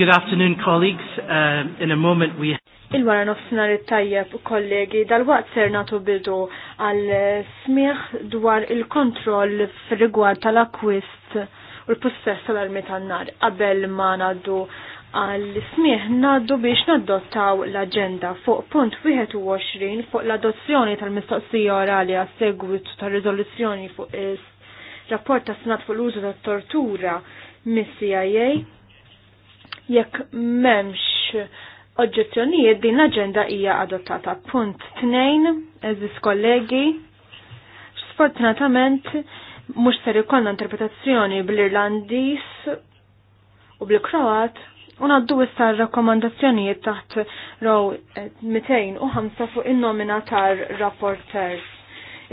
Good afternoon, colleagues. Uh, in a moment we Il-wara nofsinar it-tajjeb kollegi dal-waqt ser natu bidu għal smiħ dwar il-kontroll fil-rigward tal-akwist u l-possess tal-armi tal nar Qabel ma naddu għal smiħ naddu biex naddottaw l-agenda fuq punt 21 fuq l-adozzjoni tal-mistoqsija orali għal segwit tal-rizoluzzjoni fuq is rapport ta' snat fuq l-użu tat tortura mis-CIA Jekk memx oġġezzjonijiet din l-aġenda hija adottata. Punt tnejn, eżis kollegi, sfortunatament mhux ser ikollna interpretazzjoni bl-Irlandiż u bl-Kroat u ngħaddu issa rakkomandazzjonijiet taħt row 205 fuq in-nomina tar-rapporter.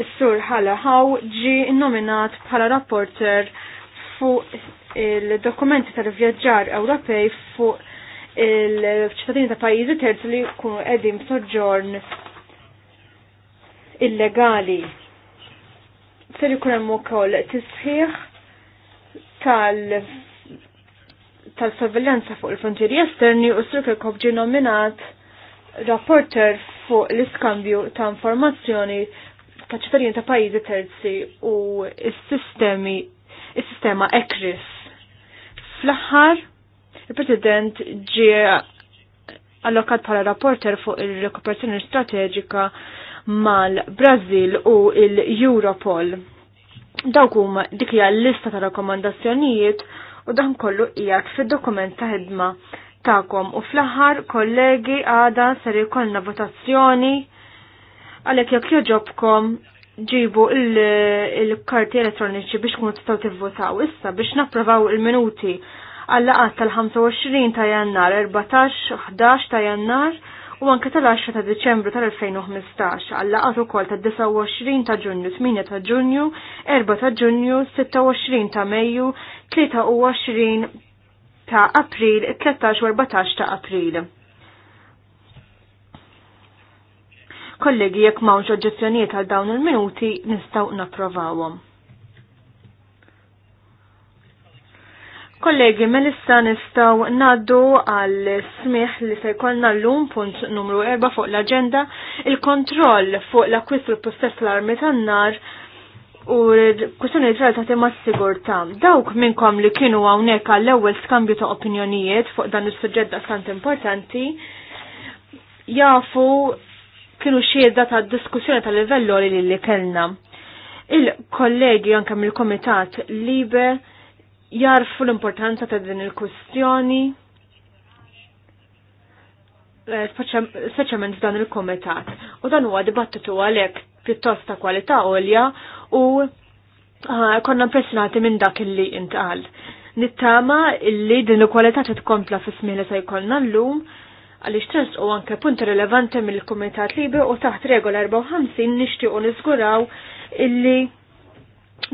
Is-sur ħala ħaw ġi nominat bħala rapporter fuq il-dokumenti tal-vjaġġar Ewropej fuq il-ċittadini ta' pajjiżi terzi li jkunu qegħdin soġġorn illegali. Ser ikun hemm ukoll tisħiħ tal- tal-sorveljanza fuq il-frontieri esterni u s-sirkel ġie nominat rapporter fuq l-iskambju ta' informazzjoni ta' ċittadini ta' pajjiżi terzi u s-sistemi is-sistema ECRIS. Fl-aħħar, il-President ġie allokat bħala rapporter fuq il-rekuperazzjoni strateġika mal-Brazil u il-Europol. Dawk huma dik hija lista ta' rakkomandazzjonijiet u dan kollu qiegħed fid-dokument ta' ħidma tagħkom u fl-aħħar kollegi għada ser ikollna votazzjoni għalhekk jekk joġobkom ġibu il-karti elettroniċi biex kun tistaw tivvotaw. Issa biex napprovaw il-minuti għall-laqat tal-25 ta' jannar, 14, 11 ta' jannar u anke tal-10 ta' Deċembru tal-2015, għall-laqat ukoll ta' 29 ta' Ġunju, 8 ta' Ġunju, 4 ta' Ġunju, 26 ta' Mejju, 23 ta' April, 13 14 ta' April. Kollegi, jekk m'hawnx oġġezzjonijiet għal dawn il-minuti, nistgħu napprovawhom. Kollegi, melissa nistaw naddu għal smiħ li se jkollna l-lum punt numru 4 fuq l-agenda il-kontroll fuq l-akwist u l possess l-armi tan-nar u kustuni ġrata ma s-sigurta. Dawk minnkom li kienu hawnhekk għall ewwel skambju ta' opinjonijiet fuq dan il suġġett da' sant importanti jafu kienu xieda ta' diskussjoni tal livello li li kellna. Il-kollegi anke mill-Komitat Libe jarfu l-importanza ta' din il-kustjoni eh, speċjalment f'dan il-komitat. U dan huwa dibattitu għalhekk pjuttost ta' kwalità għolja u eh, konna impressjonati minn dak illi intqal. Nittama illi din il-kwalità titkompla fis-smiħ li se jkollna llum għaliex tens u anke punt rilevanti mill-Kumitat Libi u taħt regola 54 nixtiequ niżguraw illi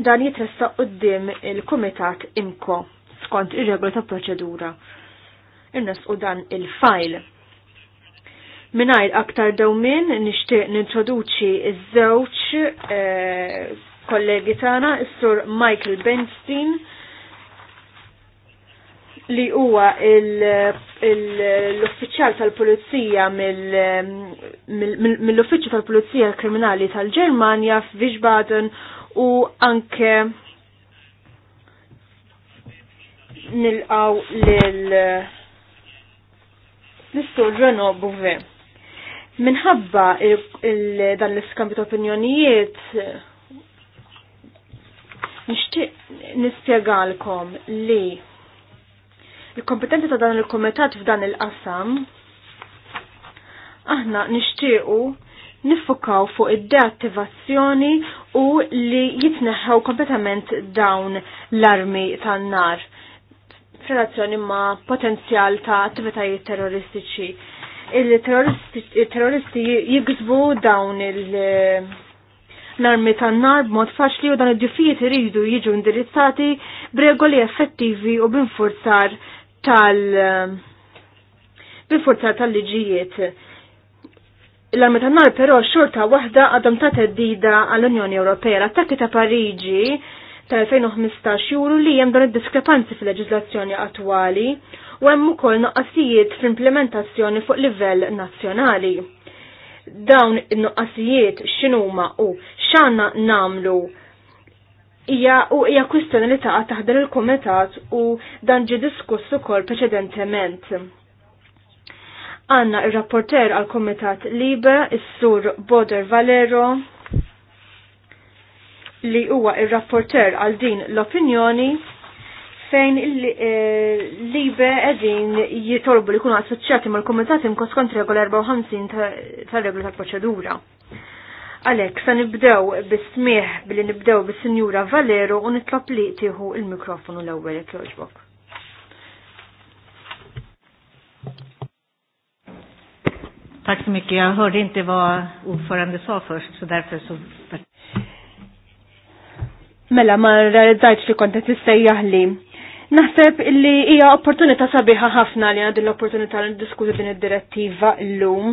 dan jitressa qoddim il-Kumitat Imko skont ir-regola ta' proċedura. Innes u dan il-fajl. Minajl aktar dawmin nixtieq nintroduċi iż-żewġ eh, kollegi tagħna, is-sur Michael Benstein li huwa l-uffiċjal tal-Pulizija mill-Uffiċċju tal-Pulizija Kriminali tal-Ġermanja f'Wiesbaden u anke nilqaw lil Mr. istur Bouvé. Minħabba dan l-iskambju ta' opinjonijiet nixtieq nispjegalkom li il kompetenti ta' dan il-komitat f'dan il-qasam aħna nixtiequ nifukaw fuq id-deattivazzjoni u li jitneħħaw kompletament dawn l-armi tan-nar f'relazzjoni ma' potenzjal ta' attivitajiet terroristiċi. Il-terroristi jigżbu dawn il- l-armi tan-nar b'mod faċli u dan id-diffijiet iridu jiġu indirizzati b'regoli effettivi u b'infurzar tal- bil-forza tal-liġijiet. L-armi tan nar però xorta waħda għadhom ta' teddida għall-Unjoni Ewropea. L-attakki ta' Pariġi ta' 2015 juru li hemm dan id-diskrepanzi fil-leġiżlazzjoni attwali u hemm ukoll noqqasijiet fl-implementazzjoni fuq livell nazzjonali. Dawn in-noqqasijiet x'inhuma u x'għandna nagħmlu hija u hija kwistjoni li taqa' taħdar il-kumitat u dan ġi diskuss ukoll preċedentement. Għanna il rapporter għal kumitat Libe, s sur Boder Valero, li huwa il rapporter għal din l-opinjoni fejn il-libe edin jitolbu li kunu assoċjati mal komitat imkos kont regola 54 tal reglu tal proċedura. Alex sa nibdew bismih billi nibdew bis-Sinjura Valero u nitlob li tieħu il-mikrofonu l-ewwel jekk jogħġbok. Tack så mycket. Jag hörde inte vad ordförande sa först, så därför så... Mela, ma rajtajt li kontet istejjaħli. Naħseb li hija opportunità sabiħa ħafna li għandi l-opportunità li diskutu din id-direttiva l-lum.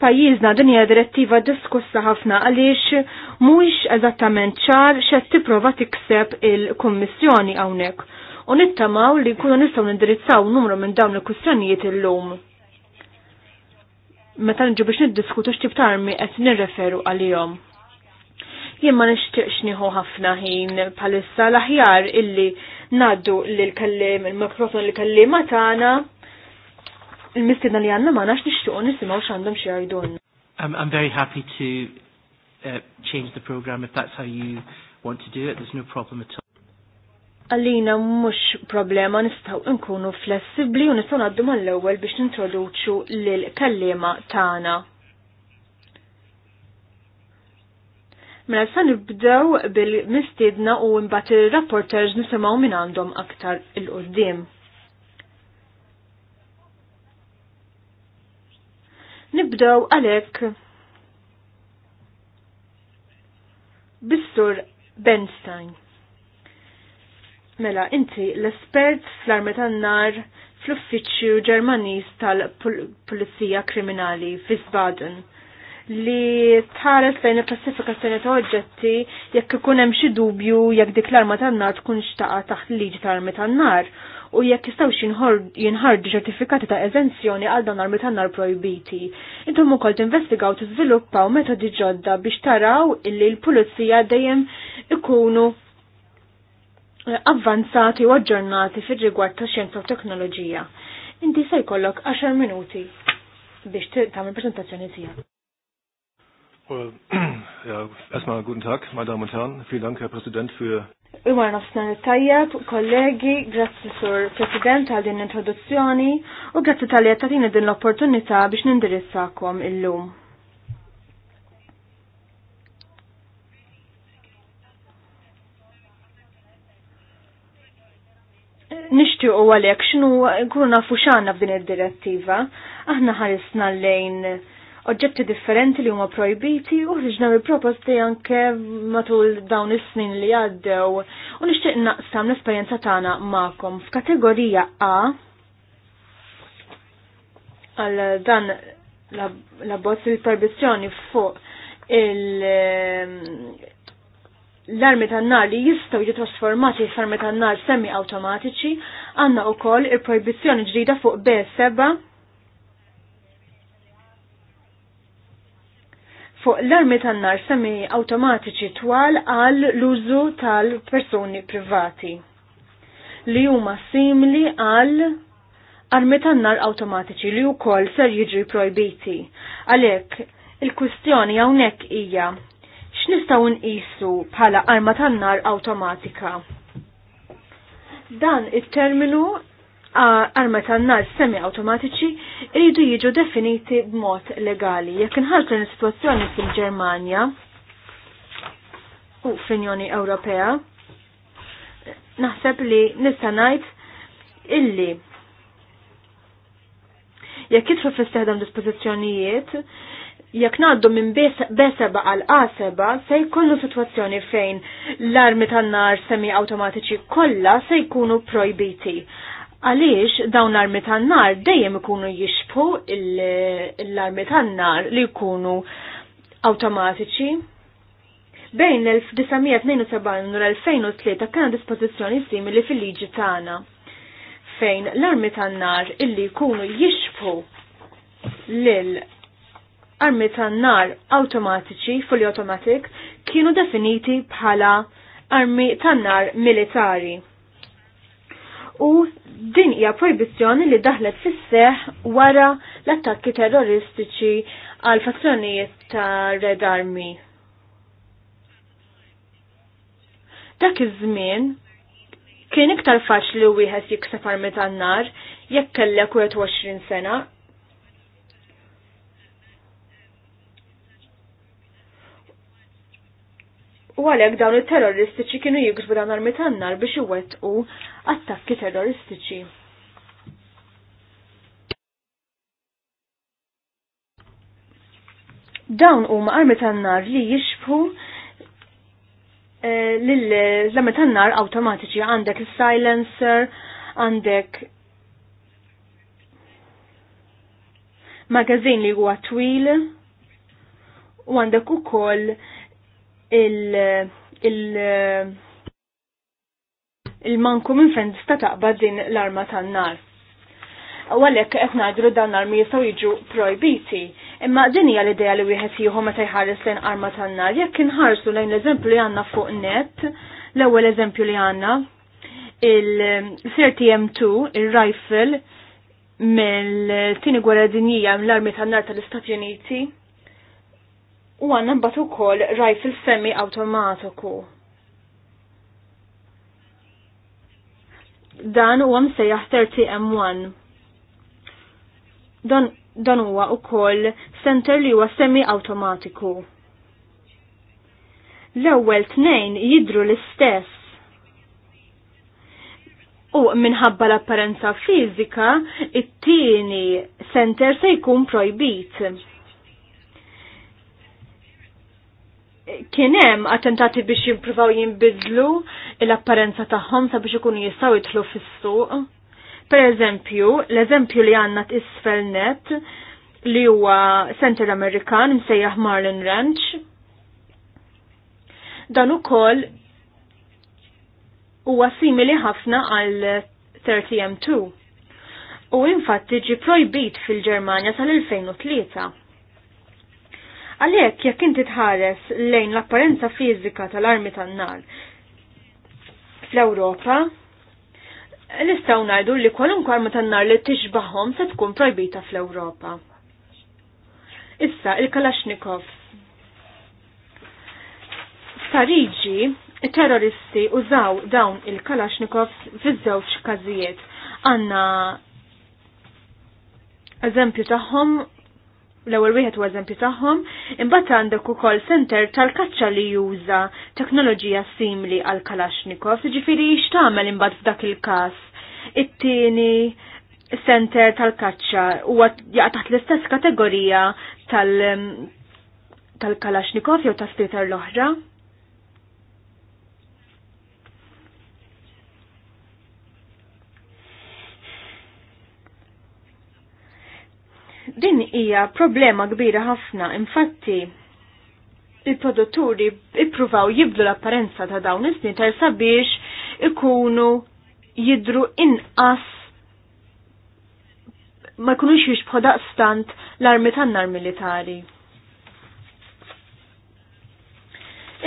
Pajjiżna din hija direttiva diskussa ħafna għaliex mhuwiex eżattament ċar x'għedt tipprova tikseb il-Kummissjoni hawnhekk u nittamaw li nkunu nistgħu nindirizzaw numru minn dawn il-kwistjonijiet illum. Meta nġu biex niddiskutu x'tib ta' armi qed nirreferu għalihom jien ma nixtieqx nieħu ħafna ħin bħalissa l-aħjar illi ngħaddu lil kellim il-mikrofon li kellima tagħna il-mistina li għanna ma nax nishtuqo nisimaw xandom I'm, I'm very happy to uh, change the program if that's how you want to do it. There's no problem at all. Għallina mux problema nistaw nkunu flessibli u nistaw għaddu mal-ewel biex nintroduċu l-kallima tana. Mela sa nibdew bil-mistidna u mbagħad ir-rapporters nisimgħu minn għandhom aktar il-qudiem. Nibdew għalhekk Bistur sur Benstein. Mela, inti l-espert fl armet tan-nar fl-uffiċċju Ġermaniż tal-Pulizija Kriminali fi Baden li tħares lejn il-klassifikazzjoni ta' oġġetti jekk ikun hemm xi dubju jekk dik l-arma tan-nar tkun xtaqa taħt liġi tal-armi tan-nar u jekk jistgħux jinħarġu ċertifikati ta' eżenzjoni għal dan armi tan-nar projbiti. Intom ukoll tinvestigaw tiżviluppaw metodi ġodda biex taraw illi l-pulizija dejjem ikunu eh, avvanzati u aġġornati fir-rigward ta' xjenza u teknoloġija. Inti se jkollok 10 minuti biex tagħmel prezentazzjoni tiegħek. Äh, ja, erstmal guten Tag, meine Damen und Herren. Vielen Dank, Herr Präsident, für... Imar nofsnar tajjeb, kollegi, grazzi sur President għal din introduzzjoni u grazzi tal ta' din l-opportunità biex nindirizzakom illum. Nishtu u għalek, xinu għurna nafu f'din id-direttiva, aħna ħarisna lejn oġġetti differenti li huma projbiti u ħriġna mill proposti anke matul dawn is-snin li għaddew u nixtieq naqsam l-esperjenza tagħna magħkom f'kategorija A għal dan l-abbozz il-perbizzjoni fuq il- ehm, l-armi tan-nar li jistgħu jitrasformati f'armi tan-nar semi awtomatiċi għandna wkoll il-projbizzjoni ġdida fuq B7 fuq l-armi tan-nar semi automatiċi twal għal l-użu tal-persuni privati li huma simili għal armi tan-nar automatiċi li wkoll ser jiġri projbiti. Għalhekk il-kwistjoni hawnhekk hija x'nistgħu nqisu bħala arma tan-nar awtomatika. Dan it-terminu arma tan-nar semi-automatiċi iridu jiġu definiti b'mod legali. Jekk inħaltu l sitwazzjoni fil-Ġermanja u fl-Unjoni Ewropea, naħseb li nista' ngħid illi jekk jidħol fl-isteħdam dispożizzjonijiet, jekk ngħaddu minn B7 għal A7 se jkollu sitwazzjoni fejn l-armi tan-nar semi-awtomatiċi kollha se jkunu projbiti Għaliex dawn l-armi tan-nar dejjem ikunu jixbu l-armi tan-nar li jkunu awtomatiċi. Bejn l-1972 u l-2003 kena dispożizzjoni simili fil-liġi tagħna fejn l-armi tan-nar illi jkunu jixbu lil armi tan-nar awtomatiċi fully automatic kienu definiti bħala armi tan-nar militari u din hija projbizzjoni li daħlet fis seħ wara l-attakki terroristiċi għal fazzjonijiet ta' Red Army. Dak iż-żmien kien iktar faċli li wieħed jikseb armi tan-nar jekk kellek 21 sena. U għalhekk dawn it-terroristiċi kienu jiksbu dan armi tan-nar biex iwettqu attakki terroristiċi. Dawn huma armi tan-nar li jixbħu eh, l-armi tan-nar awtomatiċi għandek silencer għandek magazin li huwa twil u għandek ukoll il- il- il-manku minn fejn tista' taqbad din l-arma tan-nar. Għalek qed ngħidru dan l-armi jistgħu jiġu projbiti, imma din hija l-idea li wieħed jieħu meta jħares lejn arma tan-nar jekk inħarsu lejn l-eżempju li għandna fuq net, l-ewwel eżempju li għandna il-30M2, il-rifle mill-tieni gwerra dinjija mill-armi tan-nar tal-Istati Uniti u għanna mbagħad kol rifle semi automatiku dan huwa msejjaħ 30M1. Dan dan huwa wkoll center li huwa semi awtomatiku. L-ewwel tnejn jidru l-istess. U minħabba l-apparenza fiżika, it-tieni center se jkun projbit kienem attentati biex jimprovaw jimbidlu l-apparenza tagħhom sabiex ikunu jistgħu jidħlu fis-suq. Per eżempju, l-eżempju li għandna t-isfel net li huwa Central Amerikan msejjaħ Marlin Ranch. Dan ukoll huwa simili ħafna għal 30M2. U infatti ġi projbit fil-Ġermanja sal-2003 Għalhekk jekk inti tħares lejn l-apparenza fiżika tal-armi tan-nar fl-Ewropa, nistgħu ngħidu li kwalunkwe arma tan-nar li tixbaħhom se tkun projbita fl-Ewropa. Issa il-Kalashnikov. Sariġi, terroristi użaw dawn il-Kalashnikov fiż-żewġ każijiet. Għandna eżempju tagħhom l-ewwel wieħed huwa eżempju tagħhom, imbagħad għandek ukoll center tal-kaċċa li juża teknoloġija simili għal Kalashnikov, jiġifieri x'tagħmel imbagħad f'dak il-każ. It-tieni center tal-kaċċa huwa jaqa' taħt l-istess kategorija tal- tal-Kalashnikov jew ta' splitter l-oħra. Din hija problema kbira ħafna, infatti il-produtturi ippruvaw jibdu l-apparenza ta' dawn is snin tal sabiex ikunu jidru inqas ma jkunux jixbħu daqstant l-armi tan-nar militari.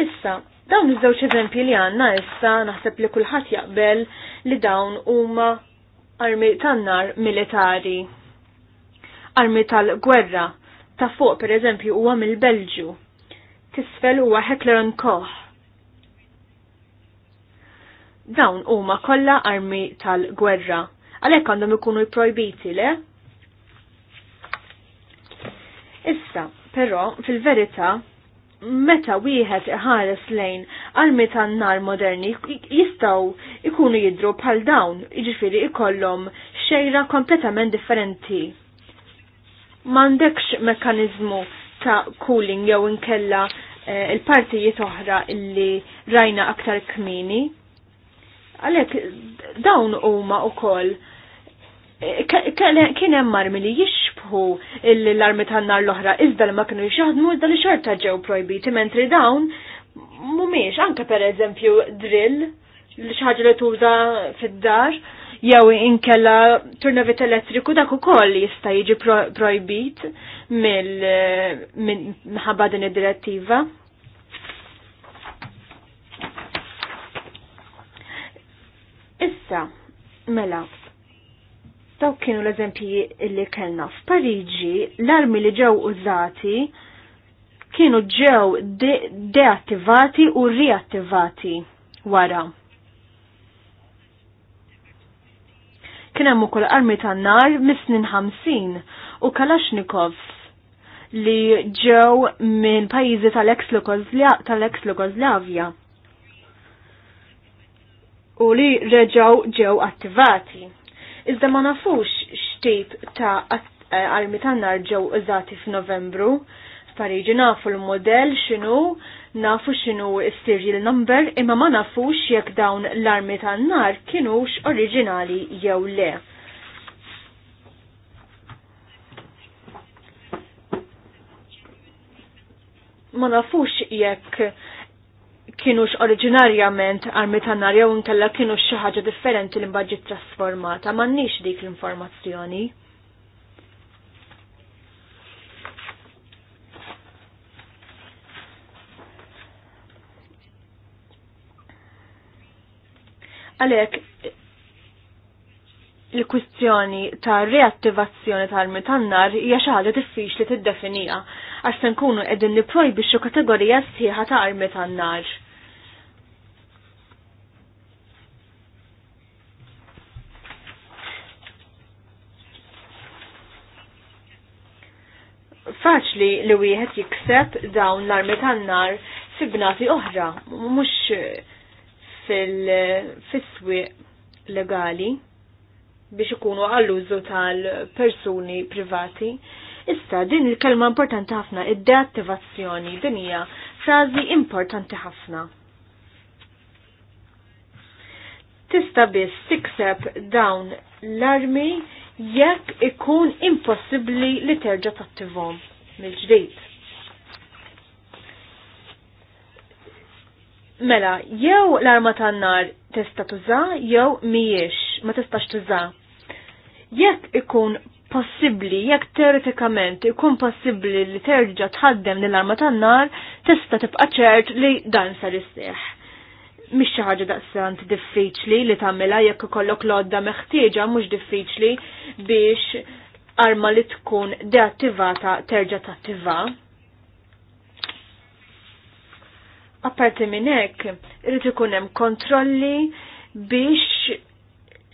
Issa, dawn iż-żewġ eżempji li għandna issa naħseb li kulħadd jaqbel li dawn huma armi tan-nar militari armi tal-gwerra ta' fuq per eżempju huwa mill-Belġu. Tisfel huwa Heckler Koch. Dawn huma kollha armi tal-gwerra. Għalhekk għandhom ikunu jprojbiti le? Issa, però, fil-verità, meta wieħed iħares lejn armi tan-nar moderni jistgħu ikunu jidru bħal dawn, jiġifieri ikollhom xejra kompletament differenti m'għandekx mekkaniżmu ta' cooling jew inkella eh, il-partijiet oħra illi rajna aktar kmini. Għalhekk dawn huma wkoll eh, kien hemm armi li jixbħu l-armi tan-nar l-oħra iżda li ma kienu jixaħdmu iżda li xorta ġew projbiti mentri dawn mumiex anke per eżempju drill li xi ħaġa li tuża fid-dar jew inkella turnovit elettriku dak ukoll jista' jiġi projbit mill minħabba din id-direttiva. Issa, mela, daw kienu l-eżempji li kellna f'Pariġi l-armi li ġew użati kienu ġew deattivati u riattivati wara. Kien hemm ukoll armi tan-nar mis-snin 50 u Kalashnikovs li ġew minn pajjiżi tal-ex-Jugoslavja u li reġaw ġew attivati. Iżda ma nafux xtip ta' eh, armi tan-nar ġew użati f'Novembru, f'Pariġi nafu l-modell x'inhu, nafu x'inhu s-serial number, imma ma nafux jekk dawn l-armi tan-nar kienux oriġinali jew le. Ma nafux jekk kienux oriġinarjament armi tan-nar jew nkella kienux xi ħaġa differenti li mbaġġi trasformata, m'għandniex dik l-informazzjoni. Għalek, il-kwistjoni ta' reattivazzjoni ta' armi tan-nar hija xi ħaġa diffiċli tiddefinija għax se nkunu qegħdin nipprojbixxu kategorija sħiħa ta' armi tan-nar. Faċli li wieħed jikseb dawn l-armi tan-nar fi bnati oħra, mhux fil-fiswi legali biex ikunu għall-użu tal-persuni privati. Issa, din il-kelma importanti ħafna, id-deattivazzjoni, din hija frażi importanti ħafna. Tista' biss tikseb dawn l-armi jekk ikun impossibbli li terġa' tattivhom mill-ġdid. Mela, jew l-arma tan-nar tista' tuża, jew miex, ma tistax tuża. Jekk ikun possibbli, jekk teoretikament ikun possibbli li terġa' tħaddem l arma tan-nar, tista' tibqa' ċert li dan sar isseħ. Mhix xi ħaġa daqsant diffiċli li tagħmilha jekk ikollok lodda meħtieġa mhux diffiċli biex arma li tkun deattivata terġa' tattiva. Apparti minn hekk, irid ikun hemm kontrolli biex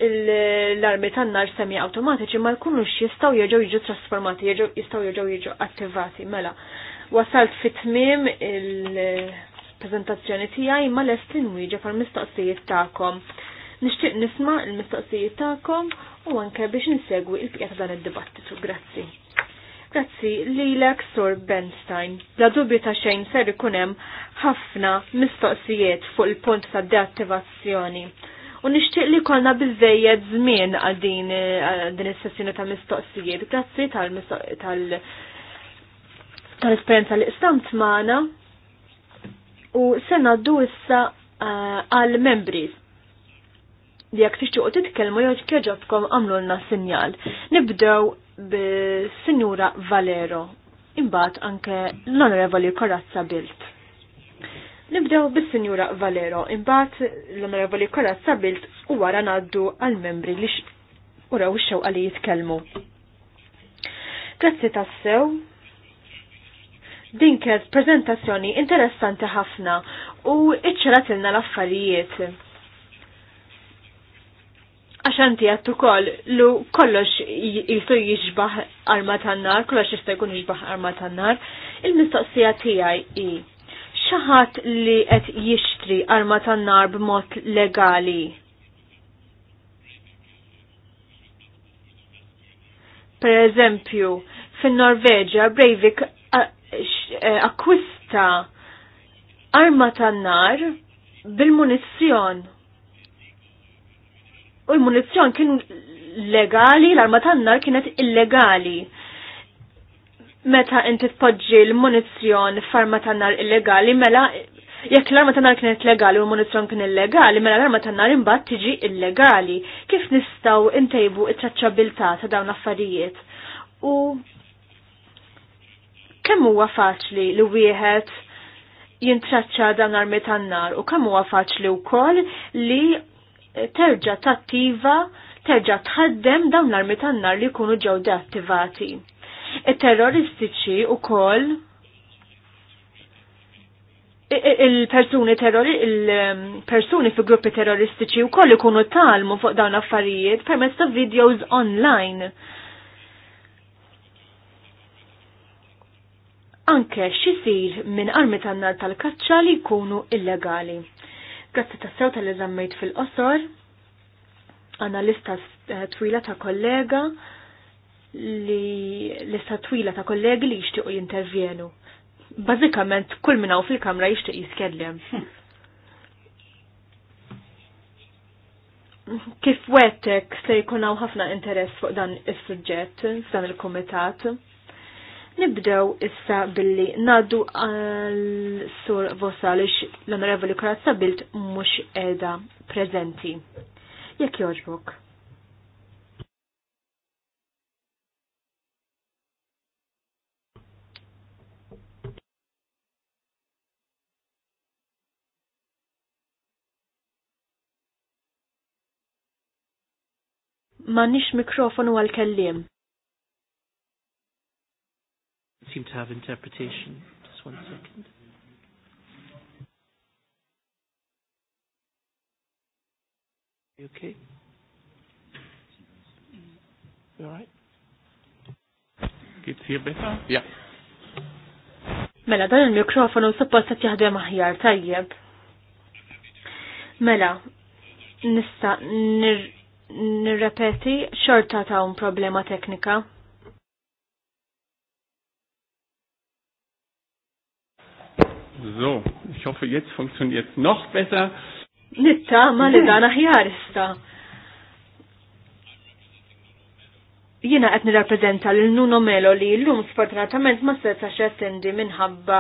l-armi tan-nar semi awtomatiċi ma jkunux jistgħu jerġgħu jiġu trasformati, jistgħu jerġgħu jiġu attivati mela. Wasalt fit-tmiem il-preżentazzjoni tiegħi ma lest inwieġa far mistoqsijiet tagħkom. Nixtieq nisma' l-mistoqsijiet tagħkom u anke biex insegwi l-pjata dan id-dibattitu. Grazzi. Grazzi li l Sur Benstein. La dubju ta' xejn ser ikunem ħafna mistoqsijiet fuq il-punt ta' deattivazzjoni. U nixtieq li konna bizzejjed żmien għal din din is-sessjoni ta' mistoqsijiet. Grazzi tal-esperjenza li istamt magħna. U se ngħaddu issa eh, għal membri li jekk tixtiequ titkellmu jew kieġobkom għamlu lna sinjal. Nibdew bis-Sinjura Valero imbagħad anke l-Onorevoli Korazza Bilt. Nibdew bis-Sinjura Valero imbagħad l-Onorevoli Korazza Bilt u għara ngħaddu għall-membri li uraw ix xew għali jitkellmu. Grazzi tassew. Din kienet prezentazzjoni interessanti ħafna u iċċaratilna l-affarijiet għax għattu kol, lu kollox jistu jiġbaħ arma tannar, kollox jistu jkun jiġbaħ arma tannar, il-mistoqsija tijaj i xaħat li qed jixtri arma tannar b'mod legali. Per eżempju, fin-Norveġja Breivik eh, akkwista arma tannar bil-munizzjon u l-munizzjon kienu legali, l-arma tannar kienet illegali. Meta inti tpoġġi l-munizzjon f'arma tannar illegali, mela jekk l-arma tannar kienet legali u l-munizzjon kien illegali, mela l-arma tannar imbagħad tiġi illegali. Kif nistgħu ntejbu it-traċċabilità ta' dawn affarijiet? U kemm huwa faċli li wieħed jintraċċa dan armi tan-nar u kemm huwa faċli wkoll li terġa tattiva, terġa tħaddem dawn l-armi tan-nar li jkunu ġew deattivati. terroristiċi u koll e-, e-, il-persuni terrori, il-persuni fi gruppi terroristiċi u koll ikunu talmu fuq dawn affarijiet permezz ta' videos online. Anke xisir minn armi tan-nar tal-kaċċa li jkunu illegali. Grazzi tassew tal-li fil-qosor. għana lista eh, twila ta' kollega li lista twila ta' kollegi li jixtiequ jintervjenu. Bażikament kull u fil-kamra jixtieq jiskellem. Kif wettek se jkunaw ħafna interess fuq dan is-suġġett f'dan il-kumitat? il komitat il kumitat Nibdew issa billi naddu għal sur Vosalix l-Onorevoli Karazza Bilt mux edha prezenti. Jekk joġbuk? Ma nix mikrofonu għal-kellim seem to have interpretation. Just one second. You okay? You alright? Geht's hier better? Yeah. Mela, dan il-mikrofonu suppost qed jaħdem aħjar tajjeb. Mela, nista' nirrepeti xorta ta' un problema teknika. So, ich hoffe, jetzt funktioniert es noch besser. ma li dan aħjar issa. Jiena qed nirrappreżenta lil Nuno Melo li llum sfortunatament ma setax xettendi minħabba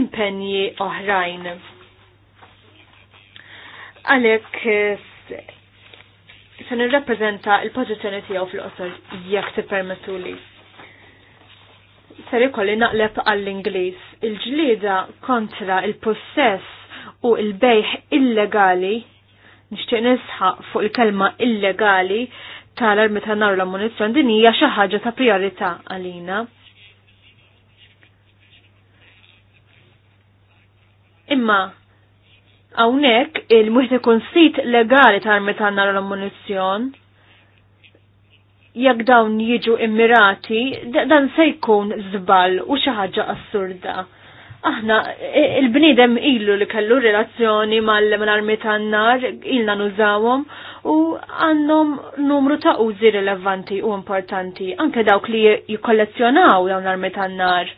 impenji oħrajn. Għalhekk eh, se nirrappreżenta l-pożizzjoni tiegħu fil-qosor jekk li ser ikolli naqleb għall-Ingliż. Il-ġlieda kontra il-possess u il-bejħ illegali, nixtieq nisħaq fuq il-kelma illegali tal-armi ta' nar l-ammunizzjoni din hija xi ħaġa ta' prijorità għalina. Imma hawnhekk il-mwieħed ikun sit legali ta' armi ta' nar l-ammunizzjoni jekk dawn jiġu immirati, dan se jkun żball u xi ħaġa assurda. Aħna, e, il bniedem ilu li kellu relazzjoni mal-armi tan-nar, ilna nużawhom u għandhom numru ta' użi rilevanti u importanti, anke dawk li jikkollezzjonaw dawn l-armi tan-nar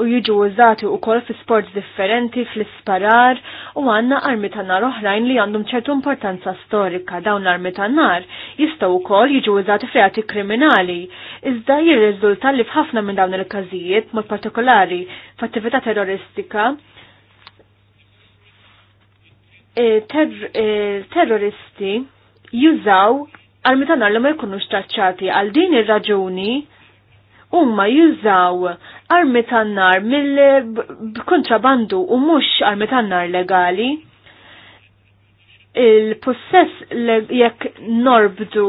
u jiġu użati u kol fi sports differenti, fl-isparar u għanna armi tannar oħrajn li għandhom ċertu importanza storika dawn l-armi tannar jistaw u kol jiġu użati fi kriminali. Iżda jirriżulta li fħafna minn dawn il-kazijiet, mod partikolari f'attività terroristika, e, e, terroristi jużaw armi tannar li ma jkunux traċċati għal din ir-raġuni umma jużaw armi tan-nar mill-kontrabandu u mhux armi nar legali il-possess jekk norbdu,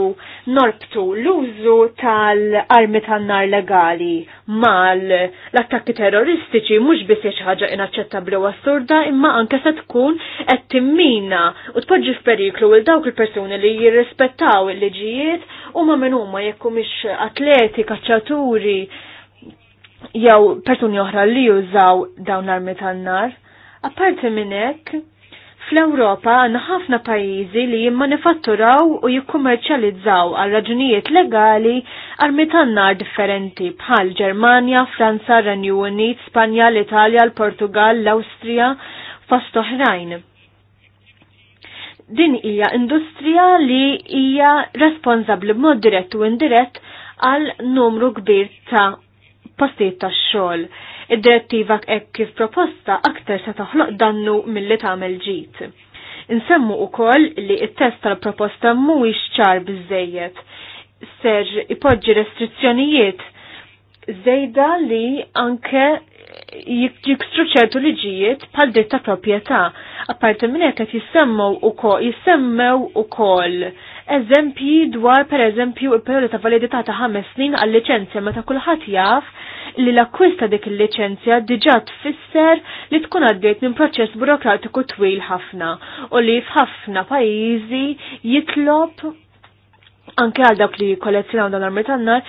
norbtu l-użu tal-armi tan-nar legali mal l-attakki terroristiċi mhux biss xi ħaġa inaċċettabbli u assurda imma anke se tkun qed timmina u tpoġġi f'periklu il dawk il-persuni li jirrispettaw il-liġijiet huma minn huma jekk humiex atleti, kaċċaturi jew persuni oħra li jużaw dawn l-armi tan-nar. Apparti minn hekk, Fl-Ewropa għandna ħafna pajjiżi li jimmanifatturaw u jikkummerċjalizzaw għal raġunijiet legali għal mitannar differenti bħal Ġermanja, Franza, Renju Unit, Spanja, l-Italja, l-Portugal, l austria fost oħrajn. Din hija industrija li hija responsabbli b'mod dirett u indirett għal numru kbir ta' postijiet tax-xogħol Id-direttiva hekk kif proposta aktar se toħloq dannu milli tagħmel ġid. Insemmu ukoll li it-test tal-proposta mhuwiex ċar biżejjed. Ser ipoġġi restrizzjonijiet żejda li anke jikstru ċertu liġijiet bħal dritt ta' proprjetà. Apparti minn hekk qed jissemmew ukoll jissemmew ukoll eżempji dwar pereżempju il-perjodu ta' validità ta' ħames snin għal liċenzja meta kulħadd jaf li l-akkwista dik il-liċenzja diġà tfisser li tkun għaddejt minn proċess burokratiku twil ħafna u li f'ħafna pajjiżi jitlob anke għal dawk li kollezzjonaw dan l-armi tan-nar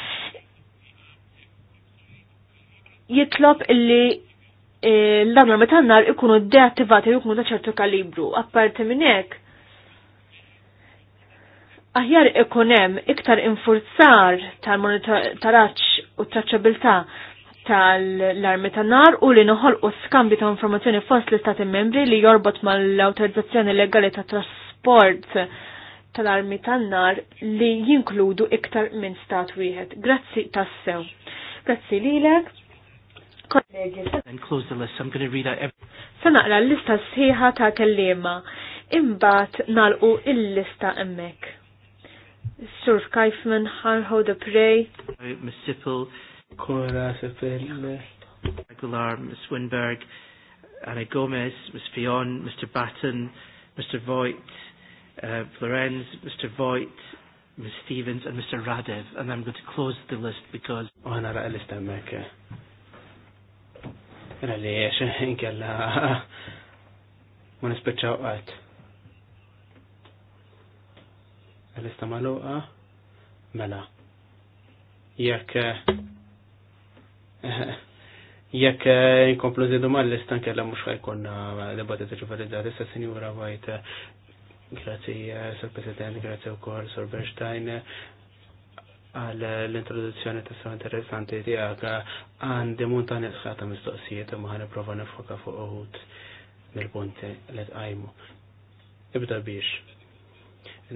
jitlob illi eh, l-damlar metannar ikunu deattivati u ikunu ta' ċertu kalibru. Apparti minn hekk, aħjar ikun hemm iktar infurzar tal-monitoraġġ u traċabilta' tal-armi ta' nar u li u skambi ta' informazzjoni fost l-istati membri li jorbot mal-autorizzazzjoni legali ta' trasport tal-armi ta' nar li jinkludu iktar minn stat wieħed. Grazzi tassew. Grazzi lilek. Sanaqra l-lista sħiħa ta' kellima. Imbat nalqu il-lista emmek. Sur Kaifman, Harho de Prey. Miss Cora Aguilar, Ms. Winberg, Anna Gomez, Ms. Fionn, Mr. Batten, Mr. Voigt, uh, Florenz, Mr. Voigt, Ms. Stevens, and Mr. Radev. And I'm going to close the list because. Oh, I'm nara l-lista mekka. Mela li jiex, inkella. Ma nispeċaw għat. L-lista maluqa. Mela. Jekk. Jekk eh, inkomplu zidu mal-lista mux mhux konna debatet ġivalizzati sa' sinjura għajt, eh, Grazzi, eh, Sir President, grazzi wkoll Sir Bernstein għal l-introduzzjoni ta' sew interessanti tiegħek għandi montani ħata mistoqsijiet imma ħan nipprova nifoka fuq uħut mill-punti li għajmu. Ibda biex.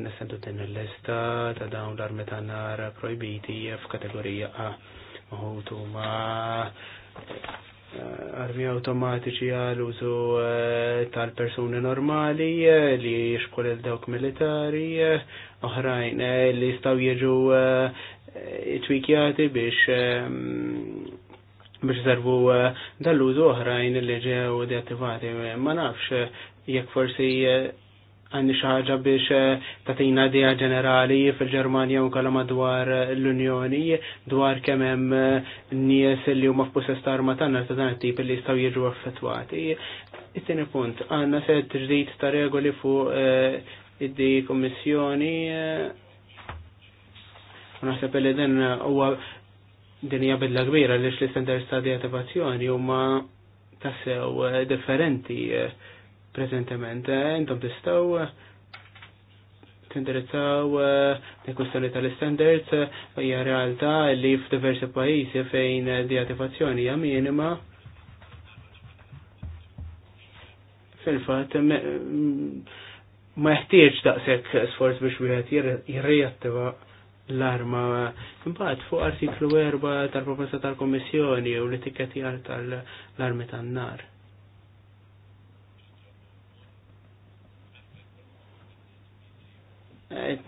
Nessentu din l-lista ta' dawn l-armi ta' nar projbiti f'kategorija A uħutu ma eh, armi automatiċi għal-użu eh, tal-persuni normali eh, li jixkol il-dawk militari, oħrajn li staw jieġu twikjati biex biex zarbu dal-użu oħrajn li ġew deattivati. Ma nafx jekk forsi għanni xaħġa biex eh, tatina dija ġenerali fil ġermania u kalama madwar eh, l-Unjoni dwar kemem eh, nies li huma f'possess ta' arma tanna ta' dan tip li jistgħu jiġu affettwati. It-tieni punt, għandna se ġdid ta' regoli fuq id-di kommissjoni Naħseb li din huwa din hija bidla kbira li l-istandards ta' deattivazzjoni huma tassew differenti prezentement. Eh, intom tistaw eh, tindirizzaw l-kwistjoni eh, tal-standards hija realtà li f'diversi pajjiżi fejn di attivazzjoni hija minima. Fil-fatt ma jeħtieġ daqshekk sforz biex wieħed jirreattiva l-arma. Imbagħad fuq artiklu 4 tal-proposta tal-Kommissjoni u l-etiketti tal-armi tan-nar.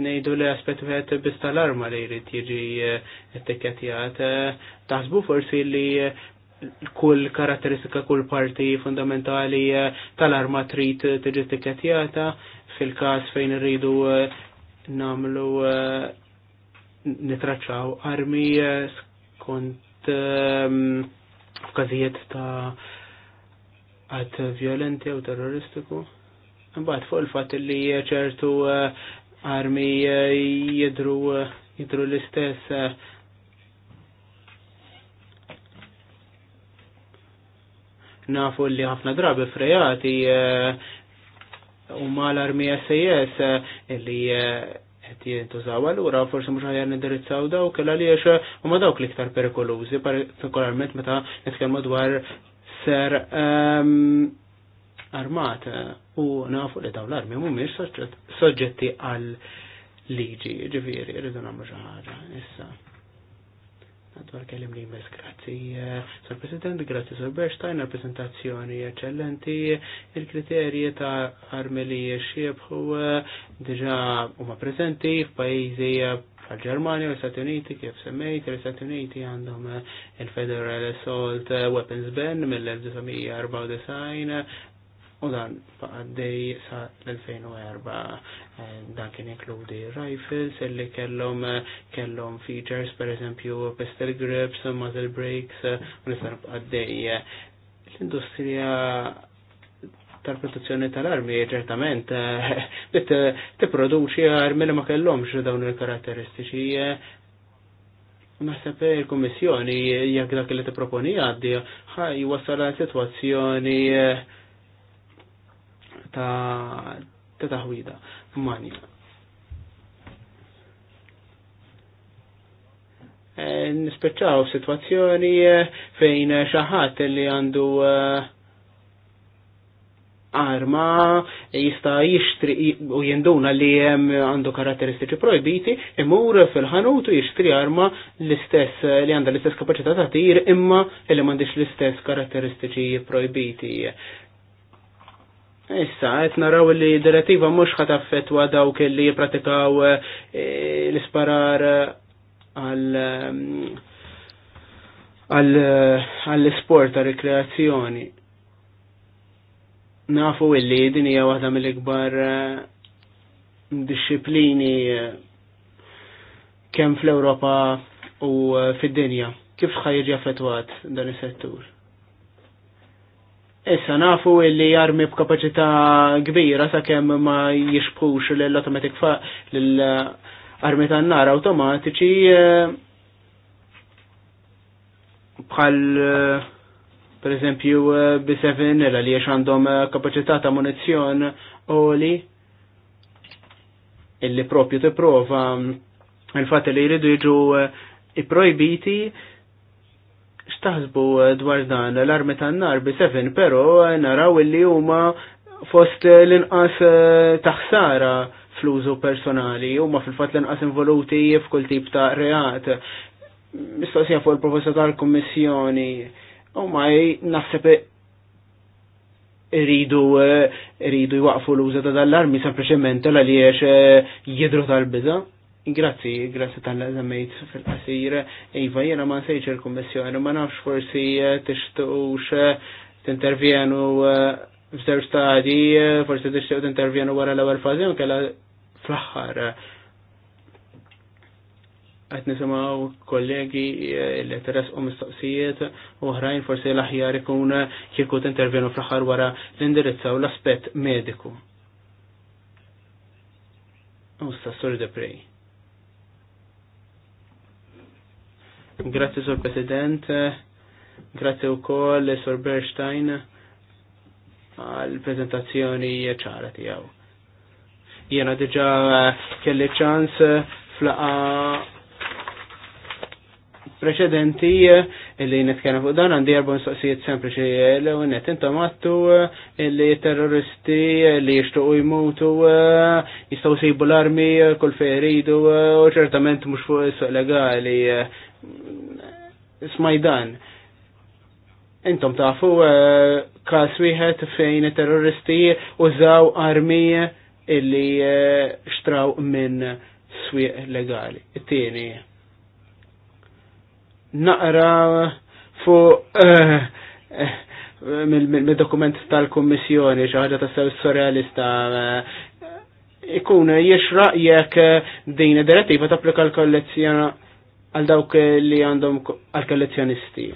nejdu li aspet għet bistalarma tal-arma li jrid jiġi eh, etikettijat. Eh, taħsbu forsi li eh, kull karatteristika, kull parti fundamentali tal-arma trid tiġi etikettijata fil-kas fejn rridu namlu nitraċċaw armi skont f'każijiet ta' għat violenti u terroristiku. Mbagħad fuq il-fatt li ċertu armi eh, jidru eh, jidru l-istess eh. nafu li ħafna drabi frejati u ma l-armi SAS li qed jintużaw allura forsi mhux daw, nindirizzaw dawk jiex għaliex huma dawk l-iktar perikolużi, partikolarment meta nitkellmu dwar ser ehm, armat u nafu li dawn l-armi mhumiex soġġetti għal liġi, ġiviri, rridu nagħmlu xi ħaġa issa. Għadwar kellim li jmess, grazzi. Eh, sor President, grazzi sor Berstein, rappresentazzjoni eccellenti. Il-kriterji ta' armi li xiebħu eh, diġa huma prezenti f'pajjiżi għal eh, ġermania u l Stati Uniti kif semmejt, l-Stati Uniti għandhom il-Federal Assault Weapons Ban mill-1994 u dan għaddej sa l-2004 eh, dan kien inkludi rifles illi kellhom kellhom features per eżempju pistol grips, muzzle brakes u nista' għaddej l-industrija tal produzzjoni tal-armi ċertament eh, bit tipproduċi armi li ma kellhomx dawn il-karatteristiċi eh. Naħseb il-Kommissjoni jekk dak li tipproponi għaddi ħaj wasal situazzjoni eh, ta' ta' taħwida f'Manja. E, nispeċċaw situazzjoni e, fejn xaħat li għandu e, arma jista jixtri u jinduna li jem għandu karatteristiċi projbiti imur fil-ħanut u jixtri arma l-istess li għanda l-istess kapacità ta' tir imma li mandiċ l-istess karatteristiċi projbiti. Issa, qed naraw li direttiva mhux ħat affettwa dawk li jippratikaw eh, l-isparar eh, għal eh, għall-sport ta' rekreazzjoni. Nafu illi din hija waħda mill-ikbar disċiplini kemm fl-Ewropa u fid-dinja. Kif ħajġi affettwat dan is-settur? Issa nafu li jarmi b'kapaċità kbira sakemm ma jixbux l-automatic l-armi ta' nar automatiċi eh, bħal eh, per eżempju eh, B7 era li għandhom kapacità ta' munizzjon oli illi propju tipprova mm, il-fatt li jridu jiġu iprojbiti staħsbu eh, dwar dan l-armi tan-nar bi seven, pero eh, naraw li huma fost eh, l-inqas taħsara fl-użu personali, huma fil-fatt l-inqas involuti f'kull tip ta' reat. Mistoqsija fuq il-proposta tal-Kummissjoni, huma naħseb iridu iridu jwaqfu l-użu ta' dal-armi sempliċement għaliex jidru tal-biża' Grazzi, grazzi tal-eżamejt fil-qasir. Iva, jena ma nsejċ il-kommissjoni, ma nafx forsi eh, tixtuqx eh, t-intervjenu eh, f'żewġ stadi, forsi tixtuq t-intervjenu wara l-ewwel fażi, kella fl-aħħar għet nisimaw kollegi li teres u mistoqsijiet u forsi l-aħjar ikun kirku t-intervjenu fl axħar wara l-indirizzaw l-aspet mediku. U stassur de Grazie, Sor President. Grazie u koll, Sor Bernstein, għal-prezentazzjoni ċara tijaw. Jena diġa eh, kelli ċans eh, flaqa preċedenti eh, illi netkena fuq dan għandi erba mistoqsijiet sempliċi l net intomattu illi terroristi li u jmutu jistaw sejbu l-armi kull fejridu u ċertament mux fuq is legali smajdan. Intom tafu uh, kas wieħed fejn terroristi użaw armi illi uh, xtraw minn swieq legali. it Tieni. Naqra fuq uh, mill-dokument tal-Kommissjoni xi ħaġa ta' sew surrealista ikun jixraq jekk din id-direttiva tapplika l-kollezzjoni għal dawk li għandhom għal kollezzjonisti.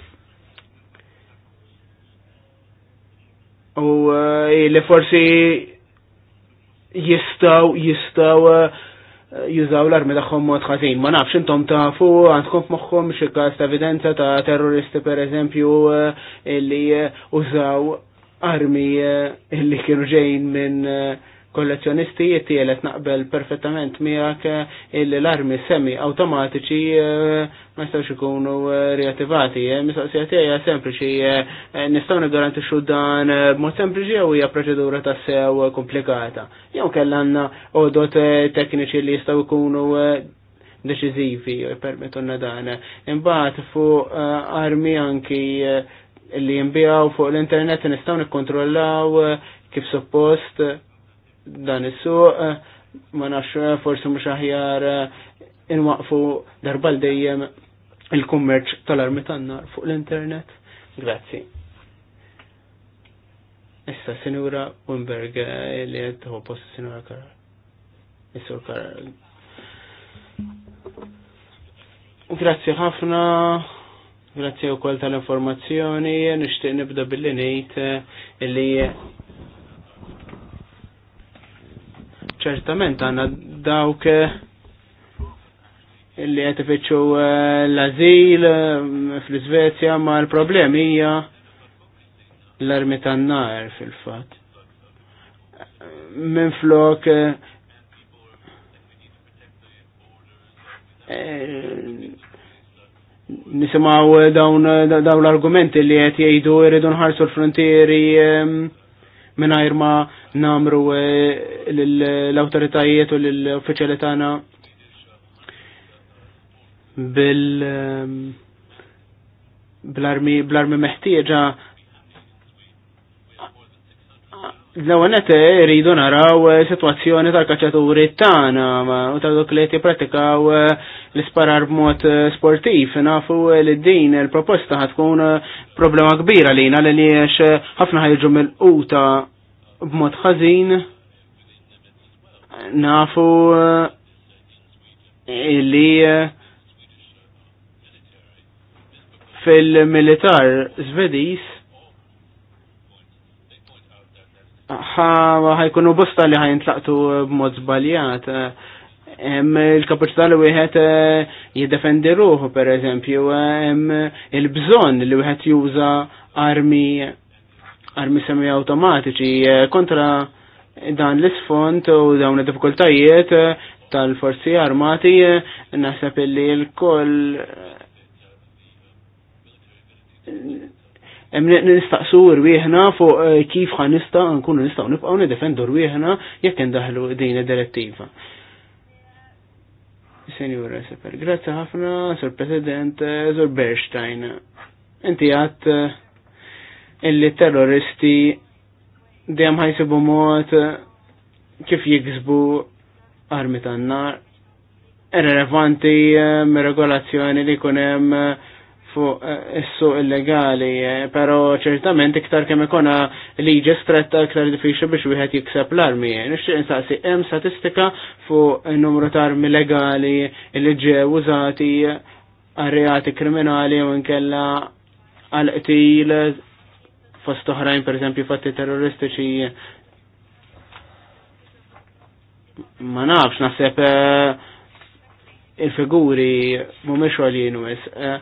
U eh, li forsi jistaw jistaw eh, jużaw l-armi tagħhom mod ħażin. Ma nafx intom tafu għandkom f'moħħhom xi każ ta' evidenza ta' terroristi pereżempju eh, li użaw armi li kienu ġejn minn kollezzjonisti jittielet naqbel perfettament miegħek illi l-armi semi awtomatiċi eh, ma jistgħux ikunu eh, riattivati. Eh, Mistaqsija tiegħi sempliċi nistgħu niggarantixxu dan b'mod sempliċi jew hija proċedura ta' sew komplikata. Jew kellha għandna għodot tekniċi li jistgħu jkunu deċiżivi permettuna dan. Imbagħad fuq armi anki li jinbijaw fuq l-internet nistgħu nikkontrollaw kif suppost dan is-suq ma nafx forsi mhux aħjar inwaqfu darba dejjem il-kummerċ tal-armi tan-nar fuq l-internet. Grazzi. Issa sinura Wimberg li qed u post sinura Karar. Issa Karar. Grazzi ħafna, grazzi u kol tal-informazzjoni, nishtiq nibda billi nejt li ċertament għanna dawk eh, illi qed ifittxu eh, l-azil eh, fl-Iżvezja ma l-problemi hija l-armi tan-nar fil-fatt. Min flok nisimaw dawn l-argumenti li qed jgħidu jridu nħarsu l-frontieri mingħajr ma namru eh, l-awtoritajiet u l-uffiċjali tagħna bil eh, bl-armi meħtieġa L-għonet eh, rridu naraw eh, situazzjoni tal-kacċaturi tana, u ta' dok li pratikaw eh, l-isparar b'mod sportiv, nafu li din l proposta ħatkun problema kbira li jina li ħafna ħajġu mill-uta b'mod ħazin, nafu li fil-militar zvedis, ħajkunu bosta li ħajntlaqtu b'mod zbaljat. Hemm il-kapaċità li wieħed eh, jiddefendi ruħu pereżempju, hemm il-bżonn li wieħed juża armi armi semi automatiċi eh, kontra dan l isfont u dawn id-diffikultajiet eh, tal-forzi armati naħseb li l-koll nistaqsu rwieħna fuq eh, kif ħan nistaq nkunu nistgħu nibqgħu nidefendu rwieħna jekk indaħlu din id-direttiva. Senjura Reseper, grazzi ħafna, Sur President, eh, Sur Berstein. Inti għat eh, illi terroristi dejjem ħajsibu mod kif jiksbu armi tan-nar relevanti regolazzjoni li kunem hemm fuq essu eh, illegali, eh, pero ċertament iktar kemm ikona liġi stretta iktar diffiċli biex wieħed jikseb l-armi. Nixtieq insaqsi hemm statistika fuq numru ta' armi legali li ġew użati għal kriminali u nkella għal qtil fost oħrajn pereżempju fatti terroristiċi ma nafx naħseb eh, il-figuri mhumiex għalin wis. Uh,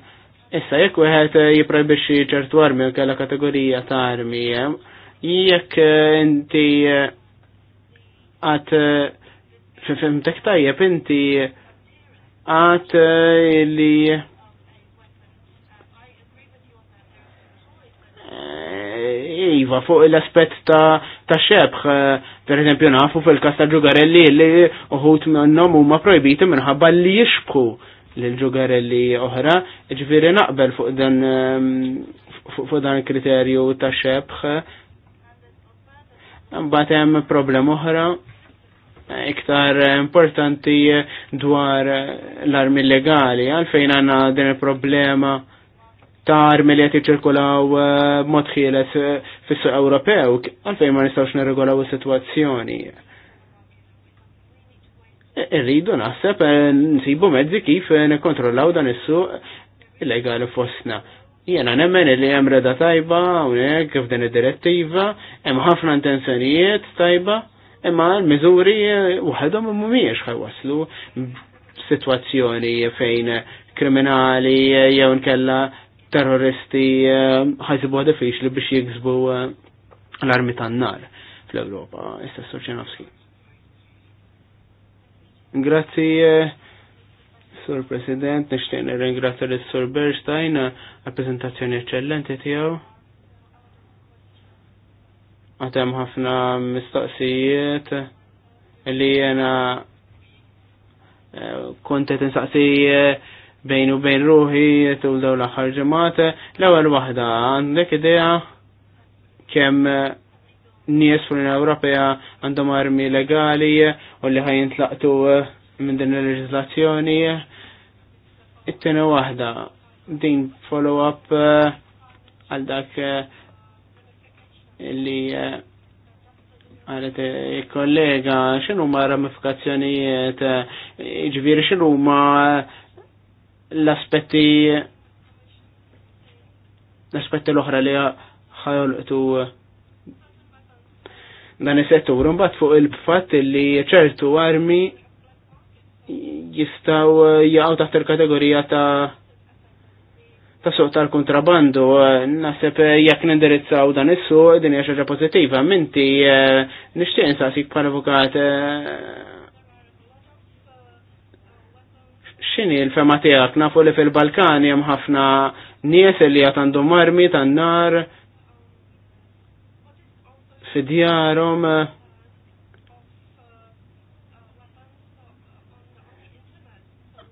Issa jekk wieħed eh, jipprojbixxi ċertu armi u kellha kategorija ta' armi, eh, jekk eh, inti għat fimtek tajjeb inti għat li Iva, fuq l-aspet ta' ta' xebħ, per eżempju nafu fil-kas ta' Ġugarelli li uħut minnom huma projbiti minħabba li jixbħu l-ġugarelli oħra, ġviri naqbel fuq dan fuq dan kriterju ta' xebħ. Mbagħad hemm problem oħra iktar importanti dwar l-armi legali, għalfejn għanna din il-problema ta' armi li qed jiċċirkulaw b'mod ħieles fis-suq Ewropew, għalfejn ma nistgħux nirregolaw is-sitwazzjoni E, irridu naħseb e, nsibu mezzi kif e, nikkontrollaw dan is-suq illegali fostna. Jena nemmen li hemm reda tajba hawnhekk kif din id-direttiva, hemm ħafna intenzjonijiet tajba, imma l-miżuri waħedhom mhumiex ħajwaslu situazzjoni fejn kriminali jew nkella terroristi ħajsibu diffiċli biex jiksbu l-armi tan-nar fl-Ewropa, issa Soċjanowski. Grazzi, eh, Sur President, nishtiq nirringrazzja l sur Bernstein għal prezentazzjoni eccellenti tiegħu. hemm ħafna mistaqsijiet li jena eh, kontet insaqsi eh, bejn u bejn ruħi tul dawn l-aħħar ġimgħat. L-ewwel waħda għandek idea kemm nies fl-Unjoni Ewropea għandhom armi legali u li tlaqtu eh, minn din il-leġislazzjoni. It-tieni waħda din follow-up eh, għal dak eh, li għalet kollega xinu ma ramifikazzjonijiet iġvir xinu ma l-aspetti l-aspetti l-oħra li ħajolqtu dan is-settur mbagħad fuq il-fatt li ċertu armi jistaw eh, jaqgħu taħt il-kategorija ta' ta' suq tal-kontrabandu, eh, nasib eh, jekk nindirizzaw dan is-suq din hija xaġa pożittiva, minti nixtieq insaqsik bħal avukat x'inhi l-fema tiegħek nafu li fil-Balkani hemm ħafna nies li għad għandhom armi tan-nar Fidjarom. Eh,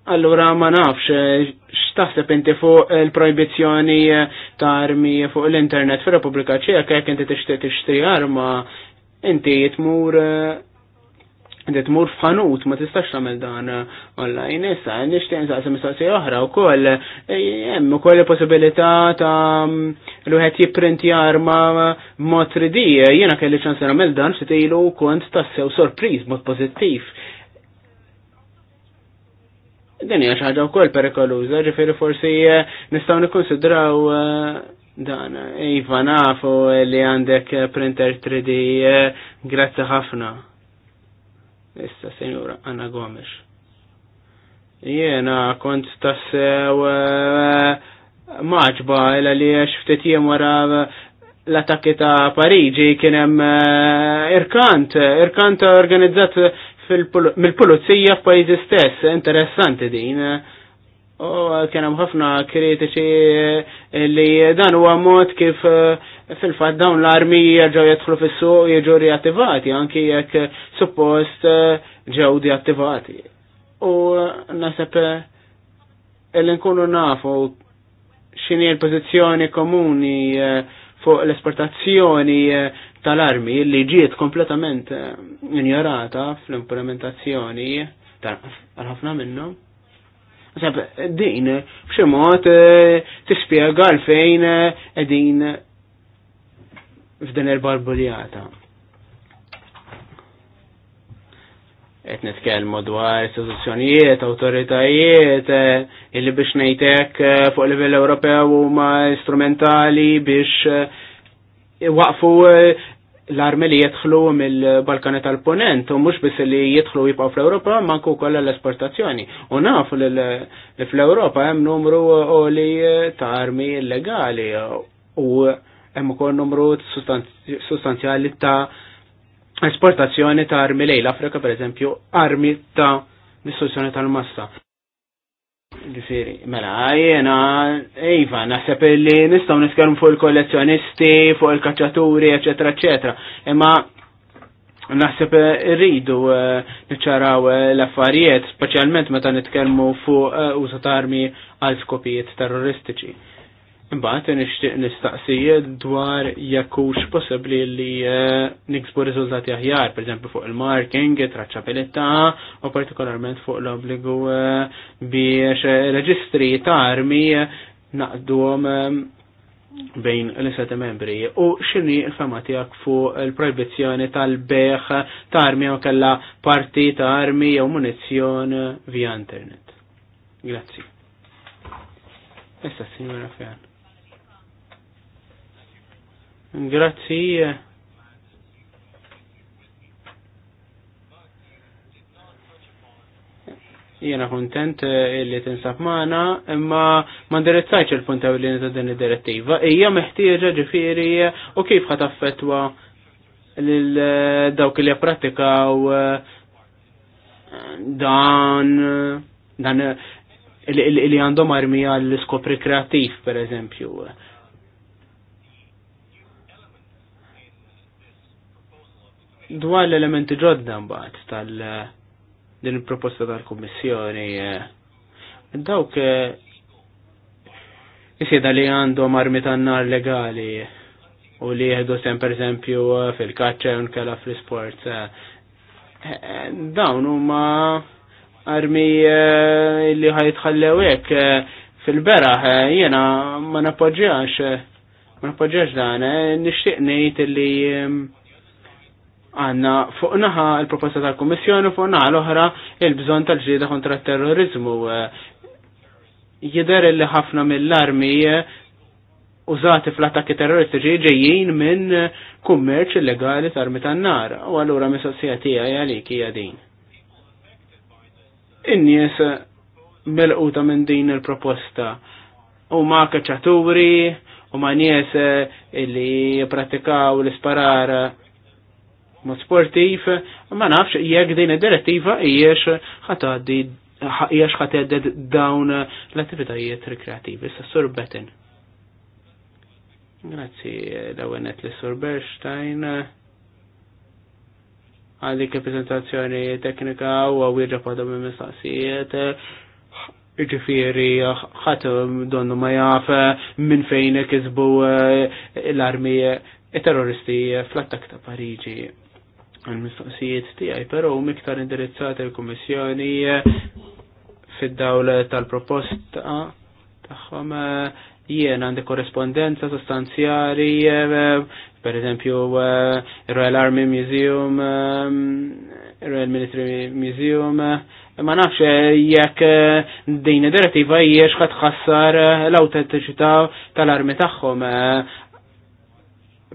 allora ma nafx eh, x'taħseb inti fuq il-projbizzjoni eh, ta' armi fuq l-internet fir-Repubblika Ċeka jekk inti tixtieq tixtri arma inti tmur Inti mur f'ħanut ma tistax tagħmel dan eh, online issa, nixtieq nsaqsi mistoqsija oħra wkoll eh, hemm ukoll possibilita ta' mm, l uħet jipprinti arma mod 3D. Eh, jiena kelli ċans nagħmel dan ftit ilu kont tassew sorpriż mod pożittiv. Din hija xi ħaġa wkoll perikoluża, ġifiri forsi nistgħu nikkonsidraw dan iva nafu li għandek printer 3D, grazzi ħafna. Issa, Senjura Anna Gomes. Jena kont tassew eh, maġba illa li xftit jiem wara l-attakki ta' Pariġi kienem eh, irkant, irkant organizzat mill-pulizija f'pajjiżi stess, interessanti din kien hemm ħafna kritiċi eh, li dan huwa mod kif eh, fil-fatt dawn l-armi ġew jidħlu fis-suq jiġu riattivati anki jekk eh, suppost ġew deattivati. U naħseb li nkunu nafu x'inhi l-pożizzjoni komuni fuq l-esportazzjoni tal-armi li ġiet kompletament ignorata fl-implementazzjoni tal ħafna minnhom Għazab, din, bximot, e, tispiega għalfejn e, edin f'din il-barbuljata. Et netkelmu dwar istituzzjonijiet, autoritajiet, e, illi biex nejtek fuq livell Ewropew huma strumentali biex waqfu l-armi li jidħlu mill balkanet tal-Ponent, u mhux biss li jidħlu jibqgħu fl-Ewropa, manku kollha l-esportazzjoni. U nafu li fl-Ewropa hemm numru oli ta' armi illegali u hemm ukoll numru sustanzjali ta' esportazzjoni ta' armi lejn l-Afrika, pereżempju, armi ta' distruzzjoni tal-massa. Għisiri, mela, jena, Iva, naħseb li nistaw niskarum fuq il-kollezzjonisti, fuq il-kacċaturi, eccetera, eccetera. Imma naħseb irridu eh, niċċaraw eh, l-affarijiet, speċjalment meta nitkellmu fuq eh, użat armi għal skopijiet terroristiċi. Imbagħad nixtieq nistaqsijiet dwar jekk hux possibbli li eh, niksbu riżultati aħjar, pereżempju fuq il-marking, traċċabilità u partikolarment fuq l-obbligu eh, biex eh, reġistri ta' armi naqduhom bejn l-istati membri. U x'inhi l-fema tiegħek fuq il-proibizzjoni tal-beħ ta' armi jew kellha parti ta' armi jew munizzjon via internet. Grazzi. Issa, signora Fiano. Grazzi. Jena kontent eh, illi tinsab maħna, imma ma ndirizzajċ il-punt li ta' din id-direttiva. Ija meħtieġa ġifiri u kif ħat affetwa l-dawk eh, li pratika u eh, dan dan li għandhom armija l-skopri kreativ, per eżempju. Dwar l-elementi ġodda mbagħad tal- din il-proposta tal-Kummissjoni eh, dawk jisieda eh, li għandhom armi tan-nar legali u li jieħdu sem per eżempju fil-kaċċa u nkella fl-sport. Eh, dawn huma armi li ħajtħallew hekk fil-beraħ jiena ma nappoġġjax ma nappoġġjax dan, nixtieq ngħid li għanna fuq naħa il-proposta tal-Kommissjoni fuq naħa l-oħra il-bżon tal-ġrida kontra terrorizmu. Jider li ħafna mill-armi użati fl-attakki terroristiċi ġejjin minn kummerċ illegali tal-armi tan-nar. U għallura mis-sossija tiegħi għalik hija din. In-nies melquta minn din il-proposta u ma kaċċaturi u ma nies eh, li pratikaw l-isparar mod sportiv, ma nafx jekk din id-direttiva hijiex ħatadi hijiex ħatedded dawn l-attivitajiet rekreativi. sa' Sur Betin. Grazzi dawenet li Sur Berstein għal ke prezentazzjoni teknika u għawirġa pada minn mistaqsijiet. Ġifiri, ħatum donnu ma jaf minn fejn kizbu l-armi terroristi fl-attak ta' Pariġi għal mistoqsijiet tijaj, però u iktar indirizzati l-Kummissjoni eh, fid-dawl tal-proposta tagħhom eh, jien għandi korrespondenza sostanzjali, eh, per eżempju Royal Army Museum, Royal Military Museum, ma nafx jekk din id-direttiva hija x'qed tħassar l-awtentiċità tal-armi tagħhom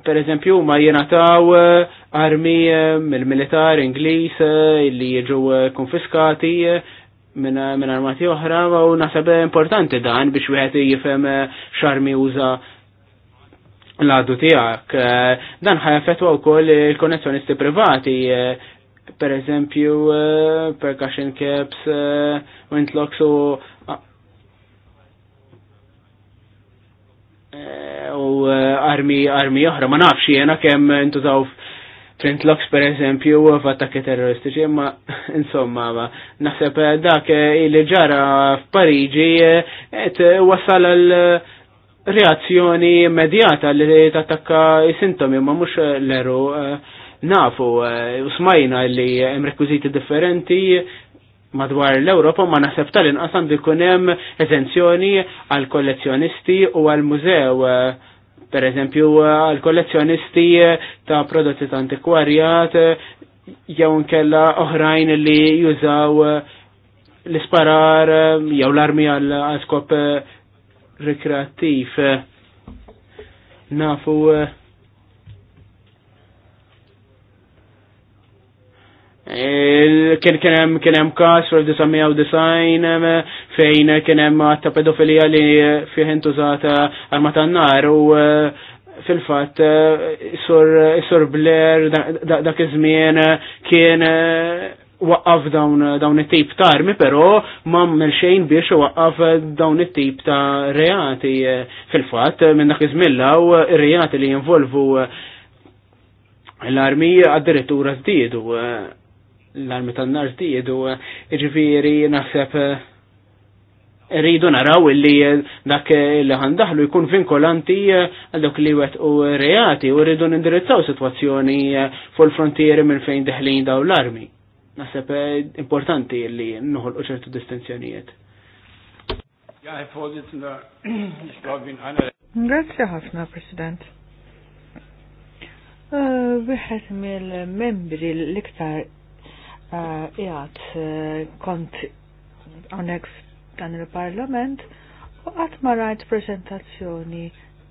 per eżempju ma jenataw eh, armi eh, mill-militar Ingliż eh, li jiġu konfiskati minn min armati oħra u naħseb importanti dan biex wieħed jifhem x'armi uża l-għadu tiegħek. Dan ħajafetwa wkoll il-konnezzjonisti privati per eżempju percussion caps, windlocks u Eh, u eh, armi armi oħra ma nafx jiena kemm intużaw Trent locks per eżempju f'attakki terroristiċi imma insomma naħseb eh, dak li ġara f'Pariġi qed wasal għal reazzjoni immedjata li tattakka sintomi ma mhux l-eru nafu u smajna li hemm rekwiżiti differenti madwar l-Ewropa ma naħseb tal-inqas għandu jkun hemm eżenzjoni għal kollezzjonisti u għal mużew per eżempju għal kollezzjonisti ta' prodotti ta' antikwarjat jew nkella oħrajn li jużaw l-isparar jew l-armi għal skop rekreattiv. Nafu Kien kien hemm kien hemm każ fil-1990 fejn kien hemm ta' pedofilija li fih intużata tan nar u eh, fil-fat eh, sur Blair dak iż-żmien eh, kien waqqaf dawn it-tip ta' armi, però ma' xejn biex waqqaf dawn it-tip ta' reati fil fatt minn dak iż-żmien law reati li jinvolvu l-armi għad-direttura żdiedu l-armi tan-nar tiedu, iġviri naħseb rridu naraw illi dak li għandahlu jkun vinkolanti għal dak li wet u reati u rridu nindirizzaw situazzjoni fuq il-frontieri minn fejn deħlin daw l-armi. Naħseb importanti li nħolqu ċertu distinzjonijiet. Grazie ħafna, President. Äh, Wieħed mill-membri l-iktar jgħat eh, eh, kont għonek dan il-parlament u għat ma rajt prezentazzjoni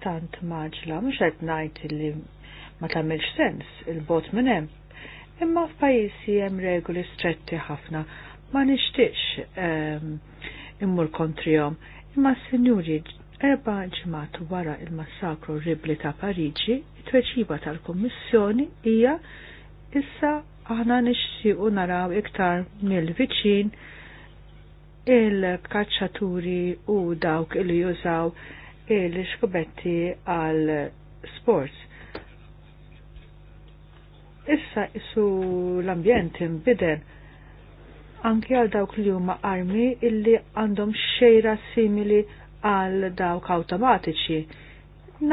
tant maġla, mux għed najt li ma tamilx sens il-bot minnem. Imma f'pajjiżi hemm regoli stretti ħafna ma nixtiex ehm, immur kontrihom. Imma sinjuri erba' ġimgħat wara il-massakru ribli ta' Pariġi, it-tweġiba tal-Kummissjoni hija issa aħna nixtiequ naraw iktar mill-viċin il-kaċċaturi u dawk li jużaw il-xkubetti għal sports. Issa isu l-ambjent imbiden anki għal dawk li huma armi illi għandhom xejra simili għal dawk automatiċi.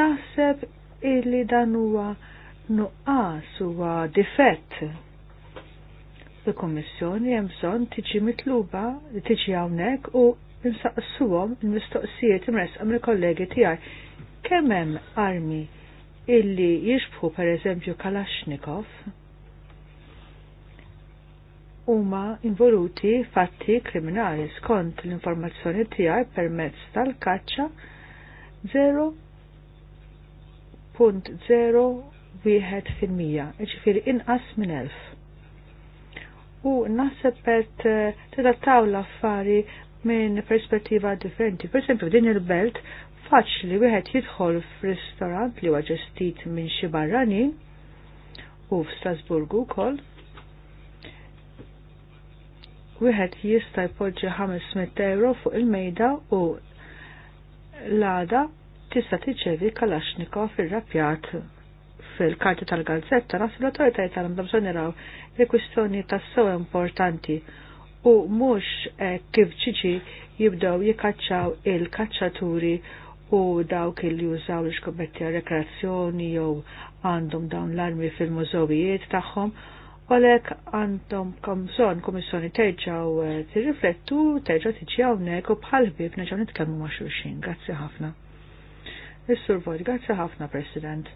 Naħseb illi dan huwa nuqqas huwa difett il-Kommissjoni hemm bżonn tiġi mitluba li tiġi hawnhekk u nsaqsuhom il-mistoqsijiet imressqa mill-kollegi tiegħi kemm hemm armi illi jixbħu pereżempju Kalashnikov huma involuti fatti kriminali skont l-informazzjoni tiegħi permezz tal-kaċċa wieħed fil-mija, ġifiri inqas minn elf u naħseb qed eh, tidattaw l-affari minn perspettiva differenti. Per esempio, din il-belt faċli wieħed jidħol f'ristorant li huwa ġestit minn xi barranin u f'Strasburgu wkoll. Wieħed jista' jpoġġi 500 euro fuq il-mejda u l-għada tista' tiċċevi kalaxnikov fir-rapjat fil-karti tal-gazzetta nasu l-autoritajiet għandhom bżonn li kwistjoni tassew importanti u mhux kif ġiġi jibdew jikkaċċaw il-kaċċaturi u dawk il jużaw l-xkubetti rekreazzjoni jew għandhom dawn l-armi fil-mużowijiet tagħhom għalek għandhom kamżon komissjoni terġaw eh, tirriflettu, terġaw tiġi hawnhekk u bħalbi ħbib nitkellmu ma' xulxin. Grazzi ħafna. Is-Sur Vojt, grazzi ħafna, President.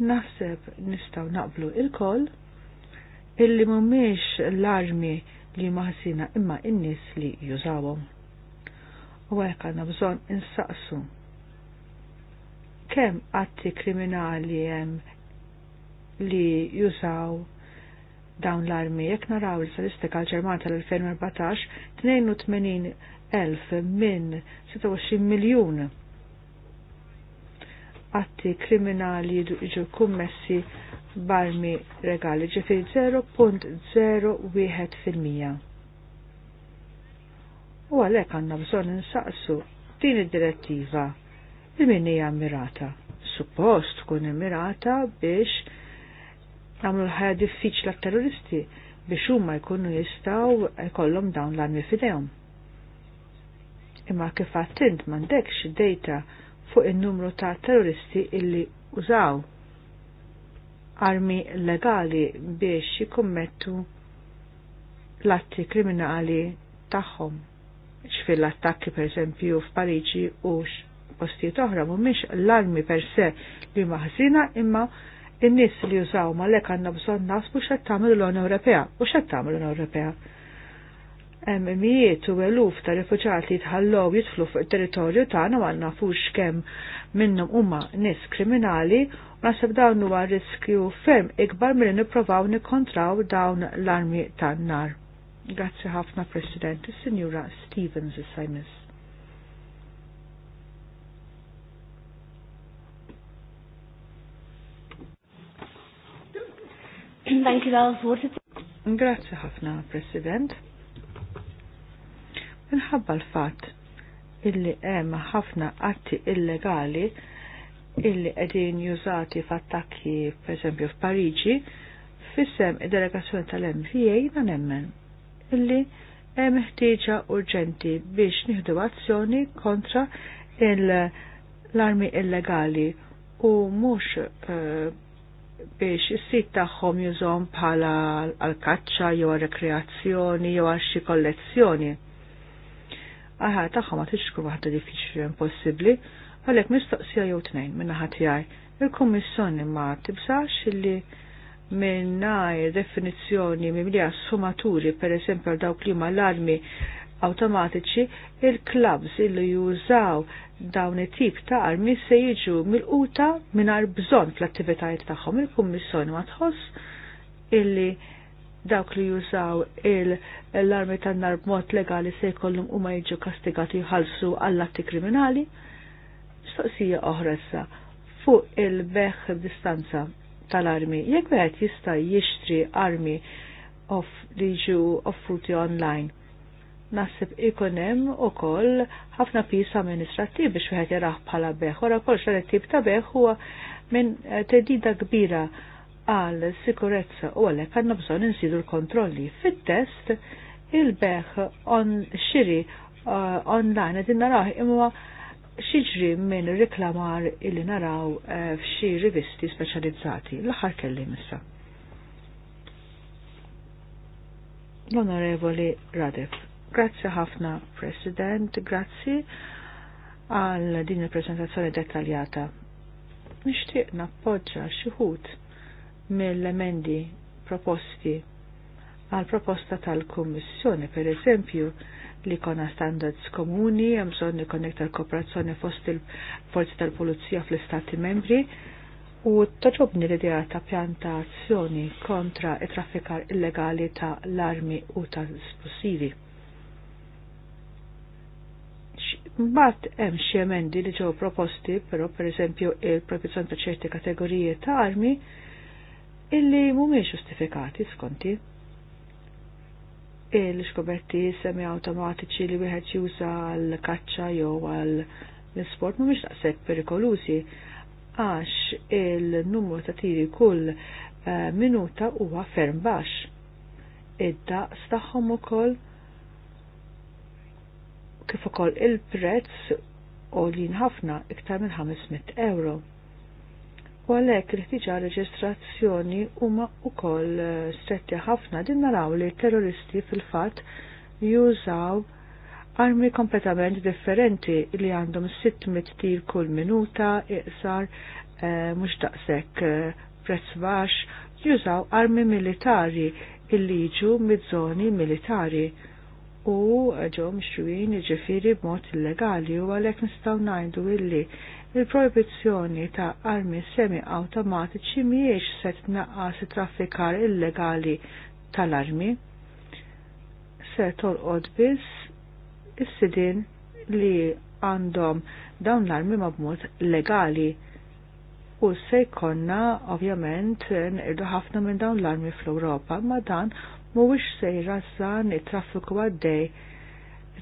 naħseb nistaw naqblu il-koll illi mumiex l-armi li maħsina imma innis li jużawhom. U għek għanna bżon insaqsu. Kem atti kriminali jem li jużaw dawn l-armi, jek naraw l-statistika l-ġermata l-2014, 82.000 minn 26 miljon atti kriminali ġu kummessi barmi regali ġifir 0.01%. U għalek għanna bżon nsaqsu din id-direttiva li hija mirata. Suppost kun mirata biex għamlu l-ħajja għat terroristi biex huma jkunu jistaw jkollhom dawn l-armi fidejhom. Imma kif għattint m'għandekx data fuq il-numru ta' terroristi illi użaw armi legali biex jikommettu l-atti kriminali tagħhom. Xfil attakki per esempio f'Pariġi u postijiet oħra mhumiex l-armi per se li maħżina imma in-nies li jużaw malek għandna bżonn nasbu x'qed tagħmel l-Unjoni Ewropea u x'qed tagħmel l-Unjoni Ewropea mijiet u eluf ta' rifuġati tħallow jitflu fuq il-territorju tagħna ma nafux kemm minnhom huma nis kriminali u naħseb dawn huwa riskju ferm ikbar milli nippruvaw nikkontraw dawn l-armi tan-nar. Grazzi ħafna President, is-Sinjura Stevens is-Sajmis. Thank you, Grazie ħafna, President minħabba l-fatt illi hemm ħafna atti illegali illi qegħdin jużati f'attakki pereżempju f'Pariġi, fissem id-delegazzjoni tal-MVA ma nemmen illi hemm ħtieġa urġenti biex nieħdu azzjoni kontra l-armi illegali u mhux eh, biex is-sit tagħhom jużhom bħala għal kaċċa jew għal rekreazzjoni jew għal xi kollezzjoni għaha taħħa ma tixku waħda diffiċli impossibli, għalek mistoqsija jew tnejn minna ħatijaj. il kommissjon ma tibsax illi minnaj definizjoni mimlija sumaturi per esempio għal dawk li ma l-armi automatiċi, il-klabs illi jużaw dawn it-tip ta' armi se jiġu mil quta minar bżon fl-attivitajiet tagħhom il-Kummissjoni ma tħoss illi dawk li jużaw l-armi tan-nar b'mod legali se jkollhom huma jiġu kastigati jħallsu għall-atti kriminali. Mistoqsija oħra issa fuq il-beħ distanza tal-armi. Jekk wieħed jista' jixtri armi off li jiġu offruti online nasib ikonem u koll ħafna pis amministrativ biex wieħed jaraħ bħala beħ. Wara kol xan tip ta' beħ huwa minn eh, tedida kbira għal sikurezza u għalek għanna bżon insidu l-kontrolli. Fit-test il-beħ on xiri uh, online għedin naraħ imma xieġri minn riklamar illi naraw uh, f'xi rivisti specializzati. L-ħar kelli missa. L-Onorevoli Radef, Grazzi ħafna, President, grazzi għal din il-prezentazzjoni dettaljata. Nishtiq nappoġġa xi ħut mill-emendi proposti għal proposta tal-Kummissjoni, per eżempju, li kona standards komuni, jemżon li konnekta tal kooperazzjoni fost il-forzi tal-Polizija fl-Istati membri, u toġobni l-idea ta' pjanta azzjoni kontra it-traffikar illegali ta' l-armi u ta' esplosivi. Mbagħad hemm xi emendi li ġew proposti, però pereżempju il-proibizzjoni ta' ċerti kategoriji ta' armi illi mhumiex ġustifikati skonti. Il-xkobetti semi automatiċi li wieħed juża għal kaċċa jew għal l-sport mhumiex taqseb perikolużi għax il-numru ta' tiri kull eh, minuta huwa ferm baxx. Id-daqs tagħhom ukoll kif ukoll il-prezz għolin ħafna iktar minn 500 euro u għalhekk il-ħtiġa reġistrazzjoni huma wkoll eh, stretti ħafna din naraw li terroristi fil-fatt jużaw armi kompletament differenti li għandhom 600 tir kull minuta iqsar eh, mhux daqshekk eh, prezz baxx jużaw armi militari illi jiġu mid-żoni militari u ġew mixjujin jiġifieri b'mod illegali u għalhekk nistgħu ngħidu illi Il-proibizzjoni ta' armi semi-automatiċi miex se tnaqqas traffikar illegali tal-armi, se tolqod biss is-sidin li għandhom dawn l-armi mabmut legali u se jkonna ovvjament nqirdu ħafna minn dawn l-armi fl-Ewropa, ma dan mhuwiex se jrażżan it-traffiku għaddej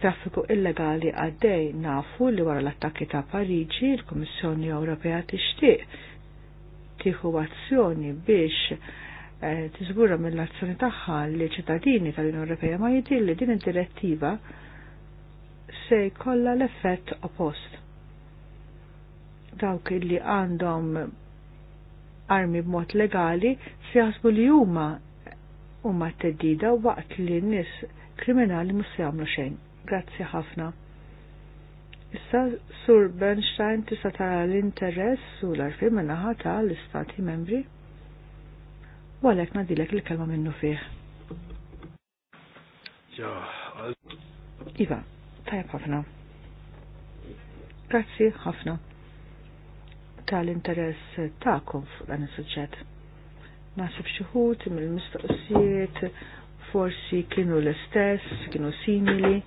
traffiku illegali għaddej nafu li wara l-attakki ta' Pariġi l-Kummissjoni Ewropea tixtieq tieħu azzjoni biex eh, tiżgura mill-azzjoni tagħha li ċittadini tal-Unjoni Ewropea ma jidhir li din id-direttiva se jkollha l-effett oppost. Dawk li għandhom armi b'mod legali se jaħsbu li huma huma t-teddida waqt li n-nies kriminali mhux se jagħmlu xejn. Grazzi ħafna. Issa Sur Bernstein tista' tara l-interess u l-arfim minnaħa tal-Istati membri? U għalhekk nadilek il-kelma minnu fih. Iva, tajab ħafna. Grazzi ħafna tal-interess ta'kom fuq dan is-suġġett. Nasib xi ħut mill-mistoqsijiet forsi kienu l-istess, kienu simili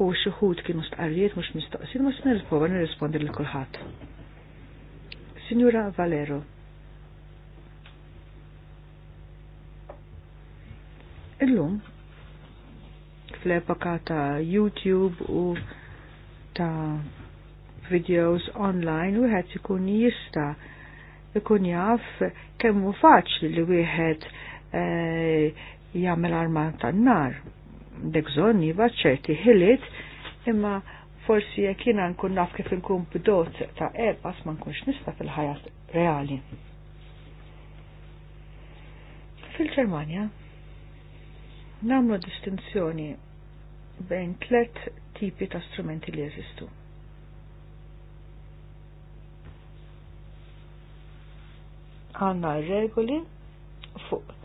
u xuħut kienu stqarriet mux mistoqsin, mux nirrispoba nirrispondi li kulħadd Signora Valero. Illum, fl-epoka ta' YouTube u ta' videos online, wieħed ikun jista' ikun jaf kemm hu faċli li wieħed eh, jagħmel arma tan-nar bżonn jiva ċerti ħiliet, imma forsi jekk jiena nkun naf kif inkun bdot ta' erbas ma nkunx nista' fil-ħajja reali. Fil-Ġermanja nagħmlu distinzjoni bejn tliet tipi ta' strumenti li jeżistu. Għanna regoli fuq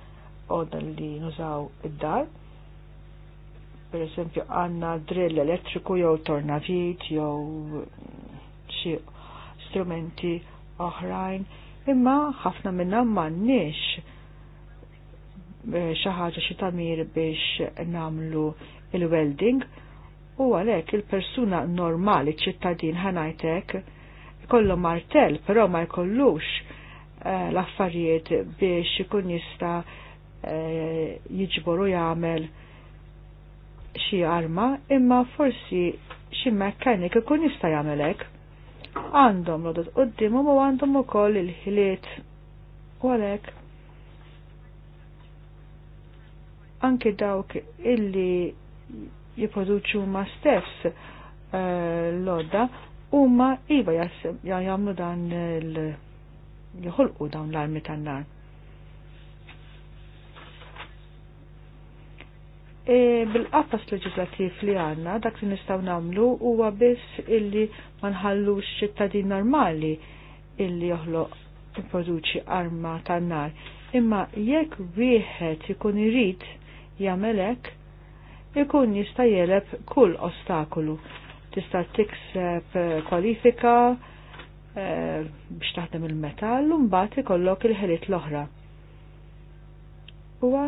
għodan li nużaw id-dar, per esempio, għanna drill elettriku jew tornavit jew xi strumenti oħrajn, imma ħafna minna m'għandniex eh, xi ħaġa xi tamir biex namlu il-welding u għalhekk il-persuna normali ċittadin ħanajtek kollu martell, però ma jkollux eh, l-affarijiet biex ikun jista' eh, jiġboru jagħmel xi arma imma forsi xi mekkanik ikun jista' jagħmel hekk. Għandhom rodet qudiemhom u għandhom ukoll il-ħiliet u għalhekk anke dawk illi jipproduċu ma stess l-lodda eh, huma iva jagħmlu dan il-ħolqu dawn l-armi tan-nar. E, bil qattas leġislativ li għanna, dak li nistaw namlu huwa biss illi ma nħallux ċittadin normali illi joħloq produċi arma tan-nar. Imma jekk wieħed ikun irid jagħmel hekk, ikun jista' jeleb kull ostakolu. Tista' tikseb e, kwalifika e, biex taħdem il-metall u mbagħad ikollok il ħeliet l-oħra. Huwa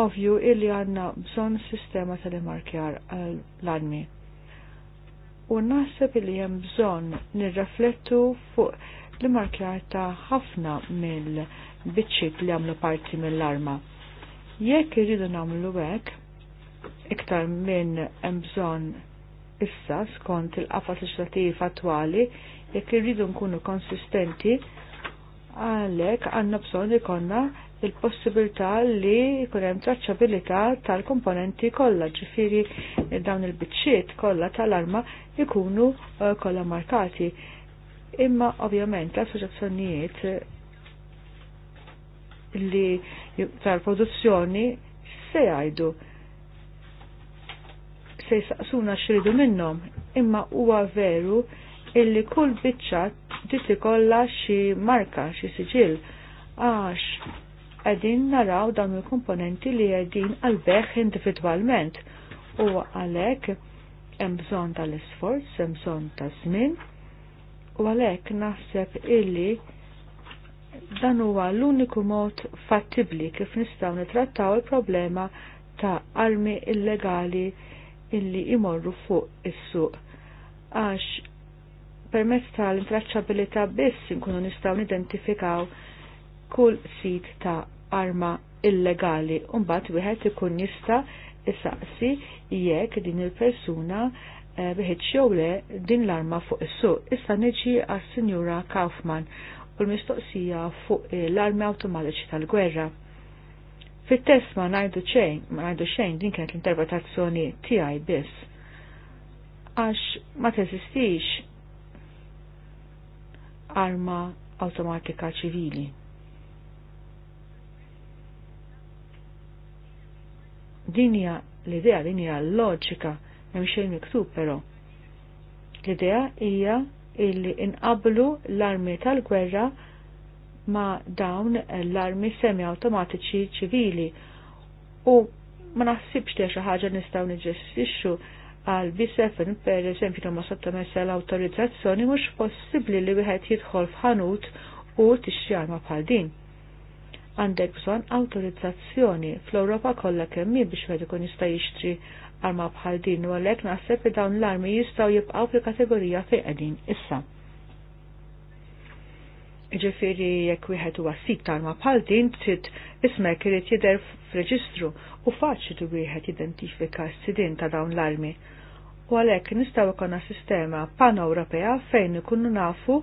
ovju illi għanna bżon sistema tal-imarkjar eh, l-armi. U naħseb illi jem bżon nirreflettu fuq l-imarkjar ta' ħafna mill-bicċit li għamlu parti mill-arma. Jekk irridu namlu hekk, iktar minn hemm bżonn issa skont il-qafas leġislattiv attwali, jekk irridu nkunu konsistenti, għalhekk għandna bżonn ikonna il-possibilità li jkun hemm traċċabilità tal-komponenti kollha, ġifieri dawn il-biċċiet kollha tal-arma jkunu eh, kollha markati. Imma ovvjament l-assoċjazzjonijiet li tal-produzzjoni se jgħidu se jisaqsuna xridu minnhom, imma huwa veru illi kull biċċa trid kollha xi marka, xi siġil għax qegħdin naraw dawn il-komponenti li għedin għal beħ individwalment u għalek hemm bżonn tal-isforz, hemm bżonn ta' żmien u għalhekk naħseb illi dan huwa l-uniku mod fattibli kif nistgħu nitrattaw il-problema ta' armi illegali illi imorru fuq is-suq. Għax permezz tal-intraċċabilità biss nkunu nistgħu nidentifikaw kull sit ta' arma illegali u mbagħad wieħed ikun jista' isaqsi jekk din il-persuna eh, biħed le din l-arma fuq is-suq. Issa niġi għas-Sinjura Kaufman u l-mistoqsija fuq eh, l-armi awtomatiċi tal-gwerra. Fit-test ma ngħidu xejn, ma ngħidu xejn din kienet l-interpretazzjoni tiegħi biss. Għax ma teżistix arma awtomatika ċivili. Dinja l-idea, dinja l-loġika, hemm xejn miktub però. L-idea hija illi inqablu l-armi tal-gwerra ma dawn l-armi semi-automatiċi ċivili u ma naħsibx li xi ħaġa nistgħu niġġestixxu għal b per eżempju ma sottomessa l-autorizzazzjoni mhux possibbli li wieħed jidħol f'ħanut u tixxi arma bħal din għandek bżonn awtorizzazzjoni fl-Ewropa kollha kemm mi biex wieħed ikun jista' jixtri arma bħal din u għalhekk naħseb li dawn l-armi jistgħu jibqgħu fil-kategorija fejn qegħdin issa. Ġifieri jekk wieħed huwa sit ta' arma bħal din trid ismek irid jidher f'reġistru u faċli wieħed jidentifika s-sidin ta' dawn l-armi. U għalhekk nistgħu ikonna sistema pan-Ewropea fejn ikunu nafu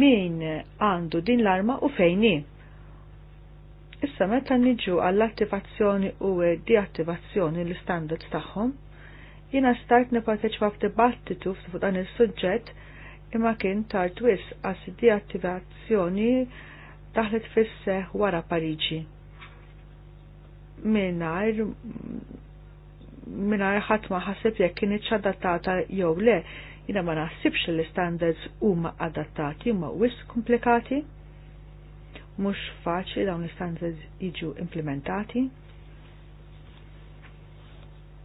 min għandu din l-arma u fejn hi Issa meta niġu għall-attivazzjoni u deattivazzjoni l-standards tagħhom, jiena start nipparteċipa f'dibattitu fuq dan is-suġġett imma kien tard wis għas deattivazzjoni taħlet fisse wara Pariġi. Minar minar ħadd ma ħaseb jekk kien adattata jew le, jiena ma naħsibx li l-standards huma adattati huma wis komplikati mhux faċli dawn l-standards jiġu implementati.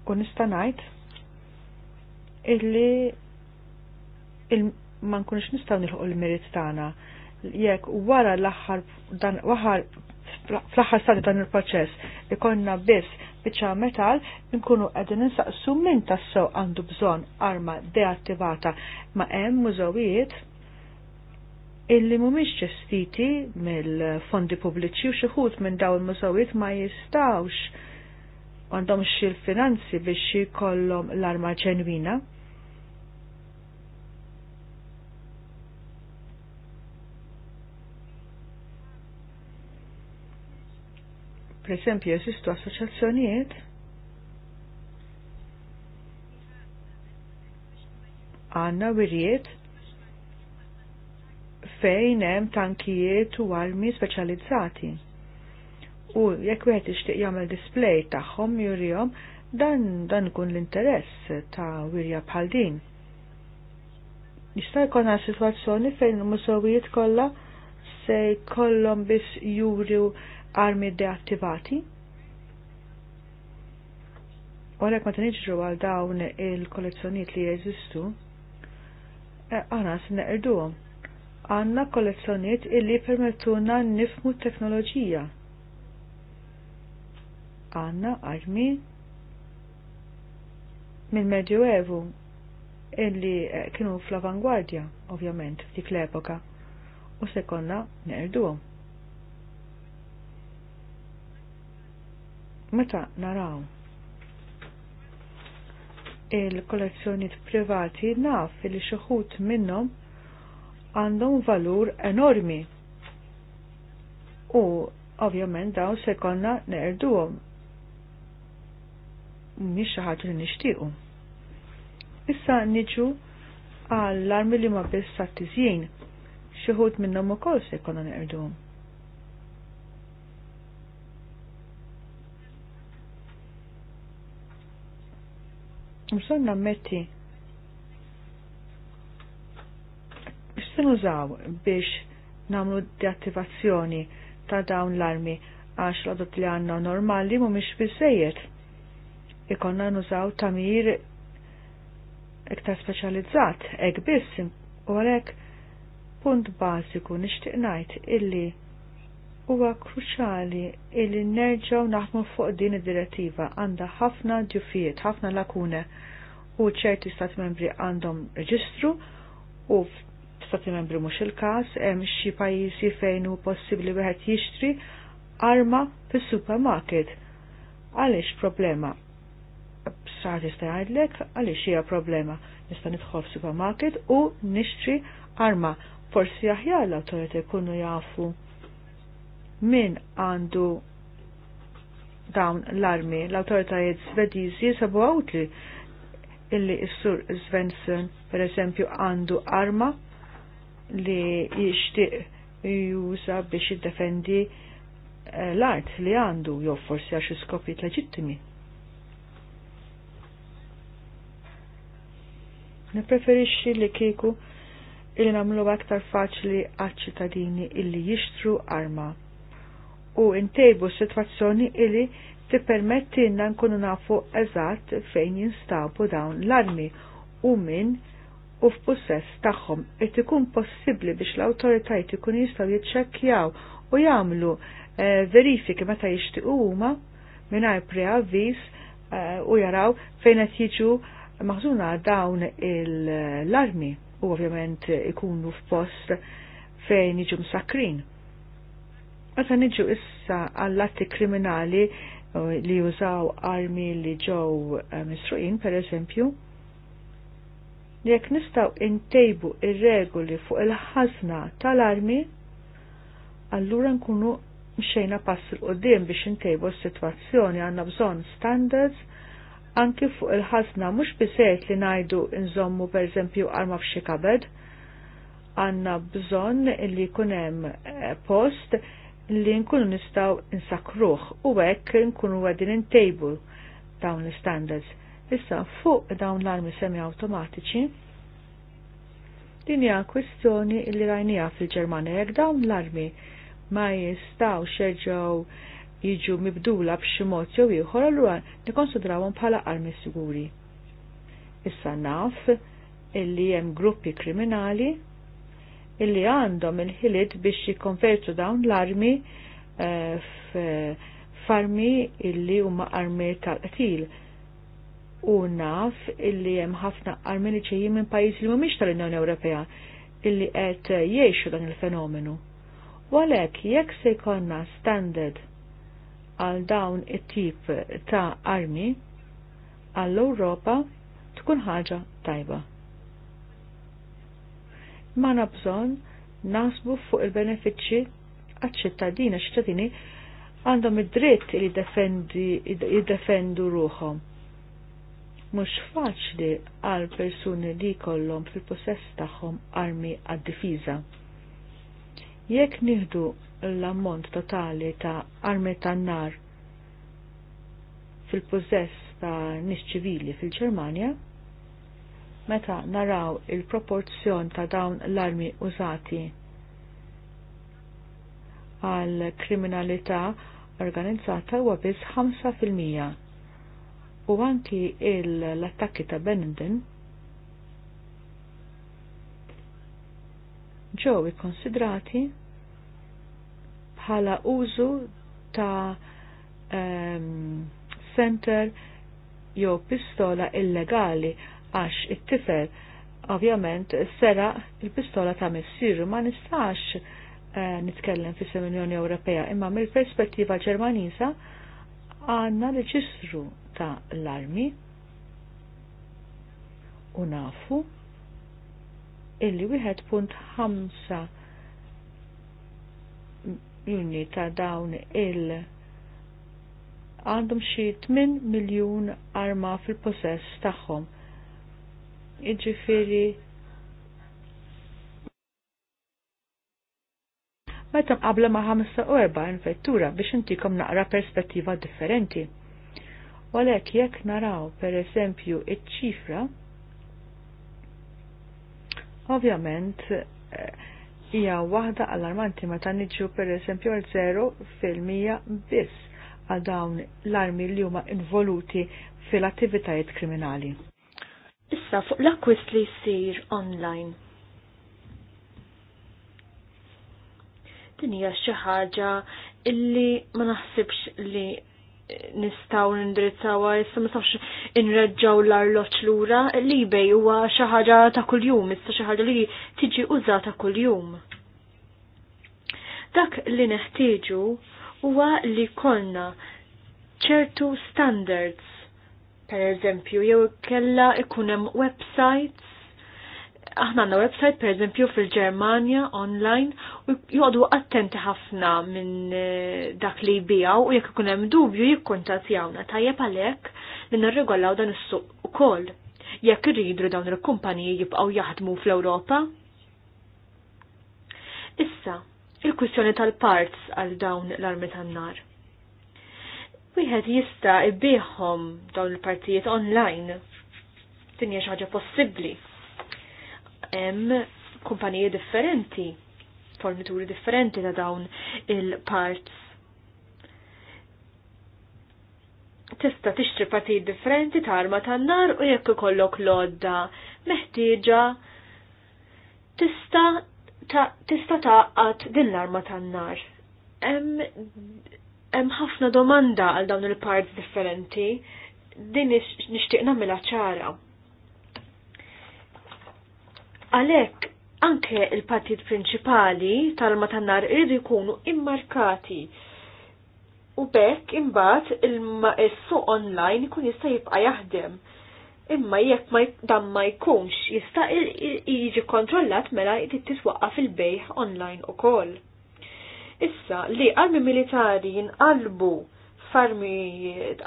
U nista' ngħid illi il ma nkunx nistgħu nilħu l-merit tagħna jekk wara l-aħħar dan waħar fl-aħħar stadju dan il-proċess ikonna biss biċċa metal nkunu qegħdin insaqsu min tassew għandu bżonn arma deattivata ma' hemm mużawijiet illi mhumiex ġestiti mill-fondi pubbliċi u xi minn minn dawn mużawiet ma jistawx għandhom xil-finanzi biex jikollhom l-arma ġenwina. Per esempio, esistu assoċjazzjonijiet għanna wirjiet fejn hemm tankijiet u armi speċjalizzati. U jekk wieħed ixtieq jagħmel display tagħhom jurihom dan dan ikun l-interess ta' wirja bħal din. Jista' jkun għal sitwazzjoni fejn il-mużewijiet kollha se jkollhom biss juru armi deattivati. U għalhekk ma tinġru għal dawn il-kollezzjonijiet li jeżistu, eh, aħna se neqirduhom għanna kollezzjoniet illi permettuna nifmu teknoloġija. Għanna armi mill medjuevu illi eh, kienu fl-avangwardja, ovvjament, dik l-epoka, u sekonna nerdu. Meta naraw il-kollezzjoniet privati naf il xuħut minnhom għandhom valur enormi. U ovvjament daw se konna nerduhom. Mhix xi ħaġa li nixtiequ. Issa niġu għall-armi li ma biss sattizjien. tiżjien xi ħud minnhom ukoll se jkollna nerduhom. Mson metti nużaw biex namlu deattivazzjoni ta' dawn l-armi għax l li għanna normali miex bizzejiet. Ikonna nużaw tamir iktar specializzat, ek biss, u għalek punt bażiku nixtieq ngħid illi huwa kruċali illi nerġgħu naħdmu fuq din id-direttiva għandha ħafna ġufijiet, ħafna lakune u ċerti stat membri għandhom reġistru u f'stati membri mhux il-każ, hemm xi pajjiżi fejn hu possibbli wieħed jixtri arma fis-supermarket. Għaliex problema? Sa tista' jgħidlek għaliex hija problema. Nista' nidħol f'supermarket u nixtri arma. Forsi aħjar l-awtorità jkunu jafu min għandu dawn l-armi l awtoritajiet svedizi sabu għawtli illi s-sur Svensson per eżempju għandu arma li jixtieq juża biex jiddefendi eh, l-art li għandu jew forsi għax iskopijiet leġittimi. Nipreferixxi li kieku illi nagħmlu aktar faċli għaċ-ċittadini illi jixtru arma u ntejbu sitwazzjoni illi tippermettilna nkunu nafu eżatt fejn jinstabu dawn l-armi u minn u f'possess tagħhom qed ikun possibbli biex l-awtoritajiet ikun jistgħu jiċċekkjaw u jagħmlu eh, verifiki meta jixtiequ huma mingħajr preavviż eh, u jaraw fejn qed jiġu maħżuna dawn l-armi u ovvjament ikunu f'post fejn jiġu msakrin. Meta niġu issa għall-atti kriminali eh, li jużaw armi li ġew misruqin, per eżempju, li jekk nistaw intejbu ir-regoli fuq il-ħazna tal-armi, allura nkunu mxejna pass il qoddim biex intejbu s-sitwazzjoni għanna bżon standards anki fuq il-ħazna mux bisejt li najdu nżommu per eżempju arma f'xi kabed, għanna bżon li kunem eh, post li nkunu nistaw insakruħ u għek nkunu għadin intejbu dawn l-standards Issa fuq dawn l-armi semi automatiċi, din hija kwestjoni li rajnija fil-Ġermanja jekk dawn l-armi ma jistgħu xerġgħu jiġu mibdula b'xi mod jew ieħor allura nikkonsidrawhom bħala armi siguri. Issa naf illi hemm gruppi kriminali illi għandhom il-ħiliet biex jikkonvertu dawn l-armi eh, f'armi illi huma armi tal-qtil u naf illi hemm ħafna armeniċi minn pajis li mhumiex tal-Unjoni Ewropea illi qed jgħixu dan il-fenomenu. U għalhekk jekk se jkollna standard għal dawn it-tip ta' armi għall-Ewropa tkun ħaġa tajba. Ma bżonn nasbu fuq il-benefiċċji għaċ-ċittadini, ċittadini għandhom id-dritt li jiddefendu ruħom mhux faċli għal persuni li kollom fil-possess tagħhom armi għad-difiża. Jekk nieħdu l-ammont totali ta' armi tan-nar fil-possess ta' nis ċivili fil-Ġermanja, meta naraw il-proporzjon ta' dawn l-armi użati għal kriminalità organizzata huwa biss 5% u anki l-attakki ta' Benenden ġew ikkonsidrati bħala użu ta' um, center jew pistola illegali għax it-tifel ovvjament sera il-pistola ta' missieru ma nistax uh, nitkellem fis-Unjoni Ewropea imma mill-perspettiva Ġermaniża għandna reġistru ta' l-armi u nafu illi wieħed punt ħamsa juni ta' dawn il- għandhom xi 8 miljun arma fil-possess tagħhom. Iġifieri meta qabla ma' 45 vettura biex intikom naqra perspettiva differenti. U għalhekk jekk naraw pereżempju iċ-ċifra, ovvjament eh, hija waħda allarmanti meta niġu pereżempju għal 0 fil-mija biss għal dawn l-armi li huma involuti fil-attivitajiet kriminali. Issa fuq l-akwist li jsir online. Din hija xi ħaġa illi ma naħsibx li nistaw nindrizzaw issa ma safx inreġġaw l-arloċ lura, l-ebay huwa xi ħaġa ta' kuljum, issa xi ħaġa li tiġi użata kuljum. Dak li neħtieġu huwa li konna ċertu standards, per eżempju, jew kella ikun hemm websites Aħna għandna website pereżempju fil-Ġermanja online u jgħodu attenti ħafna minn eh, dak li jbijaw u jekk ikun hemm dubju jikkuntattjawna tajjeb għalhekk li nirregolaw dan is-suq ukoll. Jekk irridru dawn il-kumpaniji jibqgħu jaħdmu fl-Ewropa? Issa, il-kwistjoni tal-parts għal dawn l-armi tan-nar. Wieħed jista' ibbieħhom dawn il-partijiet online. Tinja xi ħaġa possibbli hemm kumpaniji differenti, fornituri differenti ta' dawn il-parts. Tista' tixtri partijiet differenti ta' arma tan-nar u jekk ikollok lodda meħtieġa tista' ta' tista' din l-arma tan-nar. Hemm ħafna domanda għal dawn il-parts differenti din nixtieq nagħmilha ċara. Għalhekk anke il-partit prinċipali tal matannar iridu jkunu immarkati. U bekk imbagħad il maqessu online ikun jista' jibqa' jaħdem. Imma jekk dan ma jkunx jista' jiġi kontrollat mela titwaqqa fil-bejħ online ukoll. Issa li armi militari jinqalbu farmi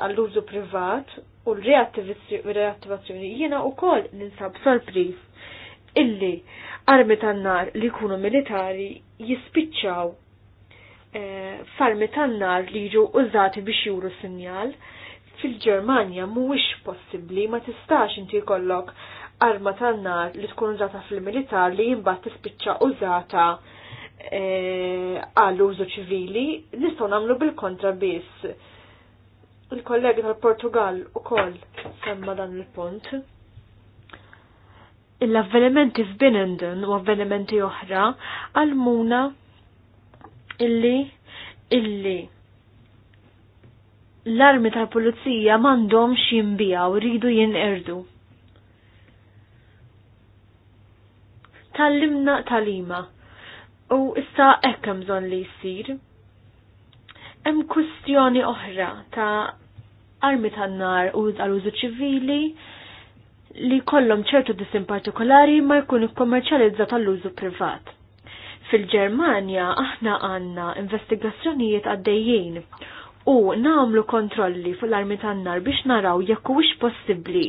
għall-użu privat u l-reattivazzjoni jiena u koll ninsab sorpriz illi armi tan-nar li jkunu militari jispiċċaw e, farmi tan-nar li jiġu użati biex juru sinjal. Fil-Ġermanja mhuwiex possibbli ma tistax inti jkollok arma tan-nar li tkun użata fil-militar li jimbat tispiċċa użata eh, għall użu ċivili, nistgħu nagħmlu bil-kontra biss. Il-kollegi tal-Portugal ukoll semma dan il-punt l-avvenimenti f'Binenden u avvenimenti oħra għalmuna illi illi l-armi tal-pulizija mandom ximbijaw, rridu jinqerdu. Tallimna talima u issa ekkem zon li jisir. Hemm kwistjoni oħra ta' armi tan-nar u għal użu ċivili li kollom ċertu disim partikolari ma jkun ikkommerċjalizzat għall-użu privat. Fil-Ġermanja aħna għanna investigazzjonijiet għaddejjien u namlu kontrolli l armi tan-nar biex naraw jekk huwiex possibbli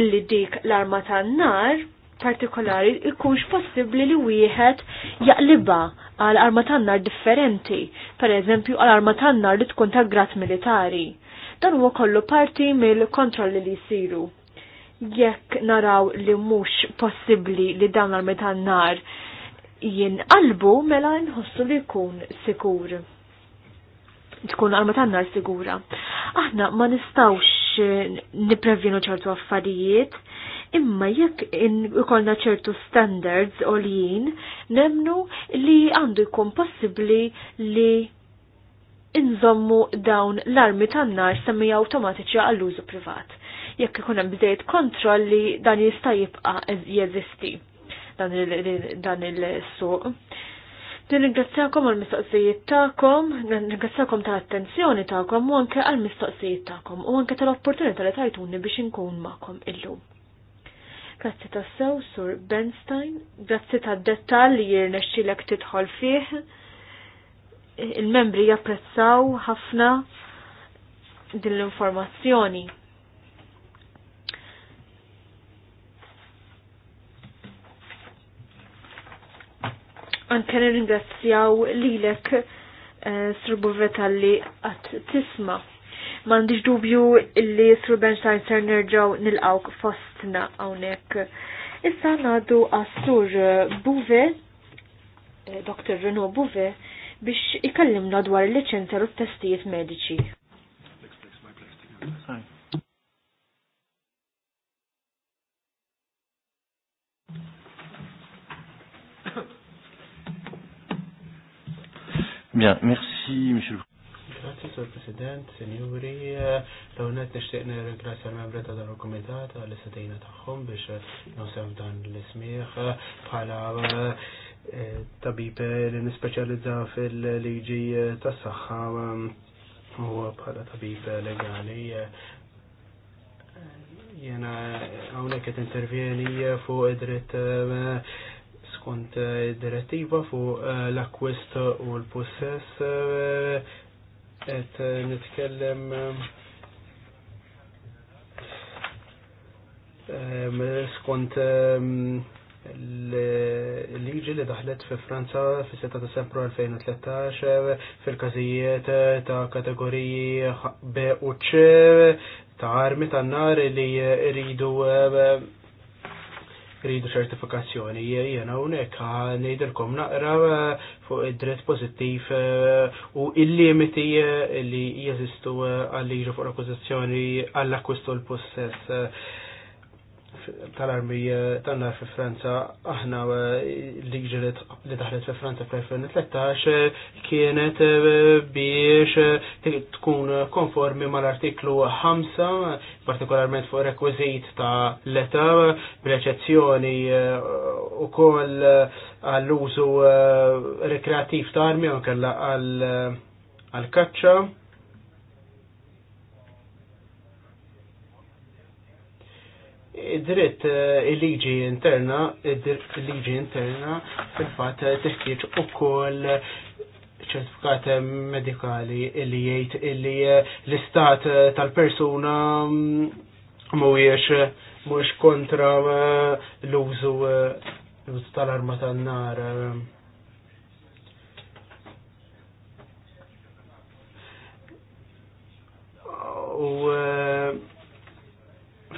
illi dik l-arma tan-nar partikolari ikunx possibbli li wieħed jaqliba għal arma tan-nar differenti, per eżempju għal arma tan-nar li tkun ta' grat militari. Dan huwa kollu parti mill-kontrolli li jsiru jekk naraw li mhux possibbli li dawn l-armi tan-nar jinqalbu mela nħossu li jkun sikur. Tkun arma tan-nar sigura. Aħna ma nistawx niprevjenu ċertu affarijiet, imma jekk ikollna ċertu standards olijin, nemnu li għandu jkun possibbli li inżommu dawn l-armi tan-nar semmi automatiċi għall-użu privat jekk ikun hemm bdejt kontrolli dan jista' jibqa' jeżisti dan il-suq. Nirringrazzjakom għal mistoqsijiet tagħkom, nirringrazzjakom tal attenzjoni tagħkom u anke għal mistoqsijiet tagħkom u anke tal-opportunità li tajtuni biex inkun magħkom illum. Grazzi ta' sew, Sur Benstein, grazzi ta' dettal li jirnexxilek tidħol fih. Il-membri japprezzaw ħafna din l-informazzjoni. Anke nirringrazzjaw lilek eh, Sir Buvetalli għat tisma. M'għandix dubju illi Sir Benstein ser nerġgħu nilqawk fostna hawnhekk. Issa ngħadu għas-Sur Buve, eh, Dr. Renaud Buve, biex ikallimna dwar il-liċenzja u t-testijiet mediċi. Hi. Bien, merci, Monsieur le Grazie, Sor President, Senjuri, Tawnet nishtiq nirringrazzja l-membri ta' dan il-Komitat għal istedina tagħhom biex nosem dan l-ismieħ bħala eh, tabib li nispeċjalizza fil-liġi tas-saħħa eh, u bħala tabib legali jena għawnek qed intervjeni fuq id-dritt eh, skont eh, direttiva fuq eh, l-akwist u l-possess eh, et nitkellem ehm, skont ehm, l-liġi li daħlet fi Franza fi 6 Desembru 2013 fil-kazijiet ta' kategoriji B u C ta' armi ta' nar li rridu rridu ċertifikazzjoni. Jena unek, nejdilkom naqra eh, fuq id-dritt pozittiv eh, u il-limiti eh, li jeżistu għalli fuq l-akkużazzjoni għall-akkustu l-possess tal-armi tan-nar fi Franza, aħna eh, li ġilet li taħlet fi Franza fl-2013 eh, kienet eh, biex tkun konformi mal-artiklu 5, partikolarment fuq rekwizit ta' l-età, bl-eċezzjoni u koll għall-użu rekreativ ta' armi u għall-kaċċa. Eh, id-dritt il-liġi interna, il-liġi interna fil-fat u eh, ukoll ċertifikat eh, medikali illi jgħid illi l-istat tal-persuna mm, mhuwiex mhuwiex kontra l-użu l-użu tal-arma tan-nar. U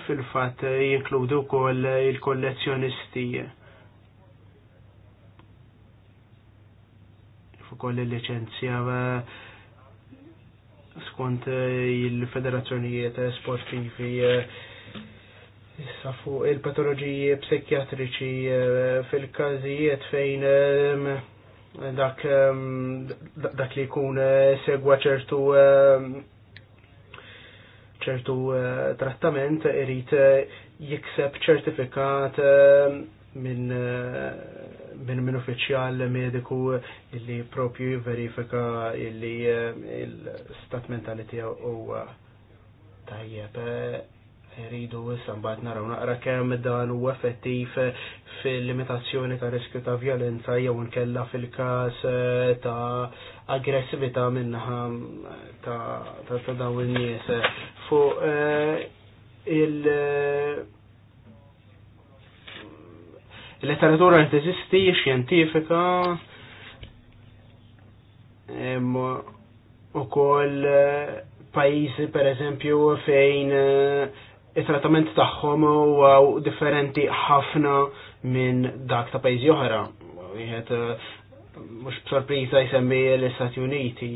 fil-fat jinkludu kol il-kollezzjonisti. Fu kol il-licenzja eh, skont eh, il-federazzjonijiet sportivi eh, Issa il-patologiji psikjatriċi fil-każijiet fejn dak, dak li kun segwa ċertu ċertu eh, trattament irid eh, jikseb ċertifikat eh, minn min, min uffiċjal mediku illi propju verifika illi il statmentaliti u tajjeb Rridu issa mbagħad naraw naqra kemm dan huwa effettiv fil-limitazzjoni ta' riskju ta' violenza jew nkella fil-każ eh, ta' aggressività minnaħa eh, ta' ta', ta dawn in-nies fuq eh, il- il-letteratura li teżisti, xjentifika, u koll pajizi per eżempju fejn it-trattament tagħhom u differenti ħafna minn dak ta' pajjiżi oħra. Wieħed eh, mhux b'sorpriza jsemmi l-Istati Uniti.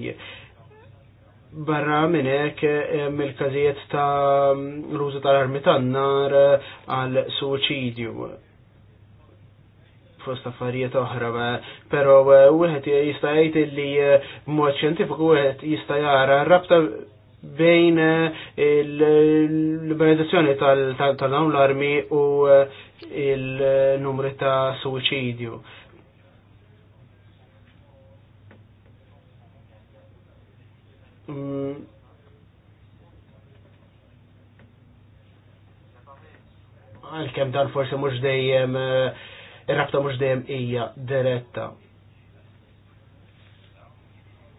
Barra minn hekk eh, mill-każijiet ta' l-użu tal-armi tan-nar eh, għal suċidju fost affarijiet oħra, pero wieħed jista' jgħid li mod xjentifiku wieħed jista' jara rabta bejn eh, il-liberalizzazzjoni tal-dawn l-armi u eh, il-numri ta' suicidju. Mm. Għal-kem dan forse mux dejjem, eh, ir-rabta mux dejjem ija diretta.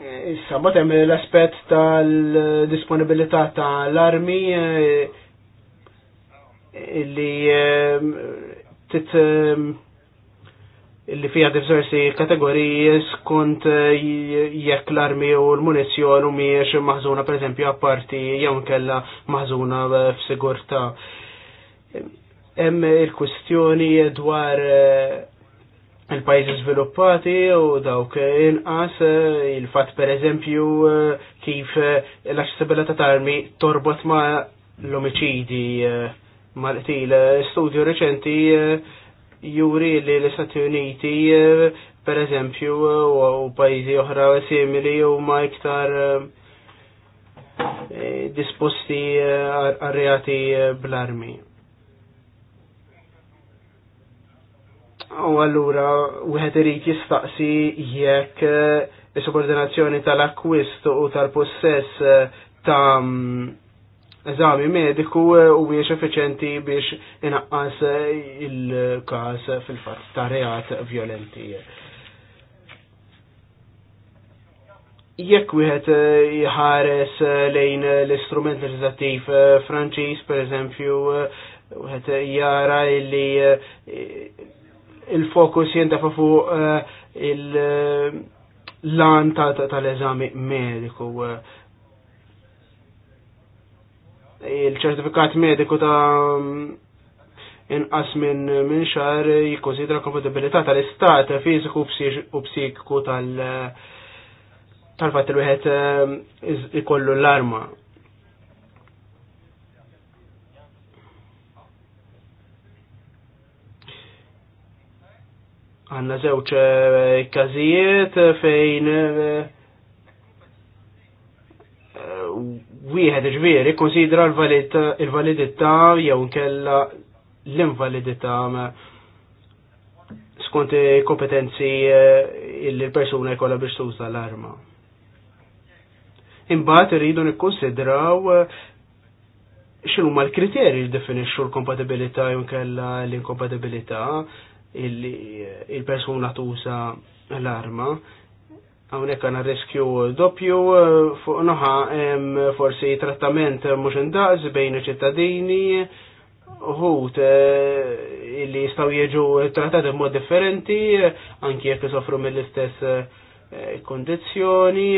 Eh, issa, batem l-aspet tal-disponibilità tal-armi eh, li eh, tit illi fija diversi kategoriji skont jekk l-armi u l-munizjon u miex maħżuna per esempio apparti jew kella maħżuna f'sigurtà. Hemm il-kwistjoni dwar il-pajzi sviluppati u dawk inqas eh, il-fat per eżempju eh, kif eh, l axsibilità ta' armi torbot ma' l-omicidi ma' l-qtil. Studju reċenti juri li l-Istati Uniti per eżempju u pajzi oħra simili u ma' iktar disposti ar-reati bl-armi. U allura wieħed irid jistaqsi jekk eh, is-subordinazzjoni tal-akwist u tal-possess eh, ta' mm, eżami mediku eh, u biex effiċenti biex inaqqas il-kas fil-fatt ta' reat violenti. Jekk wieħed jħares lejn l-istrument legislattiv Franċiż, per eżempju, wieħed jara li il-fokus jintafa' fuq eh, il-lan tal-eżami mediku. Eh. Il-ċertifikat mediku ta' inqas minn min xar jikkonsidra kompatibilità tal-istat fiżiku u psikiku tal- tal-fatt li wieħed eh, ikollu l-arma. Għanna zewċ eh, kazijiet fejn eh, wieħed ġviri konsidra l-validità jew nkella l-invalidità skont kompetenzi eh, illi l-persuna jkollha biex tuża l-arma. Imbagħad irridu nikkonsidraw x'inhuma l-kriterji li definixxu l-kompatibilità jew nkella l-inkompatibilità il-persuna tuża l-arma. għawnek għandna riskju doppju eh, fuq noħa forsi trattament mhux indaqs bejn iċ-ċittadini uħut eh, li jistgħu jiġu trattati b'mod differenti anki jekk isofru mill-istess eh, kondizjoni,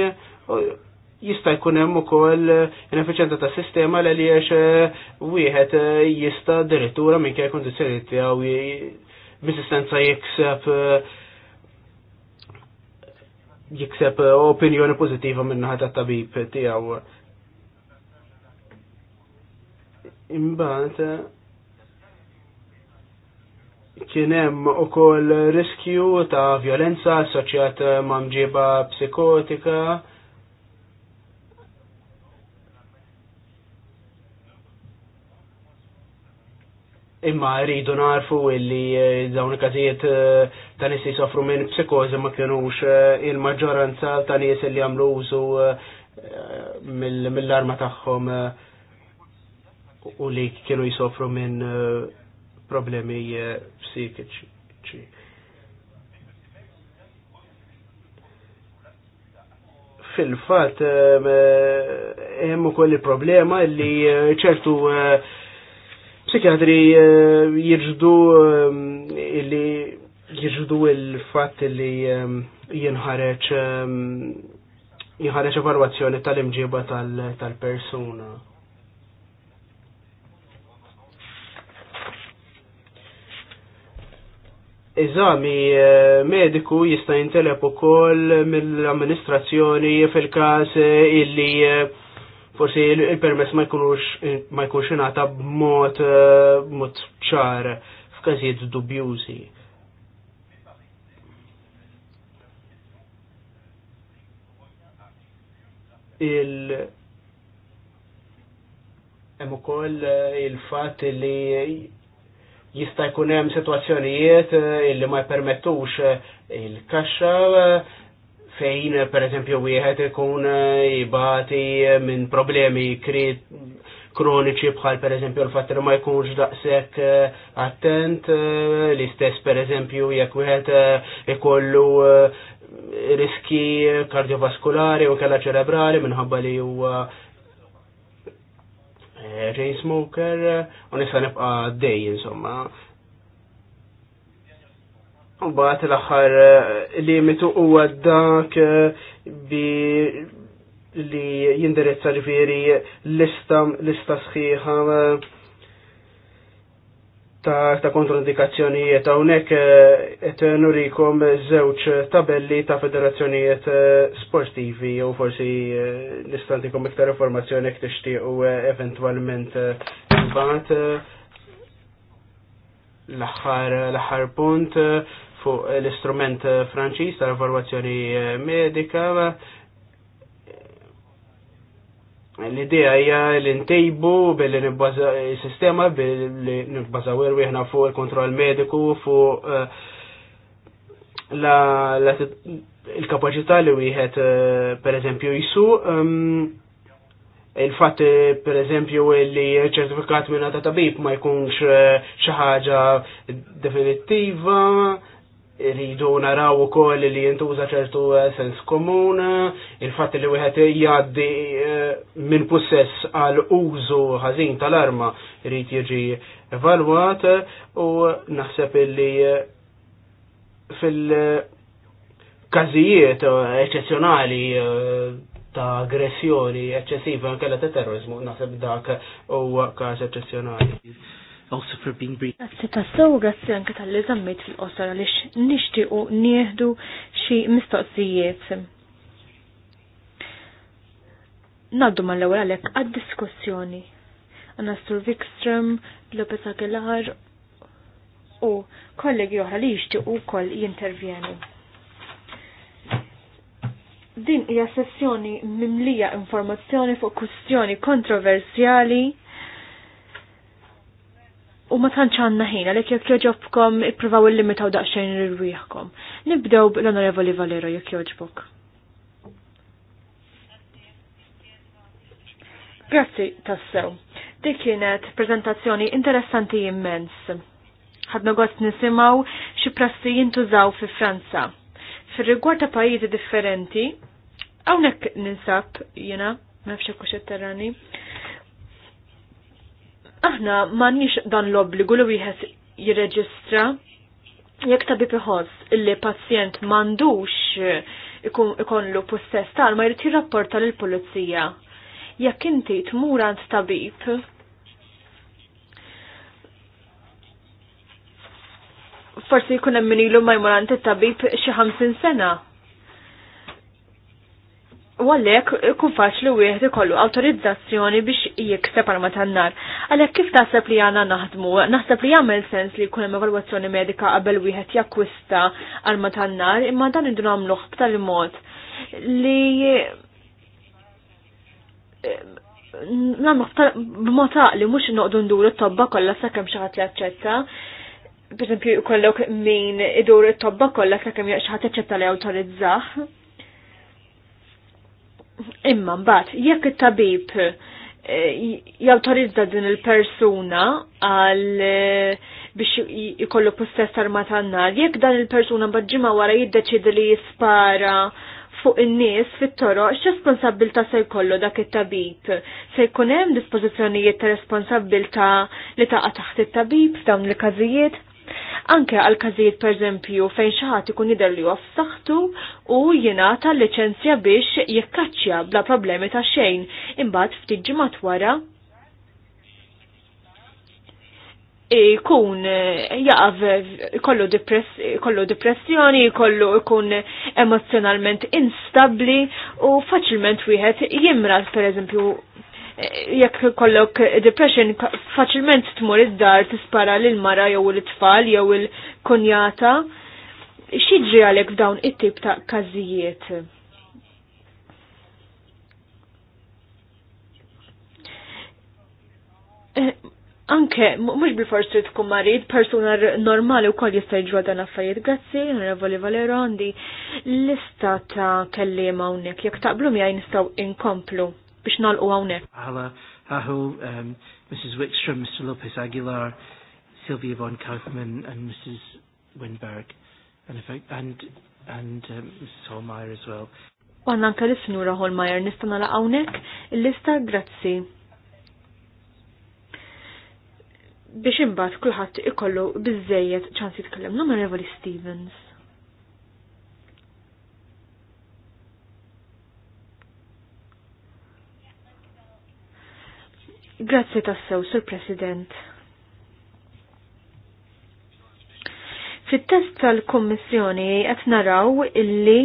jista' jkun hemm ukoll ineffiċjenza tas sistema li għaliex wieħed jista' dirittura minn kej kondizzjoni tiegħu B'sistenza jikseb eh, jikseb eh, opinjoni pozittiva minna ħata tabib tijaw. Imbat, eh, kienem u ukoll riskju ta' violenza assoċjat ma' mġiba psikotika, imma rridu narfu illi eh, dawn il-każijiet eh, ta' nies jisofru minn psikozi ma kienux eh, il-maġġoranza ta' nies li għamlu użu mill-arma tagħhom u li kienu jisofru minn problemi psikiċi. Fil-fat, hemm ukoll il-problema li ċertu uh, psikiatri eh, jirġdu eh, illi jirġdu il-fat illi jinħareċ eh, jinħareċ evaluazzjoni tal-imġiba tal-persuna. Iżami mediku jista' jintelep ukoll mill-amministrazzjoni fil-każ illi forsi il-permess ma jkunux ma jkunx ingħata b'mod eh, mod ċar f'każijiet dubjużi. il hemm ukoll eh, il-fatt li jista' jkun hemm sitwazzjonijiet eh, illi ma jpermettux il-kaxxa fejn per eżempju wieħed ikun eh, jibati minn problemi kroniċi bħal per eżempju l-fatter ma jkunx daqshekk eh, attent eh, l-istess per eżempju jekk wieħed ikollu riski kardiovaskulari u kella ċerebrali minħabba li huwa Jane smoker u nista' nibqa' dej insomma Mbagħad l-aħħar eh, limitu u dak eh, bi li jindirizza ġifieri lista lista sħiħa eh, ta' ta' kontraindikazzjonijiet hawnhekk qed nurikom żewġ tabelli ta' federazzjonijiet sportivi jew forsi nistantikom iktar informazzjoni jekk tixtiequ eventwalment imbagħad l-aħħar l-aħħar punt fuq eh, l-istrument eh, Franċiż tal-evalwazzjoni eh, medika. L-idea hija li ntejbu billi nibbaża is-sistema billi nibbażaw irwieħna fuq il-kontroll mediku fuq la il-kapacità li wieħed per eżempju jisu ehm, il-fatt per eżempju li ċertifikat minna ta' tabib ma jkunx xi ħaġa definittiva Iridu naraw ukoll li jintuża ċertu eh, sens komun, eh, il fat li wieħed jgħaddi eh, minn possess għal użu ħażin tal-arma rrid jiġi evalwat u naħseb li fil-każijiet eċċezzjonali ta' aggressjoni eccessiva anke ta' terrorizmu, naħseb dak huwa każ eċċezzjonali also for being brief. Grazzi tas-sew grazie anke tal-li zammit fil-qosor għaliex nixtiequ nieħdu xi mistoqsijiet. Naddu mal-ewwel għalhekk għad-diskussjoni. Anna Sur Wikström, Lopez Aguilar u kollegi oħra li jixtiequ wkoll jintervjenu. Din hija sessjoni mimlija informazzjoni fuq kwistjoni kontroversjali U ma tantx għandna ħin għalhekk jekk joġobkom ippruvaw illimitaw daqsxejn irwieħkom. Nibdew bl-Onorevoli Valero jekk joġbok. Grazzi tassew. Dik kienet prezentazzjoni interessanti immens. Ħadna gost nisimgħu xi prassi jintużaw fi Franza. Fir-rigward ta' pajjiżi differenti, hawnhekk ninsab jiena, ma nafx hekk terrani. Aħna m'għandniex dan l-obbligu li wieħed jirreġistra jekk tabib iħoss li pazjent m'għandux eh, ikollu possess tal-ma jrid jirrapporta lill pulizija Jekk inti tmur għand tabib, forsi jkun hemm min ilu ma jmur għand it-tabib xi ħamsin sena U għallek kun faċli wieħed ikollu autorizzazzjoni biex jikseb arma tan-nar. Għalhekk kif taħseb li għandna naħdmu? Naħseb li jagħmel sens li jkun hemm evalwazzjoni medika qabel wieħed jakkwista arma tan-nar, imma dan idu nagħmluh b'tali mod li eh, nagħmlu b'mod li mhux noqdu nduru t-tobba kollha sakemm xi ħadd jaċċetta per esempio kollok min idur it-tobba kollha sakemm xi ħadd jaċċetta li awtorizzah. Imma mbagħad jekk it-tabib eh, jawtorizza din il-persuna għal eh, biex jikollu possess arma tan jekk dan il-persuna bħadġima wara jiddeċidi li jispara fuq in-nies fit-toroq, responsabilta se jkollu dak it-tabib? Se jkun hemm dispożizzjonijiet ta' responsabilta li taqa' taħt it-tabib f'dawn l każijiet Anke għal każijiet pereżempju fejn xi ħadd ikun jidher li saħtu u jingħata liċenzja biex jikkaċċja bla problemi ta' xejn imbagħad ftit ġimgħat wara ikun eh, jaqaf kollu kollu depressjoni, kollu ikun emozjonalment instabli u faċilment wieħed jimrat per eżempju jekk kollok depression faċilment tmur id-dar tispara lil mara jew il-tfal jew il-konjata. X'jiġri għalek f'dawn it-tip ta' każijiet? Eh, anke, mux bil-forsi tkun marid, persuna normali u koll jista' jġwa dan affarijiet. Grazzi, onorevoli Valero, għandi lista ta' kellima hawnhekk. Jekk taqblu miegħi nistgħu inkomplu biex nalqu hawnhekk. Għala, Aho, um, Mrs. Wickstrom, Mr. Lopez Aguilar, Sylvia von Kaufman and Mrs. Winberg, and, if I, and, and um, Mrs. Holmeyer as well. Għanna anka l-snura Holmeyer, nista nalqu għawnek, l-lista grazzi. Biex imbat kullħat ikollu bizzejiet ċansi tkellem, l-onorevoli Stevens. Grazzi tassew, Sur President. Fit-test tal-Kommissjoni qed naraw illi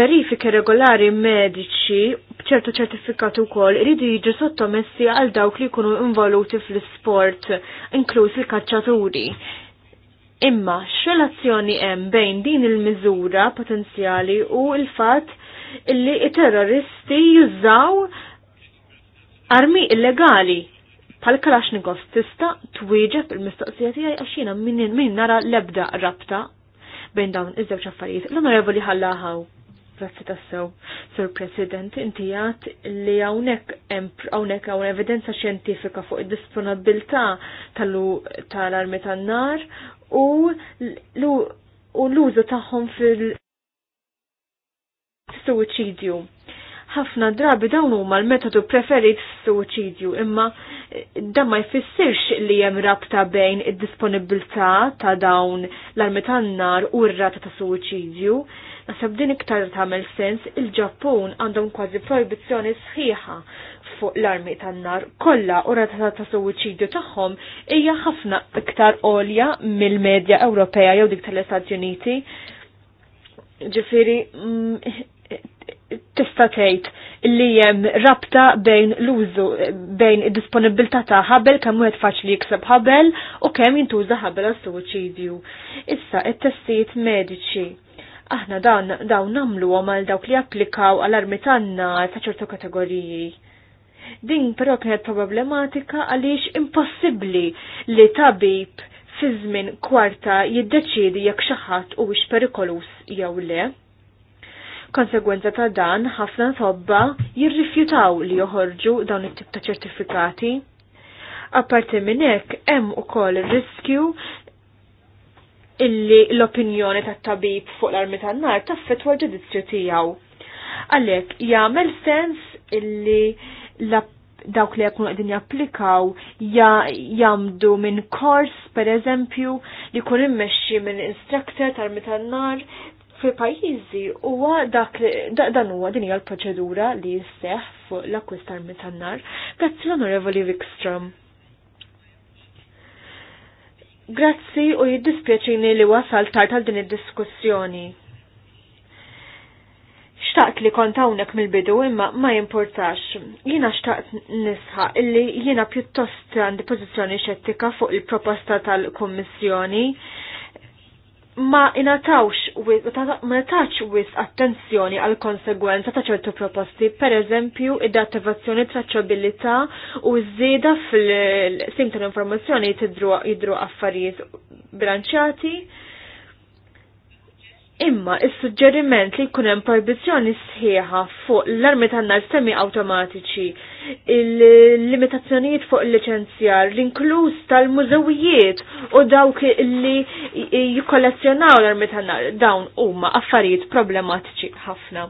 verifika regolari mediċi bċertu ċertifikat ukoll iridu jiġu sottomessi għal dawk li jkunu involuti fl-isport, inkluż il-kaċċaturi. Imma x'relazzjoni hemm bejn din il-miżura potenzjali u l-fatt illi i terroristi jużaw armi illegali pal kalashnikov tista twieġeb il-mistoqsija tiegħi għax jiena min nara l-ebda rabta bejn dawn iż-żewġ affarijiet. L-Onorevoli ħallaħaw. Grazzi tassew, Sir President, inti jgħat li hawnhekk hawnhekk hawn evidenza xjentifika fuq id-disponibilità tal-armi tan-nar u l-użu tagħhom fil- suwiċidju ħafna drabi dawn huma l-metodu preferit fis-suċidju imma eh, dan ma jfissirx li hemm rabta bejn id-disponibilità ta' dawn l-armi tan-nar u r-rata ta' suċidju. Nasab din iktar tagħmel sens il-Ġappun għandhom kważi proibizzjoni sħiħa fuq l-armi tan-nar kollha u rata ta' suċidju tagħhom hija ħafna iktar għolja mill-medja Ewropea jew dik tal-Istati Uniti ġifiri, mm, tista' tgħid li hemm rabta bejn l-użu bejn id-disponibilità ta' ħabel kemm wieħed faċli jikseb ħabel u kemm jintuża ħabel għas-suċidju. Issa it-testijiet mediċi. Aħna dan dawn nagħmluhom għal dawk li applikaw għal armi tanna ta' ċertu kategoriji. Din però kienet problematika għaliex impossibbli li tabib fi żmien kwarta jiddeċiedi jekk xi ħadd huwiex perikolus jew le. Konsegwenza ta' dan, ħafna tobba jirrifjutaw li joħorġu dawn it-tip ta' ċertifikati. Apparti minn hekk hemm ukoll riskju illi l-opinjoni tat-tabib fuq l-armi tan-nar taffetwa ġudizzju tiegħu. Għalhekk jagħmel sens illi dawk li jkunu qegħdin japplikaw jagħmdu minn kors pereżempju li jkun immexxi minn instructor tal-armi tan-nar fi pajjiżi huwa dak li dan huwa din hija l-proċedura li jisseħ fuq l-akkwist armi tan-nar. Grazzi l-Onorevoli Wikstrom. Grazzi u jiddispjaċini li wasal tard għal din id-diskussjoni. Xtaqt li kont hawnhekk mill-bidu imma ma jimpurtax. Jiena xtaqt nisħaq illi jiena pjuttost għandi pożizzjoni xettika fuq il-proposta tal-Kummissjoni ma inatawx ma inatawx wis attenzjoni għal konsegwenza ta' ċertu proposti, per eżempju id-attivazzjoni traċċabilità u żieda fil-sim tal-informazzjoni jidru affarijiet bilanċjati Imma is-suġġeriment li jkun hemm proibizzjoni sħiħa fuq l-armi tan-nar semi awtomatiċi, il-limitazzjonijiet fuq il-liċenzjar, l-inkluż tal-mużewijiet u dawk li jikkollezzjonaw l-armi tan-nar dawn huma affarijiet problematiċi ħafna.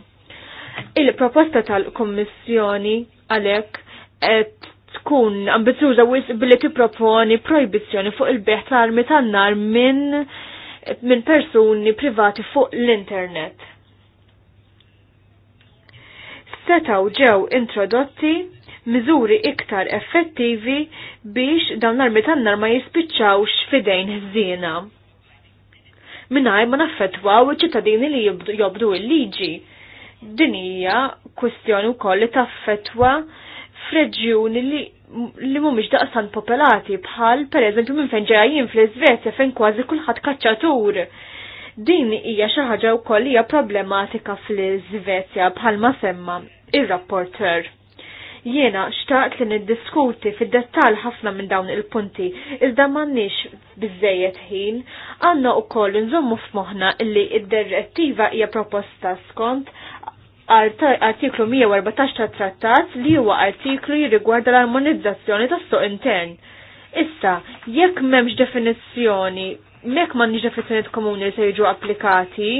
Il-proposta tal-Kommissjoni għalhekk qed tkun ambizzjuża wis billi tipproponi proibizzjoni fuq il-beħ tal-armi tan-nar minn minn persuni privati fuq l-internet. Setaw ġew introdotti miżuri iktar effettivi biex dawn l-armi tan-nar ma jispiċċawx fidejn ħżiena. Minaj ma naffettwaw iċ-ċittadini li jobdu il-liġi. Din hija kwestjoni wkoll li taffetwa f'reġjuni li li mhumiex daqsan popolati bħal pereżempju minn fejn ġejjin fl-Iżvezja fejn kważi kulħadd kaċċatur. Din hija xi ħaġa wkoll hija problematika fl-Iżvezja bħalma semma ir-rapporter. Jiena xtaqt li niddiskuti fid-dettall ħafna minn dawn il-punti, iżda m'għandniex biżejjed ħin, għandna wkoll nżommu f'moħħna li d-direttiva hija proposta skont artiklu 114 ta' trattat li huwa artiklu jirrigwarda l-armonizzazzjoni tas suq intern. Issa, jekk m'hemmx definizzjoni, jekk m'għandniex definizzjonijiet komuni li se jiġu applikati,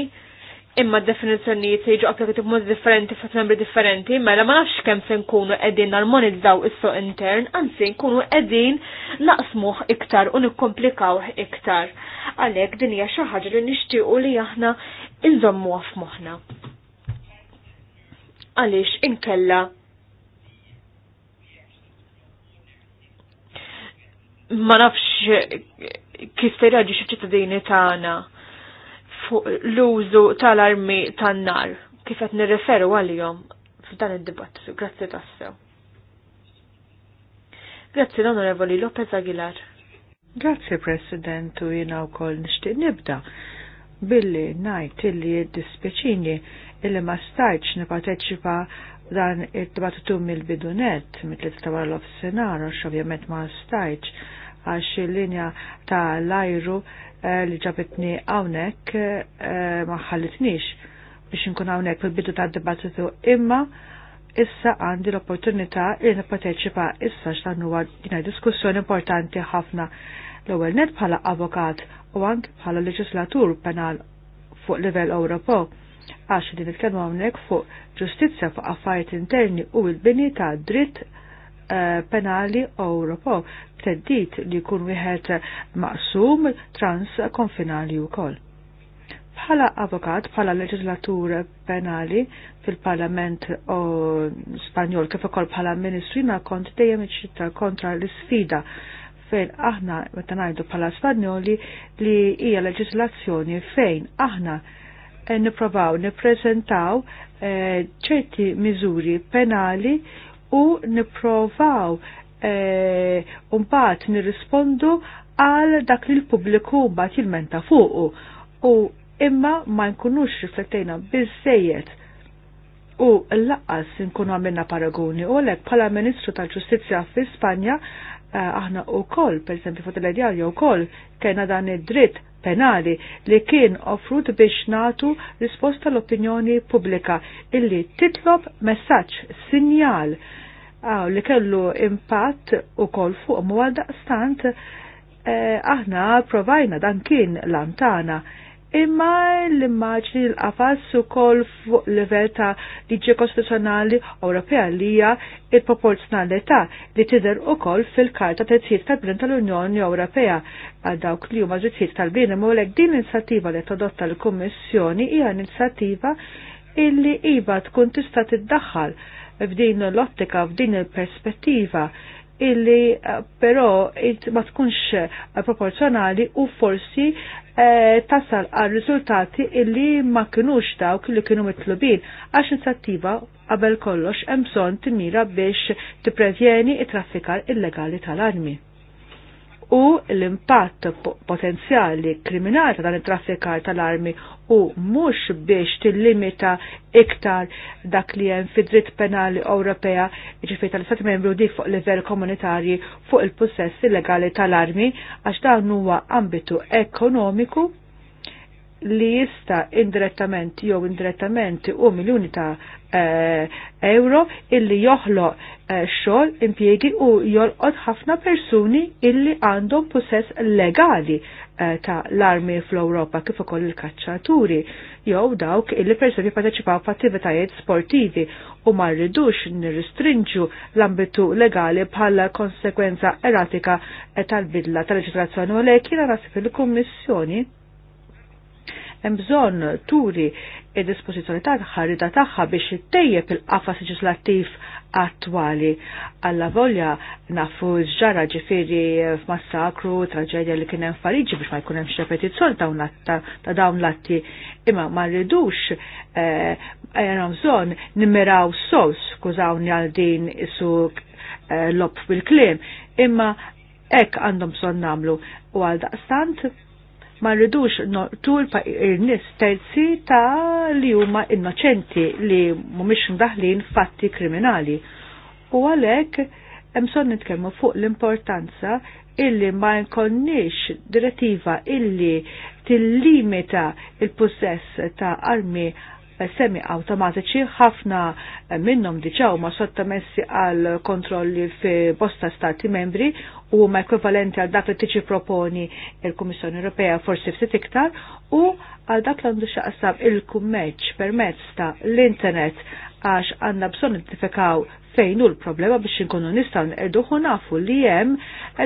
imma definizzjonijiet se jiġu applikati b'mod differenti fost membri differenti, mela ma nafx kemm se nkunu qegħdin narmonizzaw is-suq intern, anzi nkunu qegħdin naqsmuh iktar u nikkomplikawh iktar. Għalhekk din hija xi ħaġa li nixtiequ li aħna inżommuha f'moħħna għaliex inkella ma nafx kif terraġi xi ċittadini tagħna fuq l-użu tal-armi tan-nar kif qed nirreferu għalihom f'dan id-dibattitu. Grazzi tassew. Grazzi l-Onorevoli Lopez Aguilar. Grazzi President u jina u koll nishtiq nibda billi najt illi dispieċini illi ma stajċ nipateċipa dan it-tbattu mill-bidunet, t tawar l-offsenar, għax ovvjament ma stajċ, għax il-linja ta' lajru eh, li ġabitni għawnek eh, ma ħallitnix biex nkun għawnek fil-bidu ta' dibattitu imma issa għandi l-opportunità li nipparteċipa issa x'dan huwa dinha diskussjoni importanti ħafna l-ewwel net bħala avokat u anke bħala leġislatur penal fuq livell Ewropew għax din nitkellmu hawnhekk fuq ġustizzja fuq affarijiet interni u l-bini ta' dritt eh, penali Ewropew b'teddit li jkun wieħed maqsum transkonfinali wkoll. Bħala avokat, bħala leġislatur penali fil-Parlament Spanjol kif ukoll bħala Ministru ma kont dejjem iċċitta kontra l-isfida fejn aħna meta ngħidu bħala Spanjoli li hija leġislazzjoni fejn aħna Eh, niprovaw niprezentaw eh, ċerti miżuri penali u niprovaw eh, un bat nirrispondu għal dak li l-pubbliku bat jilmenta fuqu u imma ma nkunux riflettejna biżejjed u l-laqqas nkunu għamilna paragoni u għalek bħala Ministru tal-Ġustizzja fi Spanja aħna u koll, per esempio, fotelediarja u koll, kena dan id-dritt penali li kien offrut biex natu risposta l-opinjoni pubblika illi titlob messaġġ sinjal uh, li kellu impatt u kol fuq mwada stant uh, eh, aħna provajna dan kien lantana imma l-immaġni l-qafas ukoll fuq level ta' liġi kostituzzjonali Ewropea li hija il-proporzjonalità li tidher ukoll fil-Karta Tezzijiet tal-Bnin tal-Unjoni Ewropea għal dawk li huma ġittijiet tal bien imma lek din l-inizjattiva li tadotta l-Kummissjoni hija inizjattiva illi iva tkun tista' tiddaħħal f'din l-ottika, f'din il-perspettiva illi eh, però ma tkunx eh, proporzjonali u forsi eh, tasal għal riżultati illi ma kinux dawk li kienu mitlubin għax inizjattiva qabel kollox hemm bżonn timira biex t-prevjeni it-traffikar illegali tal-armi u l-impatt potenzjali kriminali ta' dan it-traffikar tal-armi u mhux biex tillimita iktar dak li hemm fi dritt penali Ewropea ġifi jiġifieri tal-Istati Membru dik fuq livell komunitarji fuq il-possess illegali tal-armi għax dan huwa ambitu ekonomiku li jista indirettament jew indirettament u miljoni ta' eh, euro illi joħlo eh, xogħol impjiegi u jolqod ħafna persuni illi għandhom possess legali eh, ta' l-armi fl-Ewropa kif ukoll il-kaċċaturi jew dawk illi persuni pparteċipaw f'attivitajiet sportivi u ma rridux nirristrinġu l-ambitu legali bħala konsekwenza eratika tal-bidla tal-leġislazzjoni u lek jiena nasib il-Kummissjoni hemm bżonn turi id disposizjoni ta' ħarida tagħha biex ittejjeb il-qafas leġislattiv attwali. Alla volja nafu ġara ġifieri f'massakru, traġedja li kien hemm fariġi biex ma jkun x repetizzjoni ta' dawn l-atti imma ma rridux eh, eh, għandhom bżonn nimmiraw sos skużawni għal din isu eh, lob bil-kliem imma ek għandhom bżonn namlu u għal daqstant ma rridux nortu nis terzi ta' li huma innoċenti li mhumiex ndaħlin fatti kriminali. U għalhekk hemm son nitkellmu fuq l-importanza illi ma nkonniex direttiva illi tillimita il-possess ta' armi semi automatiċi ħafna minnhom diġà huma sottomessi għal kontrolli fi bosta stati membri u ma ekvivalenti għal dak li tiġi proponi il-Kummissjoni Ewropea forsi ftit iktar u għal dak li għandu xaqsam il-kummerċ permezz ta' l-internet għax għandna bżon identifikaw fejn hu l-problema biex inkunu nistgħu nerduħu nafu li hemm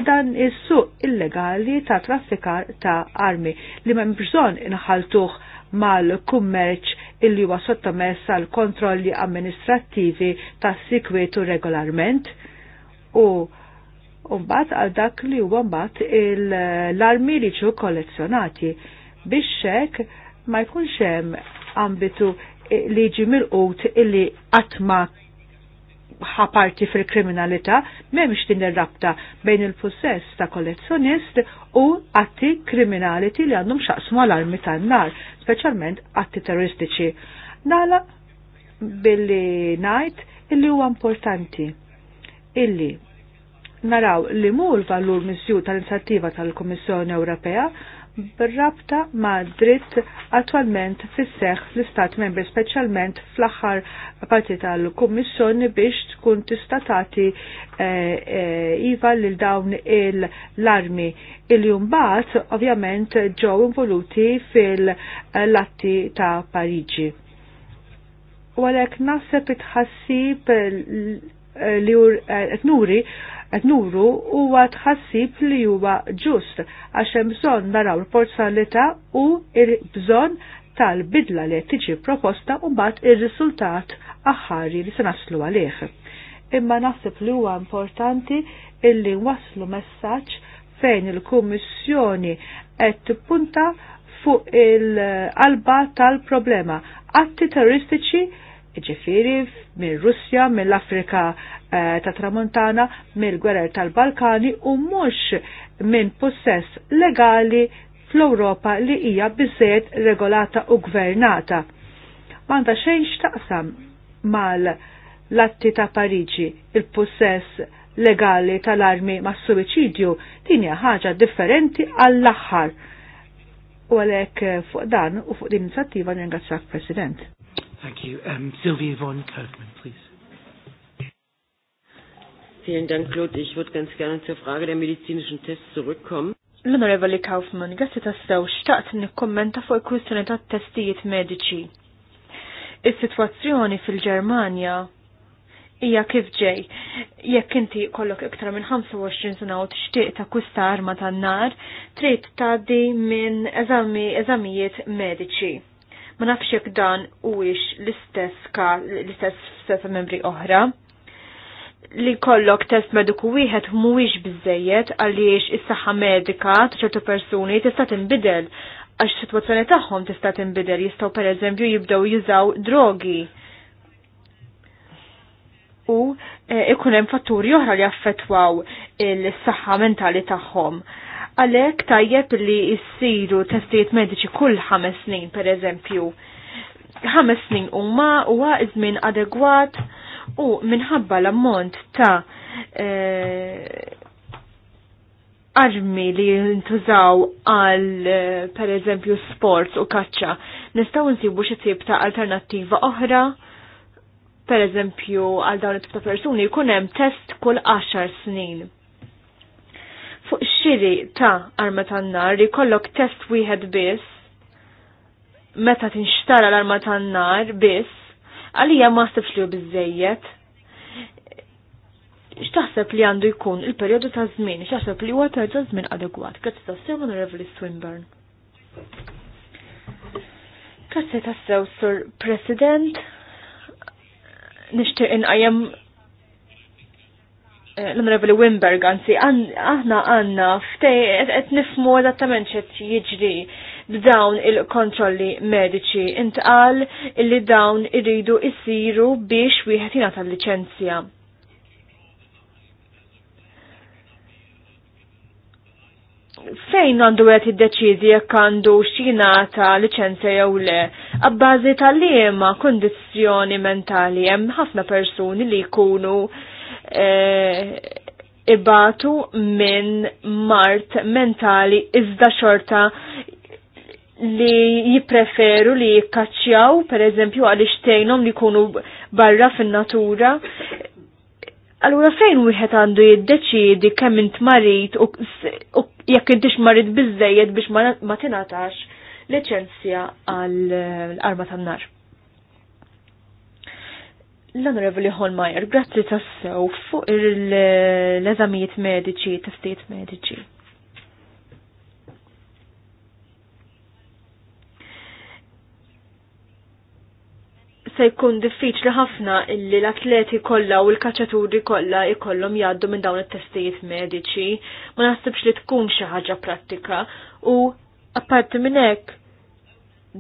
dan is-suq illegali ta' traffikar ta' armi li m'hemm bżonn inħaltuh mal-kummerċ illi huwa sottomess għal kontrolli amministrattivi tas sikwetu regolarment u mbagħad għal dak li huwa mbagħad l-armi li ġew kollezzjonati biex hekk ma jkunx hemm ambitu li jiġi mill-qut illi qatt ma ħaparti fil-kriminalità m'hemmx din ir-rabta bejn il-possess ta' kollezzjonist u atti kriminaliti li għandhom xaqsmu għal-armi tan-nar, speċjalment atti terroristiċi. Nala billi ngħid illi huwa importanti illi naraw li mu l-valur misju tal-inizjattiva tal-Komissjoni Ewropea b'rabta ma' dritt attualment fis-seħ fl-Istat membri, speċjalment fl-aħħar parti tal-Kummissjoni biex tkun tistatati eh, eh, iva lil dawn l-armi il bat ovvjament ġew involuti fil-latti ta' Pariġi. U għalhekk naħseb itħassib li qed eh, nuri qed nuru huwa tħassib li huwa ġust għax hemm bżonn naraw il porzalità u l-bżonn tal-bidla li qed tiġi proposta u mbagħad ir-riżultat aħħari li se naslu għalih. Imma naħseb li huwa importanti illi waslu messaġġ fejn il-Kummissjoni qed tippunta fuq il-qalba tal-problema. Atti terroristiċi ġifiri minn Russja, mill-Afrika Eh, ta' tramontana mill-gwerer tal-Balkani u mhux minn possess legali fl-Ewropa li hija biżejt regolata u gvernata. Manda xejn xtaqsam mal l-atti ta' Pariġi, il-possess legali tal-armi ma' suicidju din hija ħaġa differenti għall-aħħar. U għalhekk eh, fuq dan u fuq din inizjattiva ningrazzjak President. Thank you. Um, Sylvia Yvonne Kirkman, please. Vielen Dank, Claude. Ich würde ganz gerne zur Frage der medizinischen Tests zurückkommen. L-Onorevoli Kaufman, għassi tassew xtaqt n-kommenta fuq il-kwistjoni ta' testijiet mediċi. Is-sitwazzjoni fil-Ġermanja hija kif ġej. Jekk inti kollok iktar minn 25 sena u tixtieq ta' kusta arma tan-nar, trid tgħaddi minn eżami eżamijiet mediċi. Ma nafx jekk dan huwiex l-istess ka l-istess seta' membri oħra li kollok test mediku wieħed mhuwiex biżejjed għaliex is-saħħa medika ta' ċertu persuni tista' tinbidel għax sitwazzjoni tagħhom tista' tinbidel jistgħu pereżempju jibdew jużaw drogi. U e, ikun hemm fatturi oħra li affettwaw is-saħħa mentali tagħhom. Għalhekk tajjeb li jsiru testijiet mediċi kull ħames snin pereżempju. Ħames snin huma huwa iż-żmien adegwat u minħabba l-ammont ta' e, armi li jintużaw għal e, per eżempju sports u kaċċa, nistaw nsibu xi tip ta' alternattiva oħra, per eżempju għal dawn it-tip ta' persuni jkun hemm test kull 10 snin. Fuq xiri ta' arma tan-nar li kollok test wieħed biss meta tinxtara l-arma tan-nar biss għalija ma sibx li bizzejiet. X'taħseb li għandu jkun il-perjodu ta' żmien, x'taħseb li huwa perjodu ta' żmien adegwat. Grazzi ta' sew Revli Swinburne. Grazzi ta' sew Sur President. Nixtieq inqajjem eh, l revli Wimberg, anzi, aħna għanna, ftej, qed nifmu eżattament xed jiġri b'dawn il-kontrolli mediċi. Intqal illi dawn iridu issiru biex wieħed jingħata l-liċenzja. fejn għandu għet id-deċizi jekk għandu xinata licenzja jew le, għabbażi tal-liema kondizjoni mentali hemm ħafna persuni li jkunu e, ibatu minn mart mentali iżda xorta li jipreferu li jikkaċċjaw, per eżempju, għal ixtejnom li kunu barra fin-natura. Allura fejn wieħed għandu jiddeċidi kemm int marit u jekk intix marit biżejjed biex ma tingħatax liċenzja għal arma tan-nar. L-Onorevoli Holmeyer, grazzi tassew fuq l-eżamijiet mediċi, testijiet mediċi. se jkun diffiċli ħafna illi l-atleti kollha u l kacċaturi kollha jkollhom jgħaddu minn dawn it-testijiet mediċi, ma naħsibx li tkun xi ħaġa prattika u apparti minn hekk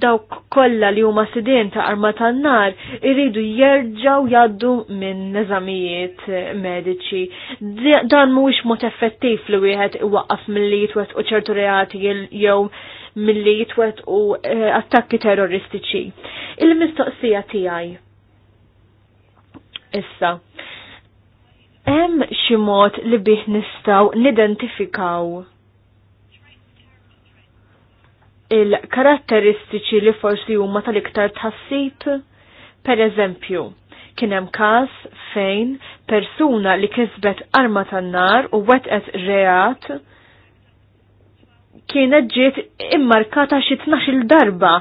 dawk kollha li huma sidien ta' arma tan-nar iridu jerġgħu jgħaddu minn eżamijiet mediċi. Dan mhuwiex mod effettiv li wieħed iwaqqaf milli jitwet u ċertu reati jew milli jitwet u eh, attakki terroristiċi. Il-mistoqsija tiegħi. Issa, hemm xi mod li bih nistgħu nidentifikaw il-karatteristiċi li forsi huma tal-iktar tħassib, per eżempju, kien hemm każ fejn persuna li kisbet arma tan-nar u wetqet reat kienet ġiet immarkata xi il darba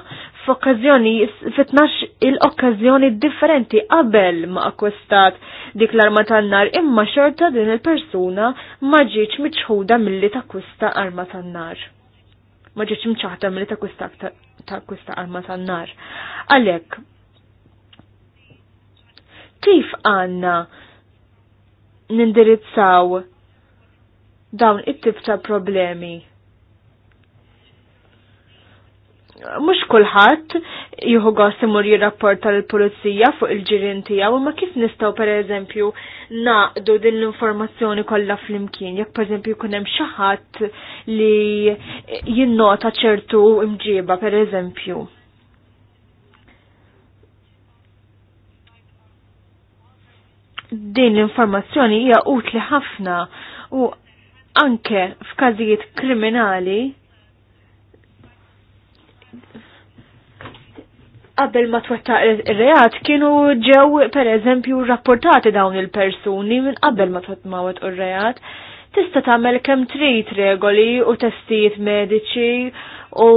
f'okkażjoni fitnax il-okkażjoni differenti qabel ma akkwistat dik l-arma tan-nar imma xorta din il-persuna ma ġietx miċħuda milli takkwista arma tan-nar. Ma ġietx mċaħta milli takkwista takkwista arma tan-nar. Għalhekk kif għanna nindirizzaw dawn it-tip ta' problemi? mux kullħat juhu għas imur jirrapporta l-polizija fuq il-ġirin tijaw, ma kif nistaw per eżempju naqdu din l-informazzjoni kollha fl-imkien, jek per eżempju kunem xaħat li jinnota ċertu imġiba per eżempju. Din l-informazzjoni hija utli ħafna u anke f'każijiet kriminali qabel ma twettaq ir-reat kienu ġew pereżempju rapportati dawn il-persuni minn qabel ma twettmawet u reat tista' tagħmel kemm trid regoli u testijiet mediċi u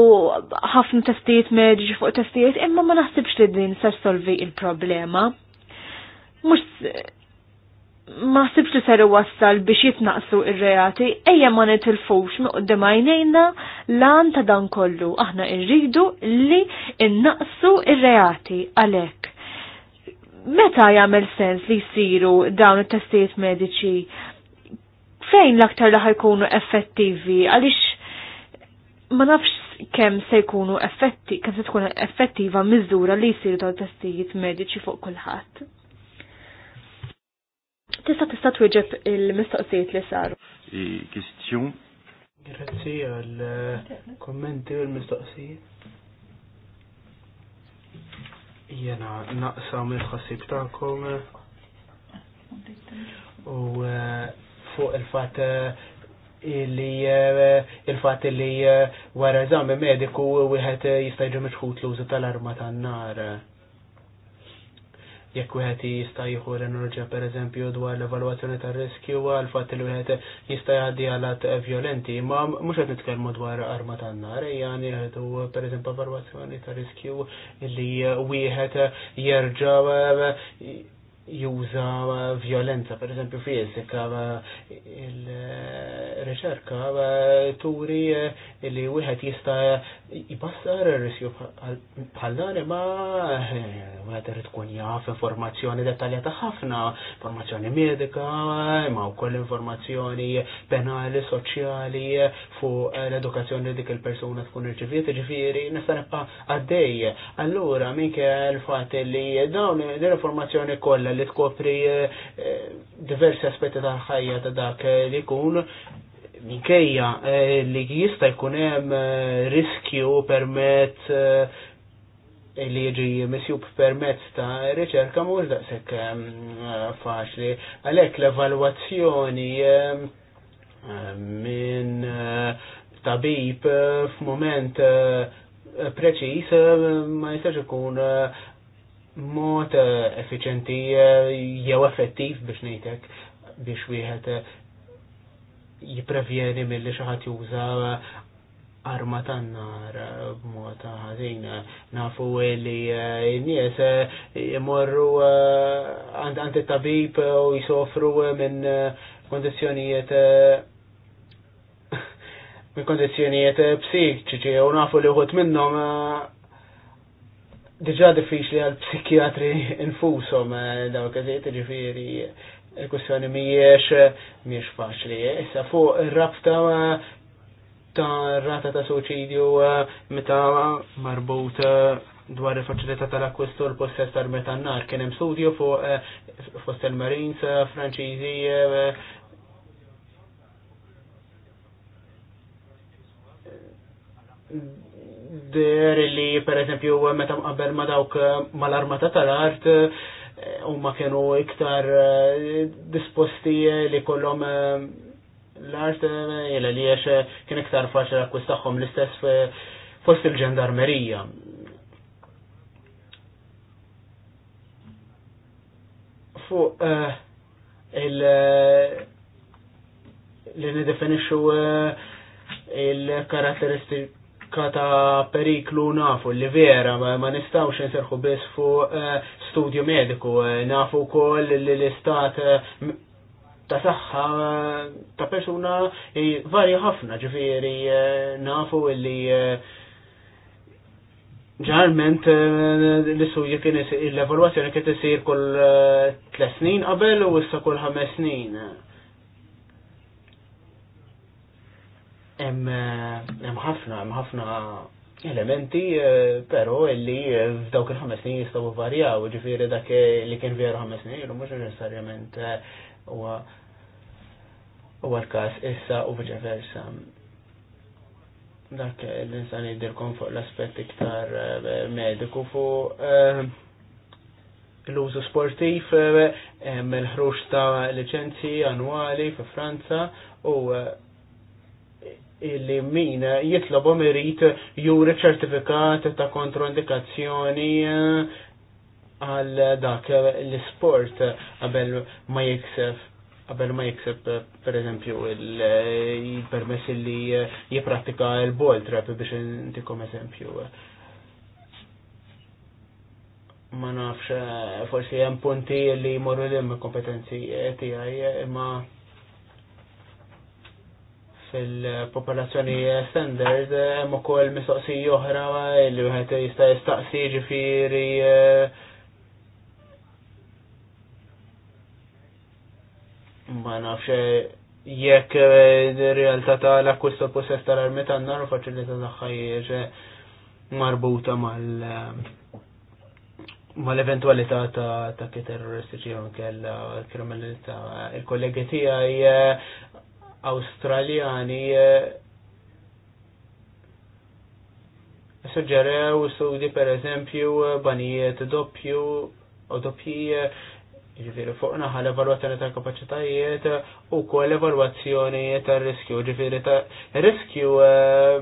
ħafna testijiet mediċi fuq testijiet imma ma naħsibx li din se solvi il-problema ma sibx li ser wassal biex jitnaqsu il reati ejja ma nitilfux miqdem għajnejna lan ta' dan kollu. Aħna irridu li innaqsu il reati għalhekk. Meta jagħmel sens li jsiru dawn it-testijiet mediċi? Fejn l-aktar li ħajkunu effettivi għaliex ma nafx kemm se jkunu effetti, kemm se tkun effettiva miżura li jsiru dawn testijiet mediċi fuq kulħadd. Tista' tista' twieġeb il-mistoqsijiet li saru. kistjum. Grazzi għal eh, kommenti u l-mistoqsijiet. Jena naqsam il-ħassib ta'kom eh, u eh, fuq il-fat illi il-fat illi wara eżami mediku wieħed jista' jiġi meċħut l-użu tal-arma tan-nar jekk wieħed jista' jieħu enerġija pereżempju dwar l-evalwazzjoni tar-riskju għal fatt li wieħed jista' jgħaddi għalat violenti, ma mhux qed nitkellmu dwar arma tan-nar, jani ħedu pereżempju evalwazzjoni tar-riskju li wieħed jerġa' juża violenza, per eżempju fizika, il-riċerka turi Illi wieħed jista' jibassar ir-riskju bħal dan eh, wieħed irid tkun jaf informazzjoni dettaljata ħafna, informazzjoni medika, imma wkoll informazzjoni penali, soċjali fuq l-edukazzjoni li dik il-persuna tkun irċiviet, ġifieri nista' nibqa' għaddej. Allura minke l-fatt li dawn l-informazzjoni kollha li tkopri eh, diversi aspetti tal-ħajja ta' dak li jkun minkejja eh, li jista' jkun hemm eh, riskju permezz eh, li jiġi misjub permezz ta' riċerka mhux daqshekk ehm, faċli. Għalhekk l-evalwazzjoni ehm, ehm, minn tabib f'mument preċis ma jistax ikun mod effiċenti jew effettiv biex ngħidlek biex wieħed jipprevjeni mill-li xaħat juża arma tan b'mod ħażin nafu li eh, n-nies eh, imorru eh, għand it-tabib u jisofru minn kondizzjonijiet minn kondizzjonijiet psikiċi u nafu li uħut minnhom diġà diffiċli għal psikjatri infushom dawk eżiet ġifieri il-kussjoni miex miex faċli. Issa fuq il rabta ta' rata ta' suċidju eh, meta marbut eh, dwar il-faċilità tal-akkwistu l-possess tal-meta nar kien hemm studju fuq eh, fost il-Marines Franċiżi der li per eżempju meta mqabbel ma dawk mal-armata tal-art Eh, u ma kienu iktar eh, disposti li kollom eh, l-art jela li jiex kien iktar l akkwistaħħom l-istess fost il-ġendarmerija. Fu il- li nidefinixu il-karatteristiċi ta' periklu nafu li vera ma nistawx nserħu biss fuq eh, studju mediku eh, nafu kol li l-istat eh, ta' saħħa ta' persuna varja ħafna ġifiri nafu li ġalment l-istudju kien l-evaluazzjoni kien isir kull tles snin qabel u issa kull ħames snin. Eh, hemm ħafna hemm ħafna elementi eh, però illi eh, f'dawk il-ħames snin jistgħu varjaw, ġifieri dak li kien veru ħames snin ilu mhux neċessarjament huwa l-każ issa u versa. Dak l-insan jiddirkom fuq l-aspett iktar mediku fuq l-użu sportiv, il-ħruġ ta' licenzi annwali fi Franza u illi min jitlobom irrit juri ċertifikat ta' kontroindikazzjoni eh, għal dak l-sport qabel ma jiksef qabel ma jikseb eh, per eżempju il-permess eh, li jippratika l-ball trap biex intikom eżempju. Ma nafx forsi hemm punti li jmorru l-imma kompetenzi tiegħi imma fil-popolazzjoni standard hemm ukoll mistoqsija oħra li wieħed jista' jistaqsi ġifieri eh, ma nafx eh, jekk ir-realtà eh, tal-akkwist u possess tal-armi tan-nar u faċilità tagħha marbuta mal ma l-eventualità ta' ta' terroristiċi u kella kriminalità il-kollegi tiegħi australjani eh, suġġerew sudi per eżempju banijiet doppju u doppji ġifiri fuq naħa l evalwazzjoni tal kapacitajiet u kol l-evaluazzjoni tal riskju ġifiri ta' riskju eh,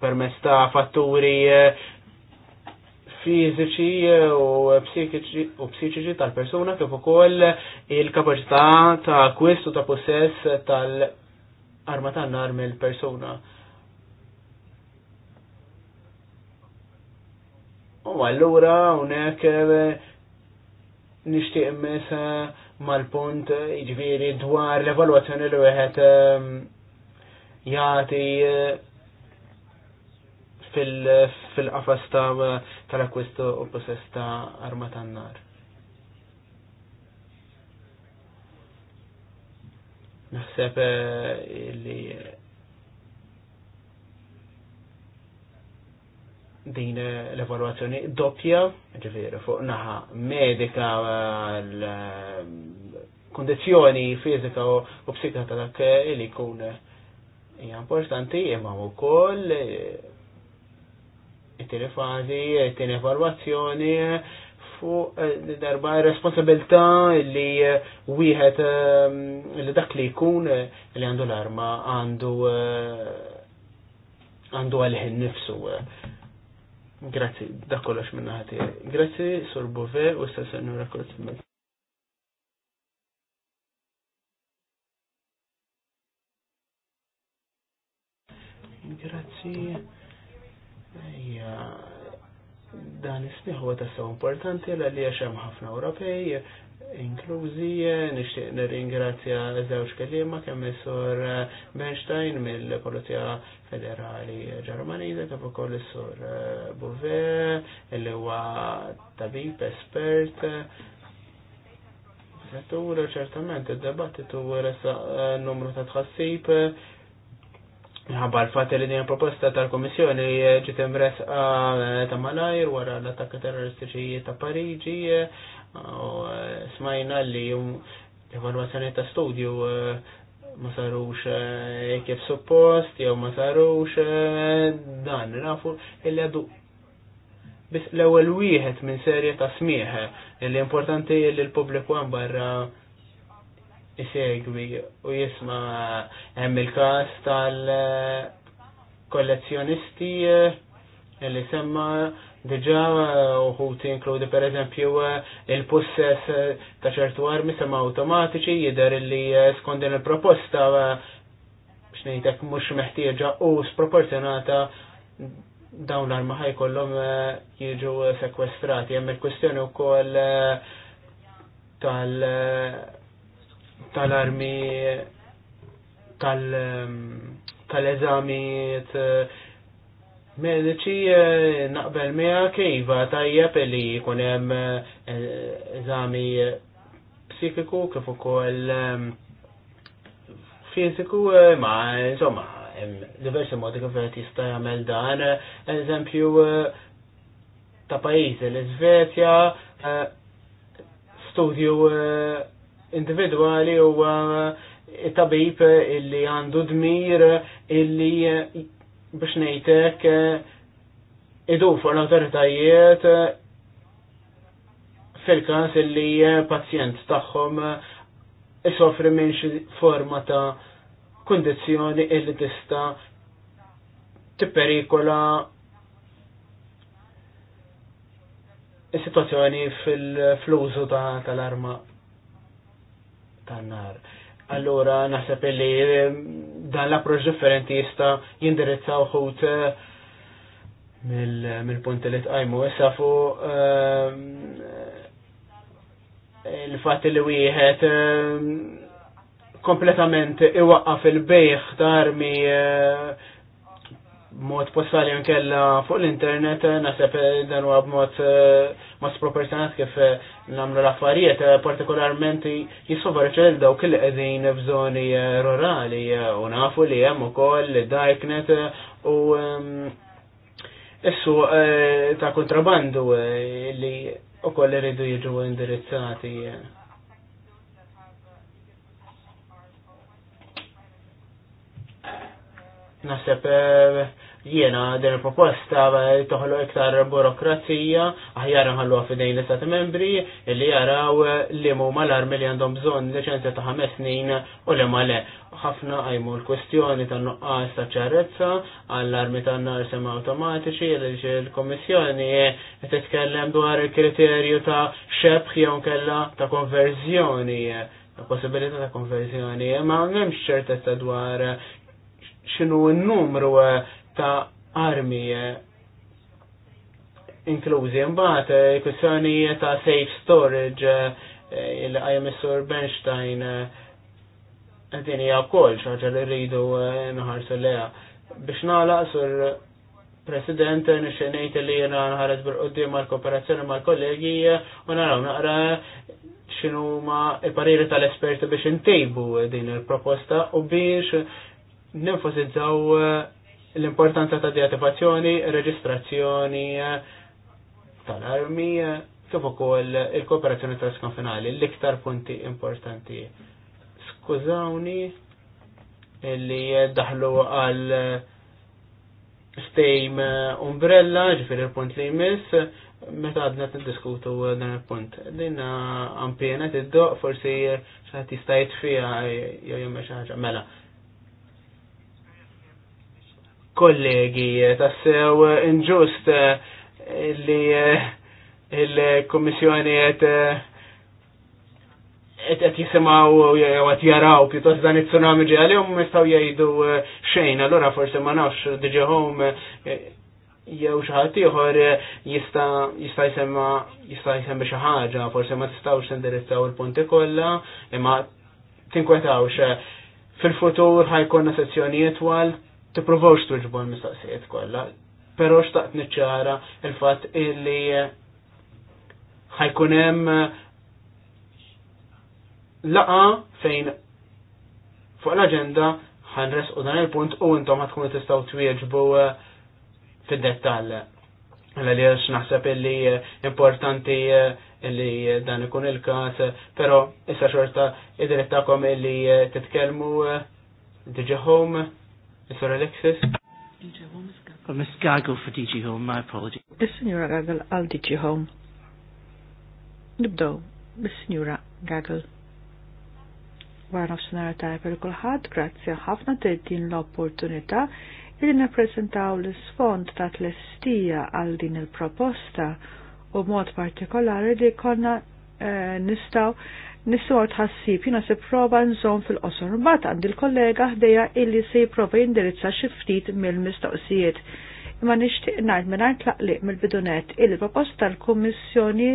permesta ta' fatturi eh, fiżiċi eh, u psiċiċi tal-persuna kif ukoll il-kapaċità ta' akwist u ta' possess tal-arma tan-nar mill-persuna. U allura hawnhekk eh, nixtieq immes mal-punt eh, jiġifieri dwar l-evalwazzjoni li wieħed jagħti fil-qafas tal-akwisto u process ta' arma tan-nar. Naħseb eh, li din eh, l-evaluazzjoni doppja, ġifiri, fuq naħa medika l-kondizjoni fizika u psikata dak eh, li kun importanti imma wkoll it-tieni fazi it fu evalwazzjoni eh, darba responsabilità li eh, wieħed eh, li dak li jkun li għandu l-arma għandu għandu għalħin nifsu. Grazzi, dak kollox minna ħati. Grazzi, Sur Bove u s-sassennu rakkorzimil. Grazie hija dan ismiħ huwa tassew importanti l li hemm ħafna Ewropej inklużi nixtieq nirringrazzja żewġ kelliema kemm is-sur Bernstein mill-Polizija Federali Ġermaniża kif ukoll is-sur Bouvet li huwa tabib espert settur ċertament id-debattitu resa numru ta' tħassib Nħabba l-fat li din proposta tal-Komissjoni ġiet imres eh, ta' malajr wara l-attakka terroristiċi ta' Pariġi eh, u eh, smajna li evalwazzjoni ta' studju ma sarux kif suppost jew ma sarux dan nafu illi għadu bis l-ewwel wieħed minn serje ta' smieħ li importanti li l-pubbliku hemm barra isegwi u jisma hemm il-każ tal-kollezzjonisti eh, li semma diġa uħut tinkludi per eżempju eh, il-possess eh, ta' ċertu armi semma automatiċi jider li skondin il-proposta xnejtek mux meħtieġa u sproporzjonata dawn l-arma ħajkollhom jiġu sekwestrati. Hemm il-kwestjoni wkoll tal- tal-armi ehm, tal-eżami eh, medici eh, naqbel mea kejva tajjeb li kunem eh, eżami psikiku kif ukoll ehm, fiziku ma insomma diversi modi kif qed jista' jagħmel dan eżempju ta' pajjiżi l-Iżvezja studju individwali u tabib illi għandu dmir illi biex nejtek idu fuq l-awtoritajiet fil-każ illi pazjent tagħhom isofri minn xi forma ta' kundizzjoni illi tista' tipperikola is-situazzjoni fil-flużu tal-arma tan-nar. naħseb li ehm, dan l-approċ differenti jista' jindirizza uħut eh, mill-punti li tqajmu. Issa fuq ehm, il-fatt li wieħed ehm, kompletament iwaqqa fil-bejħ ta' armi uh, mod possibli ankella fuq l-internet nasab eh, dan huwa b'mod eh, mas proporzjonat kif eh, nagħmlu l-affarijiet partikolarment jisofar lil daw li qegħdin f'żoni rurali u nafu li hemm ukoll darknet u issu ta' kontrabandu li ukoll iridu jiġu indirizzati. Naseb jiena din il-proposta toħlu iktar burokrazija, aħjar nħallu għafidejn l-istat membri li jaraw li mu mal-armi li għandhom bżon licenzja ta' ħames snin u li male. ħafna għajmu l-kwestjoni ta' nuqqas ta' ċarrezza għall-armi ta' nar sema automatiċi li l-Komissjoni titkellem dwar il-kriterju ta' xebħ jew kella ta' konverzjoni ta' possibilità ta' konverzjoni, ma' memx ċertezza dwar xinu n-numru ta' armi eh, inklużi mbagħad eh, kwistjoni ta' safe storage eh, il-IMSR Bernstein qed wkoll xi ħaġa li rridu nħarsu leja. Biex nagħlaq sur president ngħid li jiena nħares bil qudiem mal-kooperazzjoni mal-kollegi u naraw naqra xinu ma l pariri tal-esperti biex intejbu din il-proposta u biex ninfosizzaw l-importanza ta' deattivazzjoni, reġistrazzjoni tal-armi, kif ukoll il-kooperazzjoni transkonfinali, l-iktar punti importanti. Skużawni illi daħlu għal stejm umbrella, ġifir il-punt li jmiss, meta għadna t-diskutu dan il-punt. Dinna għampiena t-doq, forsi xaħat jistajt fija, jew jemma xaħġa, mela kollegi eh, tassew eh, inġust eh, li il-Komissjoni qed qed jisimgħu jew qed jaraw pjuttost dan it-tsunami ġi għum jistgħu jajdu xejn, allura forsi ma nafx diġeħom home jew xi ħadd ieħor jista' jista' jsemma jista' jsemmi xi ħaġa, forsi ma tistgħux tindirizzaw il-punti kollha, imma tinkwetawx fil-futur ħajkonna sezzjonijiet wal tipprovawx tuġbu l-mistaqsijiet kollha, però xtaqt niċċara il-fatt illi ħajkunem hemm eh, laqa fejn fuq l-aġenda ħanres u dan il-punt u intom t-istaw tistgħu twieġbu eh, fid-dettall. Għalla li għax naħseb illi eh, importanti illi dan ikun il-kas, pero issa xorta id kom illi titkelmu diġi home Mr. Alexis? Oh, Ms. Gargle for DG Home, my apologies. is Signora Gargle I'll DG Home. Nibdo, Ms. Signora sinjura Gargle. f nofsinhar tajb per kulħadd, grazzi ħafna tgħid din l-opportunità li nippreżentaw l sfond ta' t-lestija għal din il-proposta u mod partikolari li konna eh, nistaw nisor tħassib jina se prova nżom fil-qosor. M'bagħad għandi l-kollega ħdeja illi se jipprova jindirizza xiftit mill-mistoqsijiet. Imma nixtieq ngħid mingħajr tlaqliq mill-bidunet illi proposta tal-Kummissjoni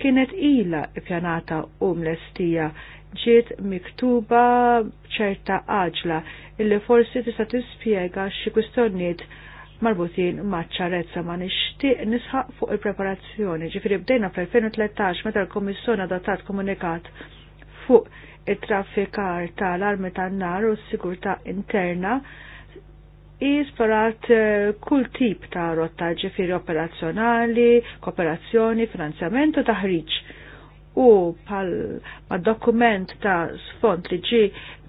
kienet ila pjanata u mlestija ġiet miktuba ċerta għaġla illi forsi tista' tispjega xi kwistjonijiet marbutin maċ-ċarezza ma nixtieq nisħaq fuq il-preparazzjoni. Ġifieri bdejna fl-2013 meta l-Kommissjoni adattat komunikat fuq it-traffikar tal-armi tan-nar u s-sigurtà interna jisplorat eh, kull tip ta' rotta ġifiri operazzjonali, kooperazzjoni, finanzjamentu u taħriġ u pal ma dokument ta' sfond li ġi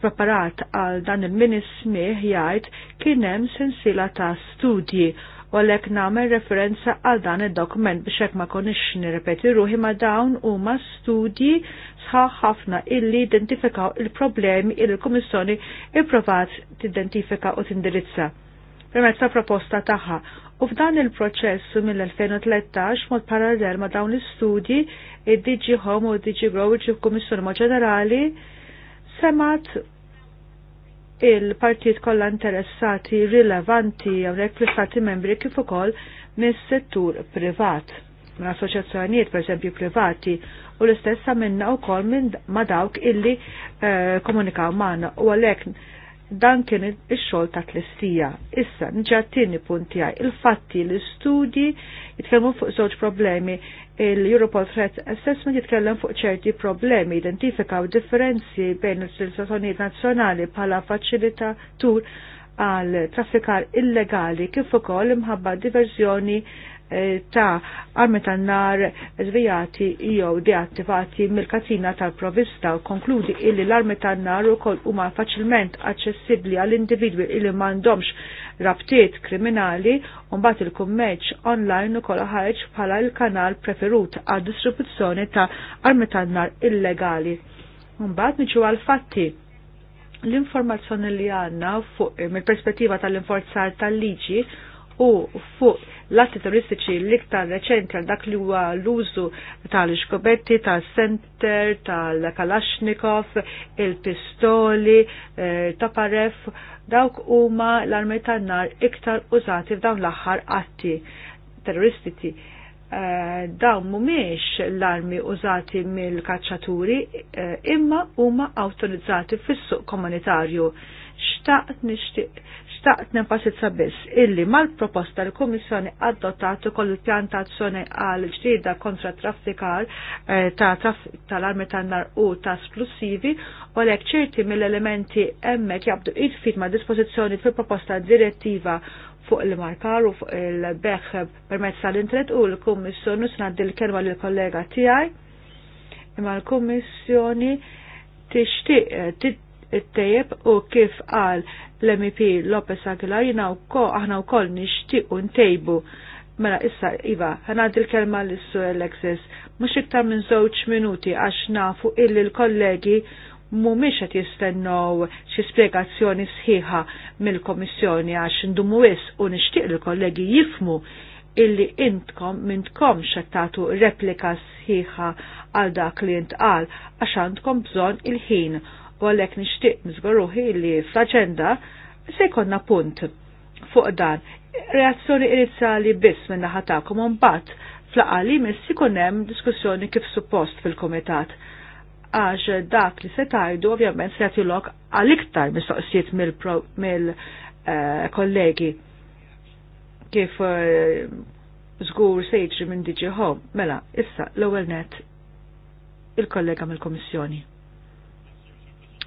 preparat għal dan il-ministmi jgħid kienem sensila ta' studji u għalek namen referenza għal dan il-dokument biex hekk ma konix nirrepeti ruħi ma dawn u ma studji sħaħ ħafna illi identifikaw il-problemi il l-Kummissjoni provat ipprovat tidentifika u tindirizza. Permezz ta' proposta tagħha U f'dan il-proċess mill-2013 mod parallel ma' dawn l-istudji id-DG Home u DG Grow u Kummissjoni ma' ġenerali semat il-partijiet kollha interessati rilevanti hawnhekk fl-istati membri kif ukoll mis-settur privat minn assoċjazzjonijiet pereżempju privati u l-istess minna u minn ma dawk illi eh, komunikaw maħna u għalek dan kien ix-xogħol ta' tlistija. Issa nġattini punti għaj il-fatti l-istudji jitkellmu fuq żewġ problemi. Il-Europol Threat Assessment jitkellem fuq ċerti problemi, identifikaw differenzi bejn il-istituzzjonijiet nazzjonali bħala faċilita tur għal traffikar illegali kif ukoll imħabba diverżjoni ta' armi tan-nar zvijati jew deattivati mill-katina tal-provista u konkludi illi l-armi tan-nar ukoll huma faċilment aċċessibbli għall individwi illi m'għandhomx rabtiet kriminali u mbagħad il kummeċ online ukoll ħareġ bħala l-kanal preferut għad distribuzzjoni ta' armi tan-nar illegali. Mbagħad niġu għal fatti l-informazzjoni li għanna fuq mill-perspettiva tal-inforzar tal-liġi u fuq l-atti turistiċi l-iktar reċenti għal dak li huwa l-użu tal-xkobetti, tal-center, tal-kalashnikov, il-pistoli, eh, taparef, dawk huma l-armi tan-nar iktar użati f'dawn l-aħħar atti terroristiċi. Eh, dawn mhumiex l-armi użati mill-kaċċaturi eh, imma huma awtorizzati fis-suq komunitarju xtaqt nishtiq, xtaqt nenfasizza biss illi mal-proposta li kummissjoni adottat ukoll il-pjan ta' azzjoni għal ġdida kontra traffikar eh, ta' tal-armi tan-nar u ta' splussivi u lek ċerti mill-elementi hemmhekk jabdu id-fit ma' dispożizzjoni fil-proposta direttiva fuq il-markar u fuq il-beħ permezz tal-internet u l-kummissjoni s l-kelma lill-kollega tiegħi imma l-kummissjoni tixtieq it-tejjeb u kif qal l mp Lopez Aguilar jina u ko aħna u koll nishtiqu ntejbu. Mela issa, Iva, ħanad il-kelma l-issu Alexis, mux iktar minn żewġ minuti għax nafu illi l-kollegi mumiex qed jistennu xi spjegazzjoni sħiħa mill-Komissjoni għax ndumu wis u nixtieq l kollegi jifmu illi intkom mintkom xattatu replika sħiħa għal dak li intqal għax għandkom bżon il-ħin u għalek nishtiq nizgoruħi li fl se konna punt fuq dan. Reazzjoni iniziali biss minna ħatakom un bat fl-għali missi jkunem diskussjoni kif suppost fil-komitat. Għax dak li se tajdu ovvjament se jatilok għal-iktar mistoqsijiet mill-kollegi eh, kif zgur eh, sejġi minn diġiħom. Mela, issa l-ewel net il-kollega mill-komissjoni.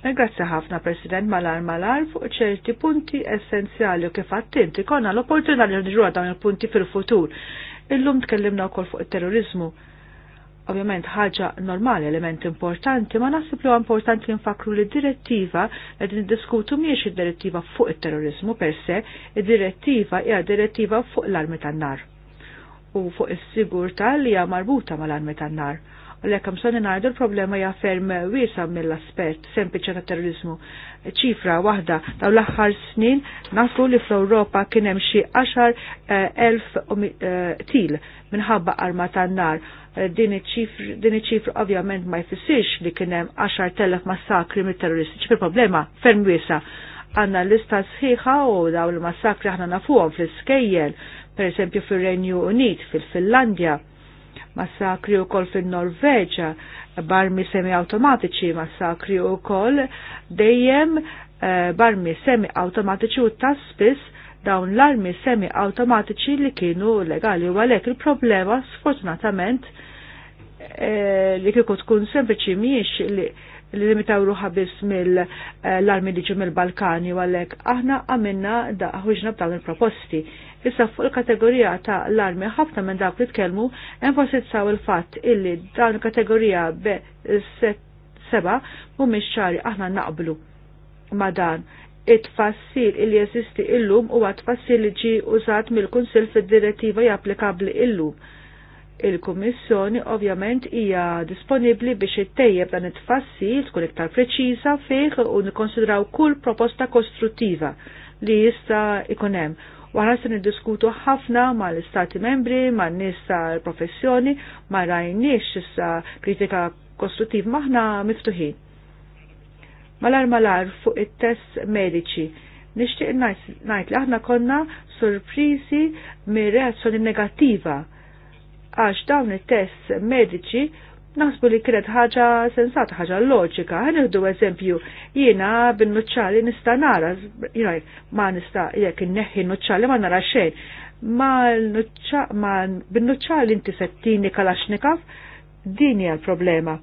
E, Grazzi ħafna President Malar Malar fuq ċerti punti essenzjali u kif attinti konna l-opportunità li nġru dawn il-punti fil-futur. Illum tkellimna wkoll fuq it-terrorizmu. Ovvjament ħaġa normali, element importanti, ma nasib li importanti li nfakru li direttiva li niddiskutu miex id-direttiva fuq it-terrorizmu per se, id-direttiva hija direttiva fuq l-armi tan-nar u fuq is-sigurtà li hija marbuta mal-armi tan-nar l hemm sani ngħidu l-problema hija ferm wiesa mill-aspett sempliċi ta' terrorizmu. Ċifra waħda ta' l-aħħar snin nafu li fl-Ewropa kien hemm xi 10,000 eh, um, eh, til minħabba arma n nar eh, Din iċ ovvjament ma jfissirx li kien hemm 10,000 massakri mit-terroristi. Ċifri problema ferm wiesa għanna lista sħiħa u daw il-massakri ħna nafuhom fl-iskejjel, per esempio fil-Renju Unit, fil-Finlandja, massakri u koll fil-Norveġa, barmi semi automatiċi, massakri u koll dejjem eh, barmi semi automatiċi u taspis dawn l-armi semi automatiċi li kienu legali u għalek il-problema sfortunatament eh, li kiku tkun sempliċi miex li li limitaw ruħa bis mill-armi eh, li ġu mill-Balkani u għalek. Aħna għamilna daħuġna b'dawn il-proposti. Issa fuq il-kategorija ta' l-armi ħafna minn dak li tkellmu enfasizzaw il-fatt illi dawn il-kategorija b seba mhumiex ċari aħna naqblu ma' dan it-tfassil illi jeżisti illum u għat-tfassil li ġi użat mill-Kunsil fid-direttiva japplikabli illum Il-Kummissjoni ovvjament hija disponibbli biex ittejjeb dan it-tfassil tkun iktar preċiża fih u nikkonsidraw kull proposta kostruttiva li jista' ikun hemm. U se niddiskutu ħafna mal-Istati membri, man-nies tal-professjoni, ma rajniex issa kritika kostruttiv maħna miftuħin. Malar malar fuq it-test mediċi nishtiq najt li aħna konna sorprizi mir reazzjoni negattiva għax dawn it-tests mediċi naħsbu li kienet ħaġa sensata, ħaġa loġika. iħdu eżempju, jiena bin-nuċċali nista' nara, jina ma nista' jekk inneħħi nuċċali ma nara xejn. Ma bin-nuċċali inti settini kalaxnikaf, din hija l-problema.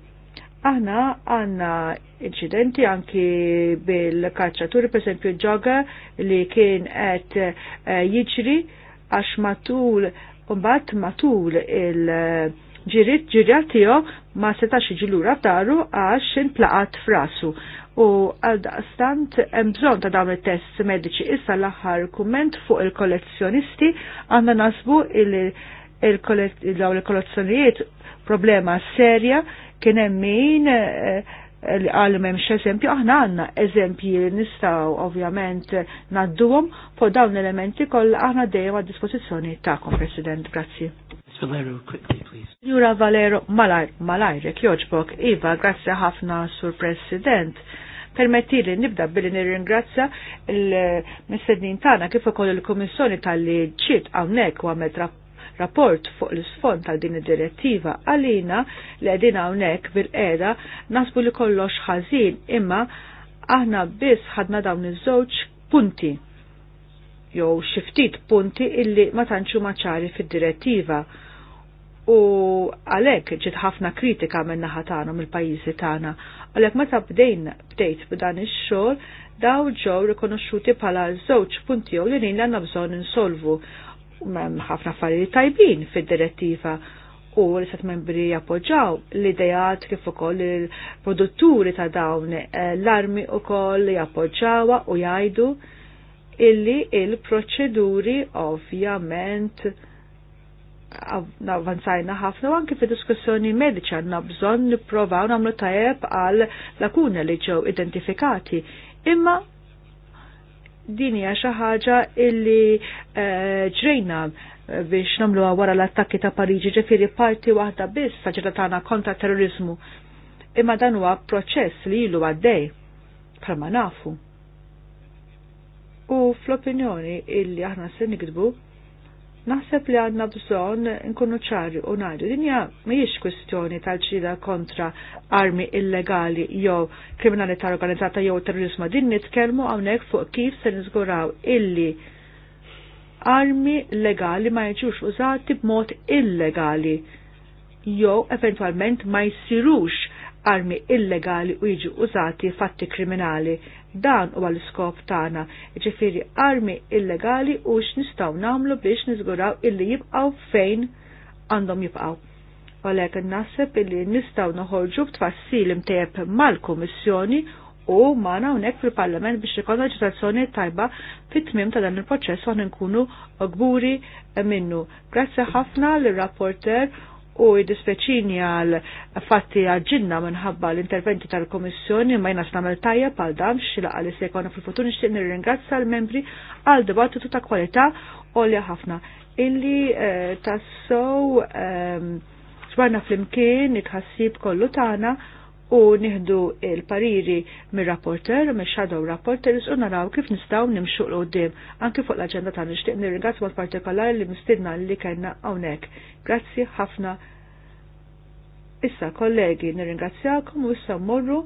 Aħna għanna incidenti anki bil-kacċaturi, per esempio, ġoga li kien qed eh, jiġri għax matul Umbat matul il-ġirit ġirja tiegħu ma setax ġilura lura għax intlaqat f'rasu. U għal daqstant hemm ta' dawn it-test mediċi issa l-aħħar kumment fuq il-kollezzjonisti għanna nasbu il-kollezzjonijiet problema serja kien hemm min eh, li għal memx eżempju, aħna għanna eżempji li nistaw ovvjament nadduwom po dawn elementi koll aħna dejjem għad dispożizzjoni ta'kom, President, grazzi. Valero, quickly, please. Jura Valero, malaj, rek jogħġbok, Iva, grazzi ħafna, Sur President. Permetti li nibda billi nirringrazzja l-mistednin tagħna kif ukoll il-Kummissjoni tal-li hawnhekk u għamet rapport fuq l-isfond tal din id-direttiva għalina li għedin hawnhekk bil-qeda nasbu li kollox ħażin imma aħna biss ħadna dawn iż-żewġ punti jew xi ftit punti illi ma tantxu maċari fid-direttiva u għalek ġiet ħafna kritika minn naħa tagħna mill-pajjiżi tagħna. Għalek meta bdejn bdejt b'dan ix-xogħol daw ġew rikonoxxuti bħala żewġ punti jew li għandna bżonn insolvu ħafna affarijiet tajbin fid-direttiva u l-istat membri jappoġġaw l-idejat kif ukoll il-produtturi ta' dawn eh, l-armi koll jappoġġawha u jgħidu illi il-proċeduri ovvjament avanzajna ħafna u anki fil diskussjoni mediċi għanna bżonn nipprovaw nagħmlu tajjeb għal lakuna li ġew identifikati imma din hija xi ħaġa illi eh, ġrejna eh, biex nagħmluha wara l-attakki ta' Pariġi ġifieri parti waħda biss saġġeta tagħna kontra terrorizmu. Imma dan huwa proċess li ilu għaddej bħalma nafu. U fl-opinjoni illi aħna se nikdbu Naħseb li għadna bżon nkunu ċari u najdu. Dinja mhijiex kwestjoni tal-ċida kontra armi illegali jew kriminalità organizzata jew terrorisma Din nitkellmu hawnhekk fuq kif se niżguraw illi armi legali ma jiġux użati b'mod illegali jew eventwalment ma jsirux armi illegali u jiġu użati fatti kriminali. Dan huwa l-iskop tagħna, ġifiri armi illegali u x-nistaw nagħmlu biex niżguraw illi jibqgħu fejn għandhom jibqgħu. n naħseb illi nistgħu noħorġu b'tfassil imtejjeb mal-Kummissjoni u mana unek fil-parlament biex ikon ġitazzjoni tajba fit-tmim ta' dan il-proċess għan nkunu gburi minnu. Grazie ħafna l-rapporter u id-dispeċini għal fatti għagġinna minħabba l-interventi tal-Komissjoni ma jnas namel tajja pal dam xilqa li sekwana fil-futur nixtieq nirringrazza l-membri għal dibattitu ta' kwalità li ħafna illi eh, tassow ehm, sbarna fl-imkien it-ħassib kollu tagħna u nieħdu il-pariri mir-rapporter, mir-shadow rapporters u naraw kif nistgħu nimxu l qoddim anki fuq l-aġenda ta' nixtieq nirringrazzja mod partikolari li mistidna li kellna hawnhekk. Grazzi ħafna. Issa kollegi nirringrazzjakom u issa mmorru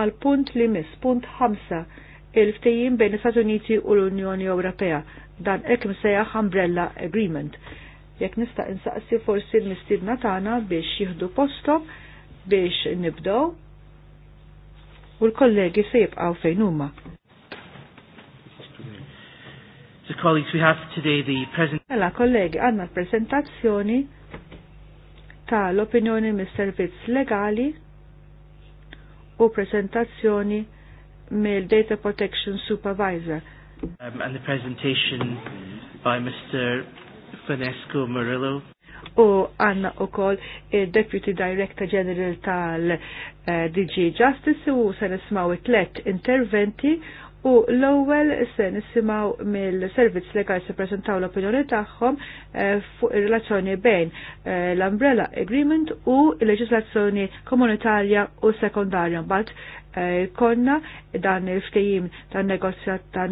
għal punt li miss punt 5 il-ftejjin bejn l Uniti u l-Unjoni Ewropea dan hekk msejjaħ Umbrella Agreement. Jekk nista' insaqsi forsi l-mistiedna tagħna biex jieħdu postom biex nibdow u l-kollegi se jibqaw fejn huma. So colleagues, we have today the present... Mela, kollegi, għanna l-presentazzjoni tal-opinjoni mis-servizz legali u presentazioni mill-Data Protection Supervisor. Um, and the presentation by Mr. Finesco Murillo u għanna u kol il-Deputy Director General tal-DG eh, Justice u se nismaw it let interventi U l-ewwel se nisimgħu mill-servizz legali se preżentaw l-opinjoni tagħhom eh, fuq ir-relazzjoni bejn eh, l-Umbrella Agreement u l-leġislazzjoni komunitarja u sekondarja. Mbagħad eh, konna dan il-ftehim ta'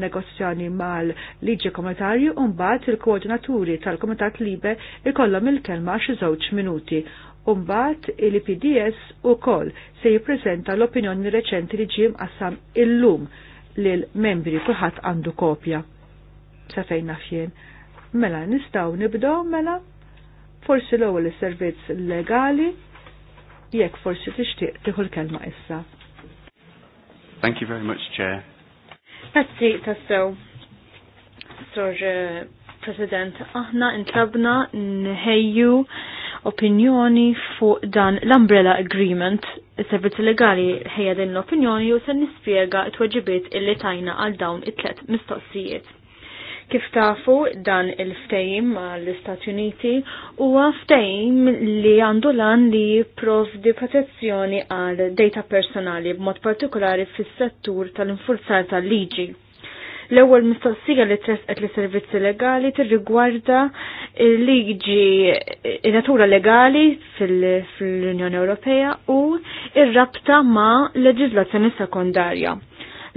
negozjani mal-liġi komunitarju u mbagħad il-koordinaturi tal-Komitat Libe ikollhom il-kelma xi żewġ minuti. Umbat il-PDS u kol se jiprezenta l-opinjoni reċenti li ġim il illum lil membri kulħadd għandu kopja. Sa fejn jien. Mela nistgħu nibdew mela forsi l-ewwel is-servizz legali jekk forsi tixtieq tieħu l-kelma issa. Thank you very much, Chair. Grazzi tassew. Sorge, eh, President, aħna intlabna nħejju opinjoni fuq dan l-Umbrella Agreement, il-servizzi legali ħeja din l-opinjoni u se nispjega t-weġibiet illi tajna għal dawn it-tlet mistoqsijiet. Kif tafu dan il ftejm l-Istati Uniti huwa ftejm li għandu lan li di protezzjoni għal data personali b'mod partikolari fis-settur tal-infurzar tal-liġi. tal tal infurzar tal liġi L-ewwel mistoqsija li tresqet li servizzi legali tirrigwarda liġi natura legali fil-Unjoni Ewropea u ir-rabta ma' leġiżlazzjoni sekondarja.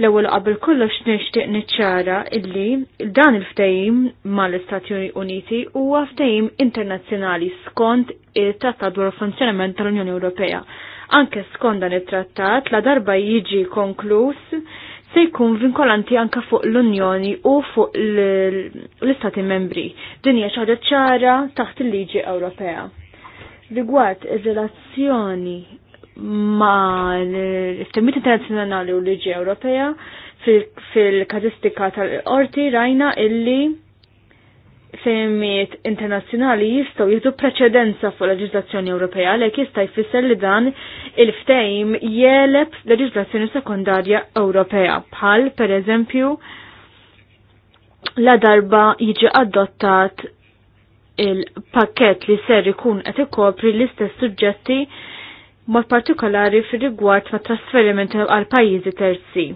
L-ewwel qabel kollox nixtieq niċċara illi dan il-ftehim mal-Istati Uniti huwa ftehim internazzjonali skont it-Trattat dwar il-funzjonament tal-Unjoni Ewropea anke skont dan it-trattat la darba jiġi konkluż se jkun vinkolanti anka fuq l-Unjoni u fuq l-Istati membri. Din hija ċaħda ċara taħt il-liġi Ewropea. Rigward ir-relazzjoni ma l-istemmit internazzjonali u l-liġi Ewropea fil-kazistika tal-qorti rajna illi sejmiet internazzjonali jistgħu jitu preċedenza fuq leġiżlazzjoni Ewropea għalhekk jista' jfisser li dan il-ftejm jeleb leġiżlazzjoni sekondarja Ewropea bħal pereżempju la darba jiġi adottat il-pakket li ser ikun qed ikopri l-istess suġġetti mod partikolari fir rigward ma' trasferiment għal pajjiżi terzi.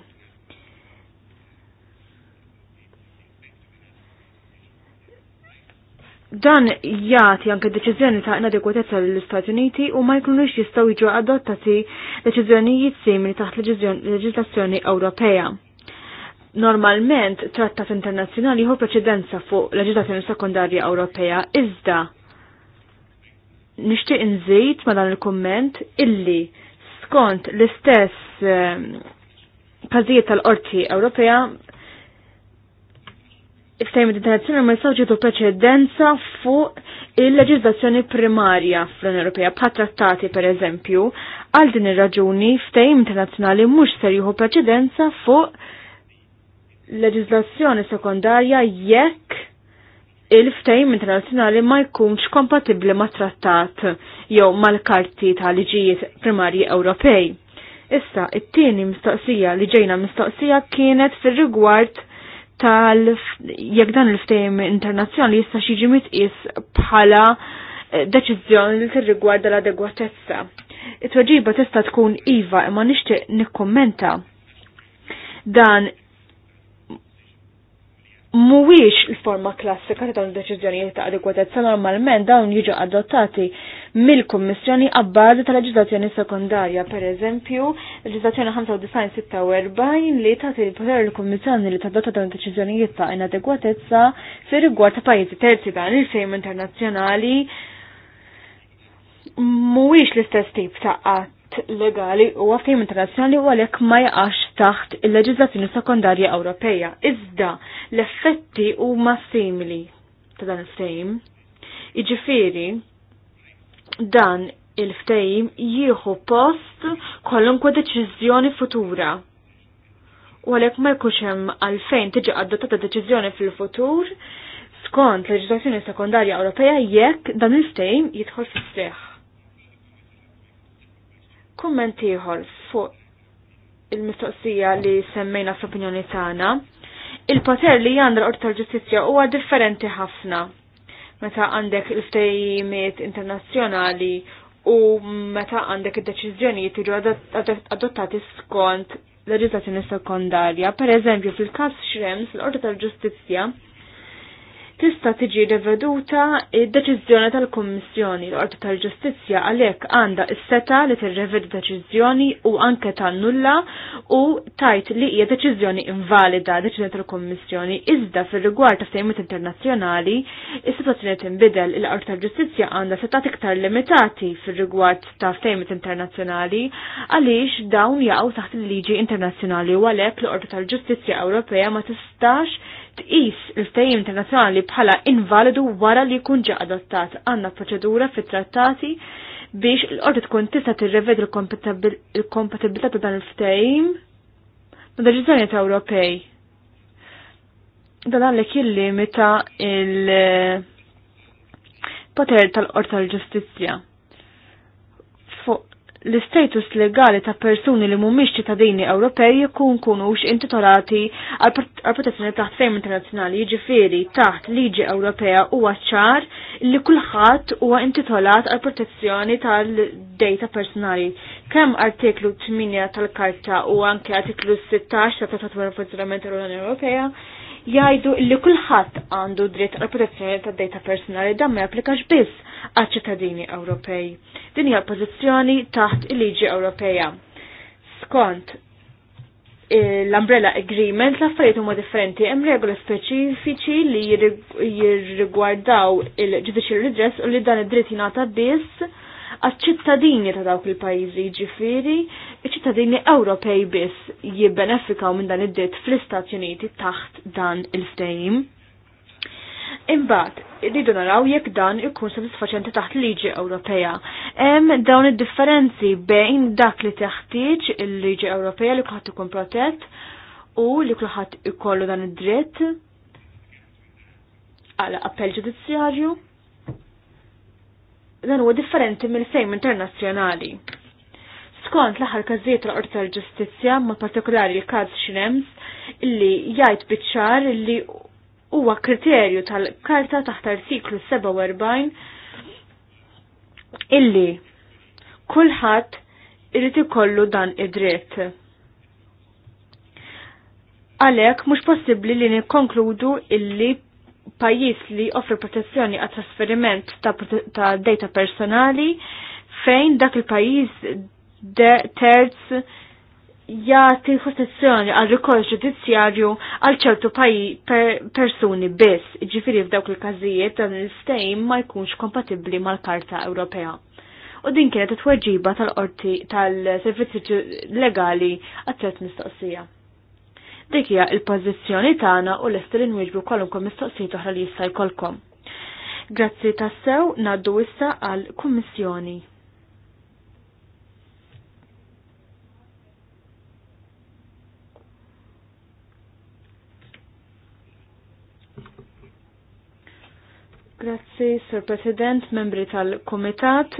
Dan jagħti anke deċiżjoni ta' inadekwatezza lill-Istati Uniti u ma jkunux jistgħu jiġu adottati deċiżjonijiet simili taħt leġiżlazzjoni Ewropea. Normalment, trattat internazzjonali jħu preċedenza fuq leġiżlazzjoni sekundarja Ewropea iżda nixtieq inżejt ma dan il-kumment illi skont l-istess ehm, każijiet tal-Qorti Ewropea il-ftajmet internazzjonali ma jistgħu ġietu preċedenza fuq il-leġiżlazzjoni primarja fl-Unjoni Ewropea bħat trattati pereżempju, għal din ir-raġuni ftehim internazzjonali mhux ser jieħu preċedenza fuq leġiżlazzjoni sekondarja jekk il-ftehim internazzjonali ma jkunx kompatibbli ma' trattat jew mal-karti ta' liġijiet primarji Ewropej. Issa, it-tieni mistoqsija li ġejna mistoqsija kienet fir-rigward tal jekk dan il-ftehim internazzjonali jista' xi jiġi mitqis bħala eh, deċiżjoni li tirrigwarda l-adegwatezza. It-tweġiba tista' tkun iva imma nixtieq nikkummenta dan mhuwiex il-forma klassika ta' dawn id-deċiżjonijiet ta' adekwatezza normalment dawn jiġu adottati mill-Kummissjoni għabbażi ta' leġiżlazzjoni sekundarja, pereżempju leġiżlazzjoni 95-46 li ta' il-poter il-Kummissjoni li dotta dawn id-deċiżjonijiet ta' inadekwatezza fi rigward ta' pajjiżi terzi dan il-fejm internazzjonali mhuwiex l-istess tip ta' qatt att legali u għafim internazjonali u għalek ma jgħax taħt il-leġizlazzjoni sekondarja Ewropeja. Iżda l-effetti u ma simili ta' dan il fejm Iġifiri, dan il-ftejm jieħu post kwalunkwe deċiżjoni futura. U għalek ma jkunx hemm għalfejn tiġi adottata deċiżjoni fil-futur skont leġislazzjoni sekondarja Ewropea jekk dan il-ftejm jidħol fis-seħħ. Kumment ieħor fuq il-mistoqsija li semmejna fl-opinjoni tagħna, il poter li għandha l-Qorti tal-Ġustizzja huwa differenti ħafna meta għandek il-ftejmiet internazzjonali u meta għandek id-deċiżjonijiet jiġu adottati skont leġislazzjoni sekondarja. Per eżempju, fil-każ Schrems, l-Qorti tal-Ġustizzja tista' tiġi reveduta id-deċiżjoni tal-Kummissjoni l-Qorti tal-Ġustizzja għalhekk għandha s-seta li tirrevedi deċiżjoni u anke tannulla u tajt li hija deċiżjoni invalida deċiżjoni tal-Kummissjoni iżda fir-rigward ta' sejmiet internazzjonali is-sitwazzjoni tinbidel il-Qorti tal-Ġustizzja għandha setat iktar limitati fir-rigward ta' sejmiet internazzjonali għaliex dawn jaqgħu taħt il-liġi internazzjonali u għalhekk l-Qorti tal-Ġustizzja Ewropea ma tistax tqis il-ftehim internazzjonali bħala invalidu wara li jkun ġa adottat għandna proċedura fit-trattati biex l-qorti tkun tista' tirrevedi l-kompatibilità ta' dan il-ftehim ma' ta' Ewropej. Dan għalhekk il-limita il-poter tal-qorti tal-ġustizzja l-istatus legali ta' persuni li mhumiex ċittadini Ewropej jkun kunux intitolati għal protezzjoni taħt fejm internazzjonali, jiġifieri taħt liġi Ewropea huwa ċar li kulħadd huwa intitolat għal protezzjoni tal-data personali. Kemm artiklu 8 tal-Karta u anke artiklu 16 ta' Trattat tal tal-Unjoni Ewropea jgħidu li kulħadd għandu dritt għal protezzjoni tad data personali dan ma applikax biss għal ċittadini Ewropej. Din hija pożizzjoni taħt il-liġi Ewropea. Skont l-Umbrella Agreement l-affarijiet huma differenti hemm regoli speċifiċi li jirrigwardaw il-judicial redress u li dan id-dritt jingħata biss għal-ċittadini ta' dawk il-pajjiżi ġifiri, iċ-ċittadini Ewropej biss jibbenefikaw minn dan id-ditt fl-Istati Uniti taħt dan il-ftehim. Imbagħad, rridu naraw jekk dan ikun sodisfaċenti taħt liġi Ewropea. Hemm dawn id-differenzi bejn dak li teħtieġ il-liġi Ewropea li kulħadd ikun protett u li kulħadd ikollu dan id-dritt għal appell ġudizzjarju dan huwa differenti mill-fejm internazzjonali. Skont l-aħħar każijiet l qorti tal-Ġustizzja, ma' partikolari l-każ Xinems, illi jgħid biċċar li huwa kriterju tal-Karta taħt artiklu 47 illi kulħadd irid ikollu dan id-dritt. Għalhekk mhux possibbli li nikkonkludu illi pajjiż li offri protezzjoni għat trasferiment ta', ta data personali fejn dak il-pajjiż terz jagħti protezzjoni għal rikors ġudizzjarju għal ċertu per persuni biss, ġifiri f'dawk il-każijiet dan il stejn ma jkunx kompatibbli mal-Karta Ewropea. U din kienet it-tweġiba tal-qorti tal-servizzi legali għat-tret mistoqsija. Dik hija l-pożizzjoni tagħna u lest li nwieġbu kwalunkwe mistoqsijiet oħra li jista' jkollkom. Grazzi tassew naddu issa għal kummissjoni. Grazzi, Sir President, membri tal-Komitat,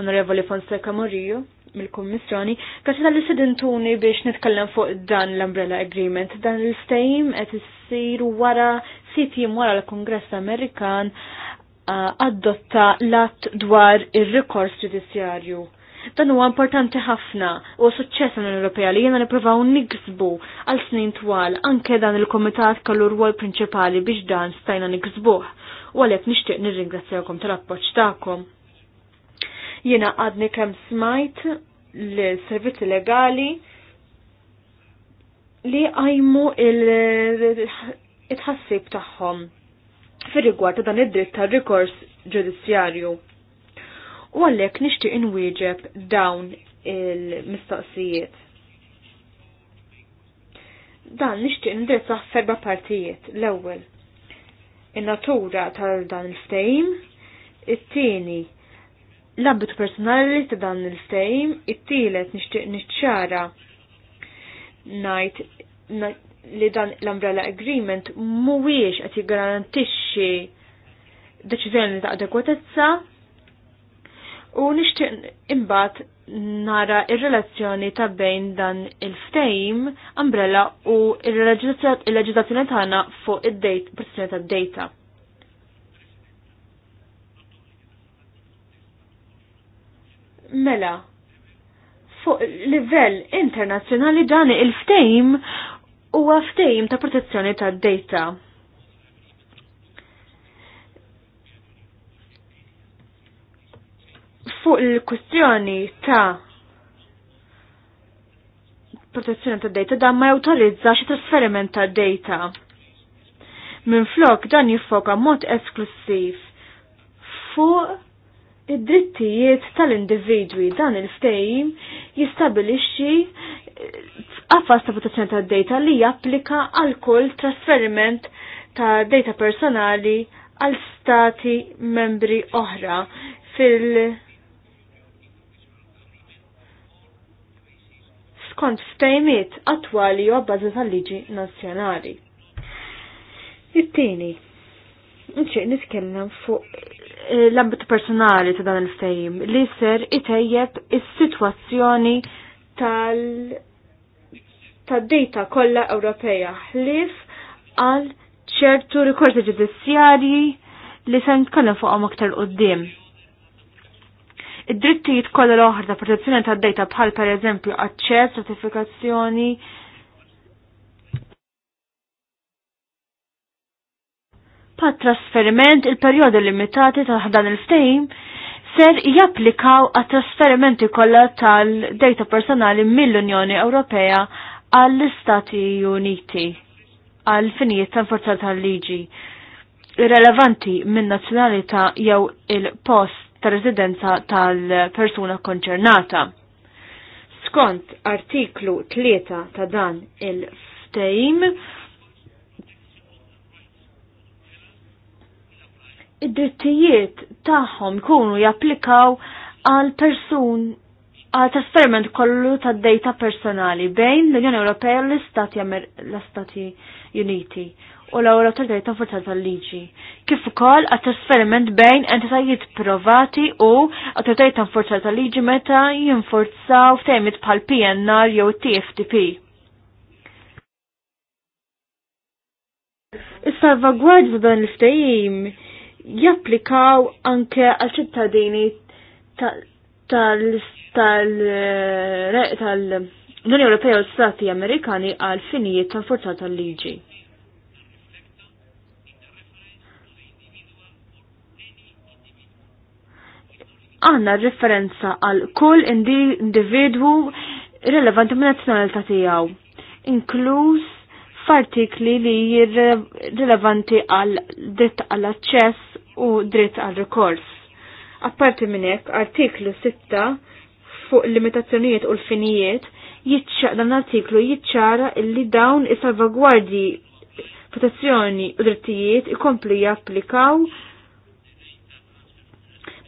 Onorevoli Fonseca Morillo mill-Kommissjoni, kaċi tal sedintuni biex nitkellem fuq dan l-Umbrella Agreement. Dan l-istejm qed issir wara sitjim wara l-Kongress Amerikan adotta l-att dwar ir-rikors ġudizzjarju. Dan huwa importanti ħafna u suċċess l Ewropea li jiena nippruvaw niksbu għal snin twal anke dan il-Komitat kellu rwol prinċipali biex dan stajna niksbuh u għalhekk nixtieq nirringrazzjawkom tal-appoġġ tagħkom. Jiena għadni kemm smajt l-servizzi legali li għajmu il-tħassib tagħhom fir-rigward ta' dan id-dritt tar-rikors ġudizzjarju. U għalhekk nixtieq inwieġeb dawn il-mistoqsijiet. Dan nixtieq indirizzah f'erba' partijiet. L-ewwel, in-natura tal dan il-ftehim, it-tieni l-abbit personali ta' dan il-fejm, it-tielet nixtieq niċċara li dan l-umbrella agreement mhuwiex qed jiggarantixxi deċiżjoni ta' adekwatezza u nixtieq imbagħad nara il relazzjoni ta' bejn dan il-ftejm umbrella u il-leġiżlazzjoni tagħna fuq id-dejt protezzjoni tad-dejta. Mela, fuq livell internazzjonali dan il-ftejm huwa ftejm ta' protezzjoni tad data Fuq il kustjoni ta' protezzjoni tad data dan ma jautorizza xi trasferiment tad data. Minflok dan jiffoka mod esklusiv fuq id-drittijiet tal-individwi dan il-ftejim jistabilixxi qafas eh, ta' protezzjoni ta' data li japplika għal kull trasferiment ta' data personali għal stati membri oħra fil skont ftejmiet attwali u għabbażi tal-liġi nazzjonali. It-tieni, nċeq nitkellem fuq l-ambit personali ta' dan il-fejm li ser itejjeb is-sitwazzjoni tal- tad-data kollha Ewropeja ħlif għal ċertu rikordi ġudizzjarji li se nitkellem fuqhom aktar quddiem. Id-drittijiet kollha l-oħra ta' protezzjoni tad-data bħal pereżempju aċċess, ratifikazzjoni, Pat trasferiment il-perjodi limitati ta' dan il-ftehim ser japplikaw għat trasferimenti kollha tal-data personali mill-Unjoni Ewropea għall-Istati Uniti għal finijiet ta' forza tal-liġi irrelevanti minn nazzjonalità jew il-post ta' residenza tal-persuna konċernata. Skont artiklu 3 ta' dan il-ftehim, id-drittijiet tagħhom kunu japplikaw għal persun għal trasferment kollu ta' data personali bejn l-Unjoni Ewropea u l-Istati Uniti u l-Awtoritajiet ta' Forza tal-Liġi, kif ukoll għat trasferiment bejn entitajiet privati u Awtoritajiet ta' Forza tal-Liġi meta jinforzaw f'temiet bħal PNR jew TFTP. Is-salvagwardja dan l-ftehim japplikaw anke għal ċittadini tal-Unjoni Ewropea u Stati Amerikani għal finijiet tal forza tal-liġi. Għanna referenza għal kull individwu rilevanti minn nazzjonalità tiegħu, inkluż f'artikli li rilevanti għal dritt għall aċċess u dritt għal rikors. Apparti minn hekk, artiklu 6 fuq limitazzjonijiet u l-finijiet dan l-artiklu jiċċara li dawn is salvagwardi protezzjoni u drittijiet ikomplu japplikaw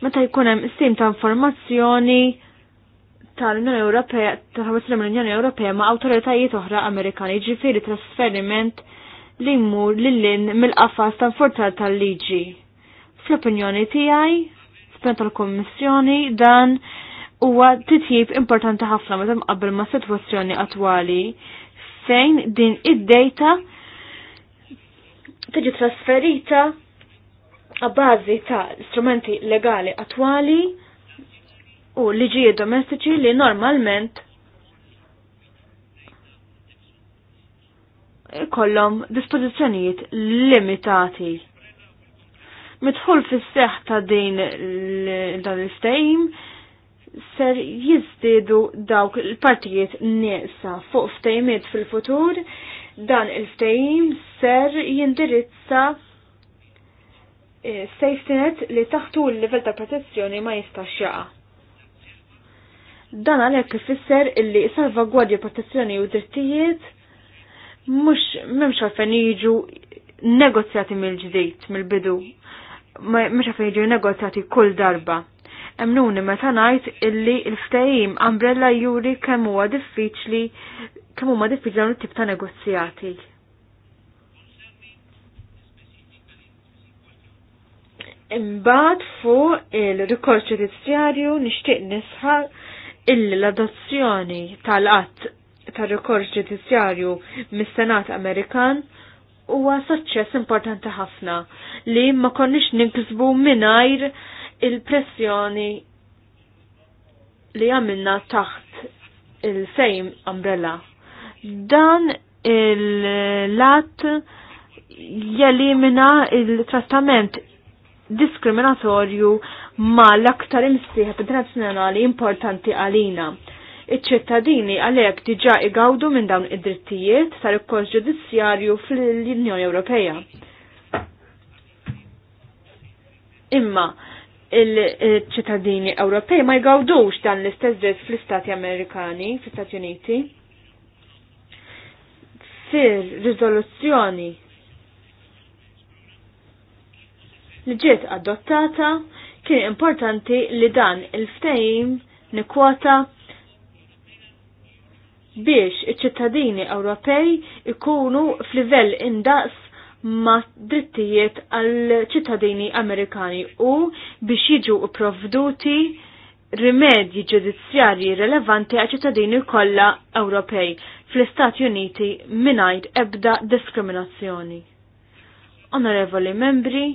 meta jkun hemm istim ta' informazzjoni tal-Unjoni Ewropea, tal-Ħabasilhom l-Unjoni Ewropea ma' awtoritajiet oħra Amerikani, ġifieri trasferiment li jmur lil lin mill-qafas tal-forza tal-liġi. Fl-opinjoni tiegħi, spent tal-Kommissjoni dan huwa titjib importanti ħafna meta qabel ma' sitwazzjoni attwali fejn din id-data tiġi trasferita għabbażi ta' strumenti legali attwali u liġijiet domestiċi li normalment kollom dispozizjonijiet limitati midħul fis-seħ ta' din dan il-ftehim ser jizdidu dawk il-partijiet nieqsa fuq ftejmiet fil-futur dan il-ftehim ser jindirizza e, safety net li taħtu l-level ta' protezzjoni ma jistax jaqa' dan għalhekk ifisser illi salvagwardja protezzjoni u drittijiet mhux m'hemmx għalfejn jiġu negozjati mill-ġdid mill-bidu mhux fejn jiġu negozjati kull darba. Emnuni meta ngħid illi l-ftehim umbrella juri kemm huwa diffiċli kemm huma diffiċli dawn it-tip ta' negozjati. Imbagħad fuq il-rikors ġudizzjarju nixtieq nisħa illi l-adozzjoni tal att tar-rikors ġudizzjarju mis-Senat Amerikan huwa suċċess importanti ħafna li ma konniex ninkisbu mingħajr il-pressjoni li għamilna taħt il-sejm umbrella. Dan il-lat jelimina il-trattament diskriminatorju ma l-aktar imsieħ internazzjonali importanti għalina iċ-ċittadini għalhekk diġà igawdu minn dawn id-drittijiet sar ikkors ġudizzjarju fl-Unjoni Ewropea. Imma il-ċittadini Ewropej ma jgawdux dan l-istess dritt fl-Istati Amerikani, fl-Istati Uniti. Fir riżoluzzjoni li ġiet adottata kien importanti li dan il ftejm nikwota biex iċ-ċittadini Ewropej ikunu f'livell indaqs ma drittijiet għal ċittadini Amerikani u biex jiġu provduti rimedji ġudizzjarji relevanti għal ċittadini kollha Ewropej fl-Istati Uniti mingħajr ebda diskriminazzjoni. Onorevoli membri,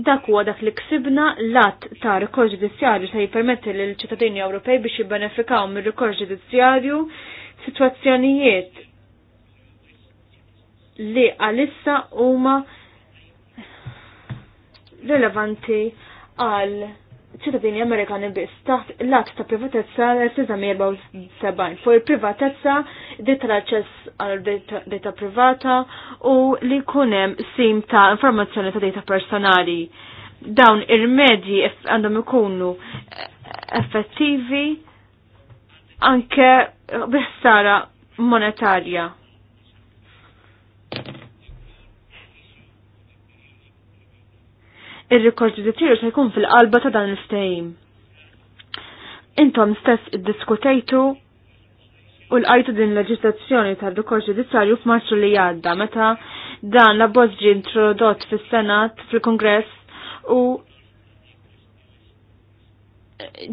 dak huwa dak li ksibna lat ta' rikor ġudizzjarju se jippermetti lill ċittadini Ewropej biex jibbenefikaw mir rikor ġudizzjarju sitwazzjonijiet li għalissa huma rilevanti għal ċittadini Amerikani biss taħt l-att ta' privatezza l-1974 fuq il-privatezza dit l aċċess għal data privata u li kunem sim ta' informazzjoni ta' data personali. Dawn ir-medji għandhom ikunu effettivi anke biħsara monetarja. ir-rikors ġudizzjarju se jkun fil-qalba ta' dan il-ftehim. Intom stess iddiskutejtu u l-qajtu din leġislazzjoni tal-rikors ġudizzjarju f'Marzu li għadda meta dan la ġie introdott fis-Senat fil-Kongress u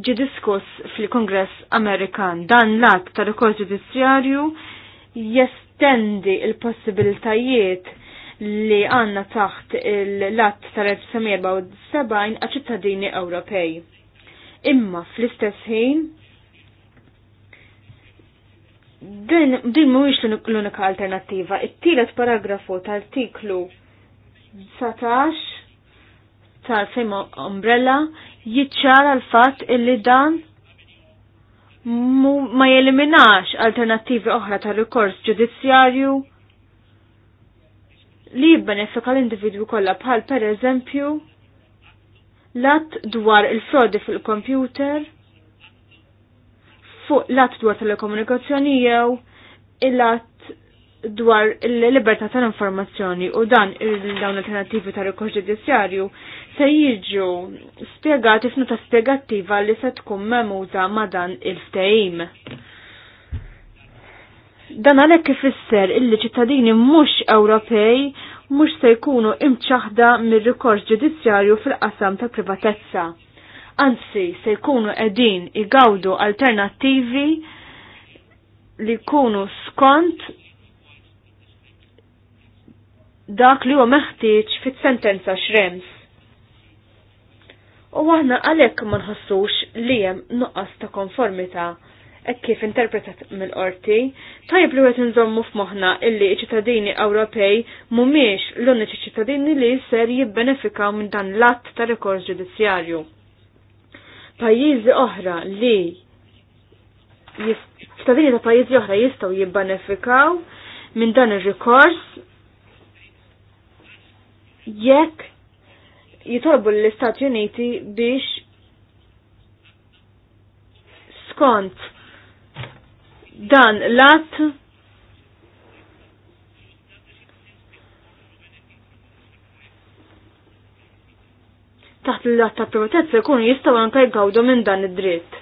ġi diskuss fil-Kongress Amerikan. Dan l-att tal-rikors ġudizzjarju jestendi il-possibilitajiet li għanna taħt l lat tal-1974 għaċittadini Ewropej. Imma fl-istess ħin din mhuwiex l-unika alternattiva. It-tielet paragrafu tal-artiklu 19 tal-fejma umbrella jiċċara l-fatt illi dan ma jeliminax alternattivi oħra tal-rikors ġudizzjarju li jibbenefika l-individwi kollha bħal pereżempju lat dwar il-frodi fil-kompjuter, fuq lat dwar telekomunikazzjoni jew il-lat dwar il-libertà tal-informazzjoni u dan il-dawn alternativi ta' rikors ġudizzjarju se jiġu spiegati f'nota spiegattiva li se tkun memuża ma' dan il-ftehim. Dan għalhekk kifisser illi ċittadini mhux Ewropej mhux se jkunu imċaħda mir-rikors ġudizzjarju fil-qasam ta' privatezza. Anzi, se jkunu qegħdin igawdu alternattivi li jkunu skont dak li huwa meħtieġ fit-sentenza x'rems. U aħna għalhekk ma nħossux li hemm nuqqas ta' konformità ek kif interpretat mill-qorti, tajb li għet nżommu f'moħna illi ċittadini Ewropej mumiex l-uniċi ċittadini li ser jibbenefikaw minn dan l-att ta' rekord ġudizzjarju. Pajjiżi oħra li ċittadini ta' pajjiżi oħra jistaw jibbenefikaw minn dan ir-rikors jekk jitolbu l-Istati Uniti biex skont dan l-att taħt l lat ta' protezza jkunu jistaw anka jgawdu minn dan id-dritt.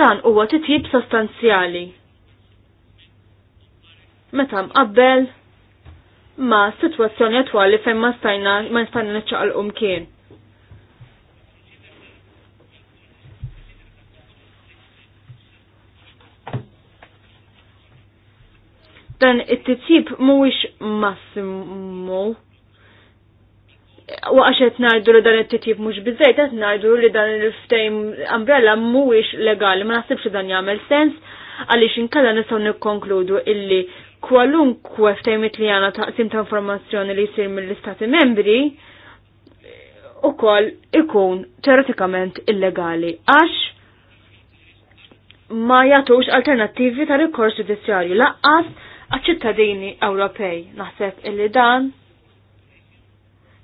Dan huwa titjib sostanzjali. Meta mqabbel ma' situazzjoni attwali fejn ma stajna ma stajna kien. dan it-titjib mhuwiex massimu. Waqax qed ngħidu li dan it-titjib mhux biżejt, qed ngħidu li dan il-ftejm umbrella mhuwiex legali, ma naħsibx li dan jagħmel sens għaliex inkella nistgħu nikkonkludu illi kwalunkwe ftejmit li għana taqsim ta' informazzjoni li jsir mill-istati membri ukoll ikun teoretikament illegali għax ma jagħtux alternattivi ta' rikors ġudizzjarju laqqas għaċ-ċittadini Ewropej. Naħseb illi dan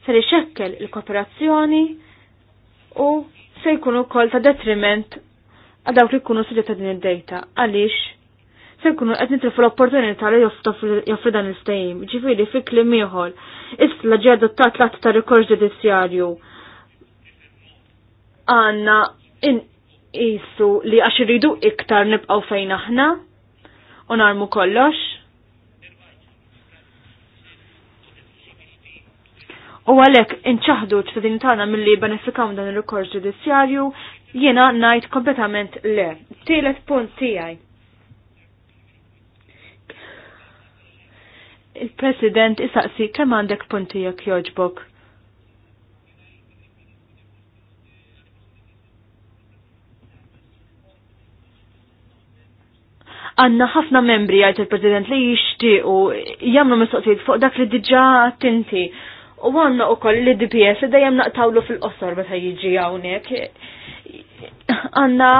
li xekkel il-kooperazzjoni u se jkunu kol ta' detriment għadaw dawk li jkunu suġġetta din id-dejta. Għaliex se jkunu qed nitilfu l-opportunità li joffri dan il-stejm, Ġifiri, fi klim ieħor. Isla ġie adottat l ta' rikors ġudizzjarju għandna jisu li għax iktar nibqgħu fejn aħna u narmu kollox U għalek inċaħdu tana tagħna milli benefikaw dan il-rekord ġudizzjarju, jena ngħid kompletament le. Tielet punt tiegħi. Il-President isaqsi kemm għandek punti jekk joġbok. Għanna ħafna membri għajt il-President li jishtiqu jamlu mistoqsijiet fuq dak li diġa tinti U għanna u koll li DPS dajem naqtawlu fil-qosor meta jiġi għawnek. Għanna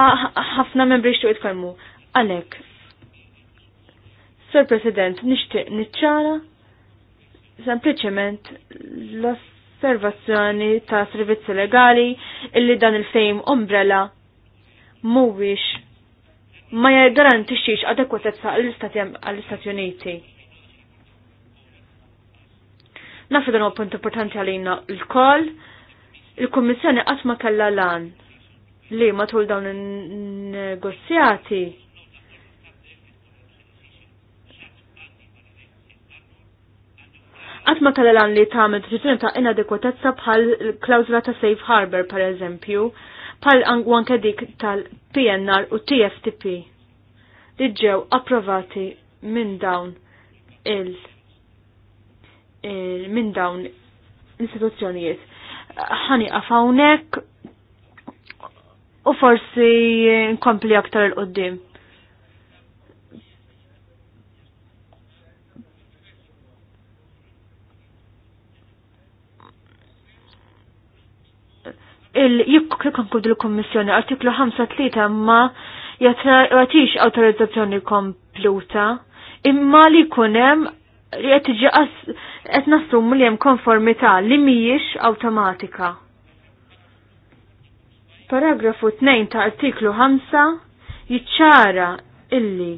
ħafna membri xtu jitkalmu. Għalek. Sir President, nishtiq nitċara sempliciment l-osservazzjoni ta' servizzi legali illi dan il-fejm umbrella mhuwiex ma jgarantixxix adekwatezza għall-Istati Uniti Nafu dan huwa punt importanti għalina l-koll. Il-Kummissjoni qatt ma kellha lan li matul dawn in-negozjati Qatt ma kellha lan li tagħmel deċiżjoni ta' inadekwatezza bħal klawzula ta' safe harbor pereżempju, bħal anke dik tal-PNR u TFTP li ġew approvati minn dawn il- Eh, minn dawn l-istituzzjonijiet. Ħani għafawnek u forsi nkompli aktar il-qoddim. il-jikkonkludu l-Kommissjoni artiklu 5-3 ma jatix autorizzazzjoni kompluta imma li kunem li jatġi qed nassum li hemm konformità li mhijiex awtomatika. Paragrafu 2 ta' artiklu 5 jiċċara illi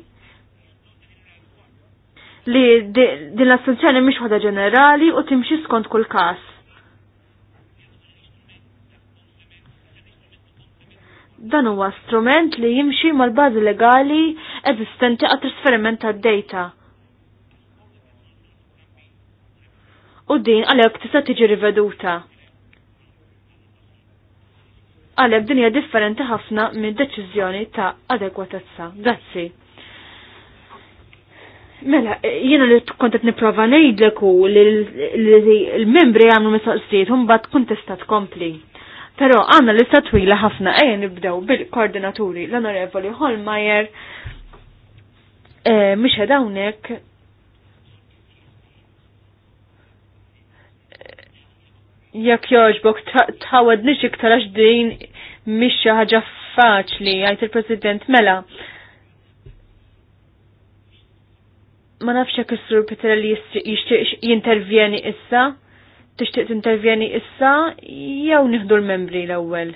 li din l-assunzjoni mhix waħda ġenerali u timxi skont kull każ. Dan huwa strument li jimxi mal-bażi legali eżistenti għat trasferiment tad-data u din għalek tista' tiġi riveduta. Għalek din hija differenti ħafna minn deċiżjoni ta' adekwatezza. Grazzi. Mela, jiena li kont qed nipprova ngħidlek l-membri għamlu mistoqsijiet u mbagħad kuntestat kompli. Però għandna lista twila ħafna ejja nibdew bil-koordinaturi l-Onorevoli Holmajer eh, miex hawnhekk jekk joġbok tħawad nix iktar għax din mish ħaġa faċli, għajt il-President mela. Ma nafx jekk is-Sur Peter li jixtieq jintervjeni issa, tixtieq tintervjeni issa jew nieħdu l-membri l-ewwel.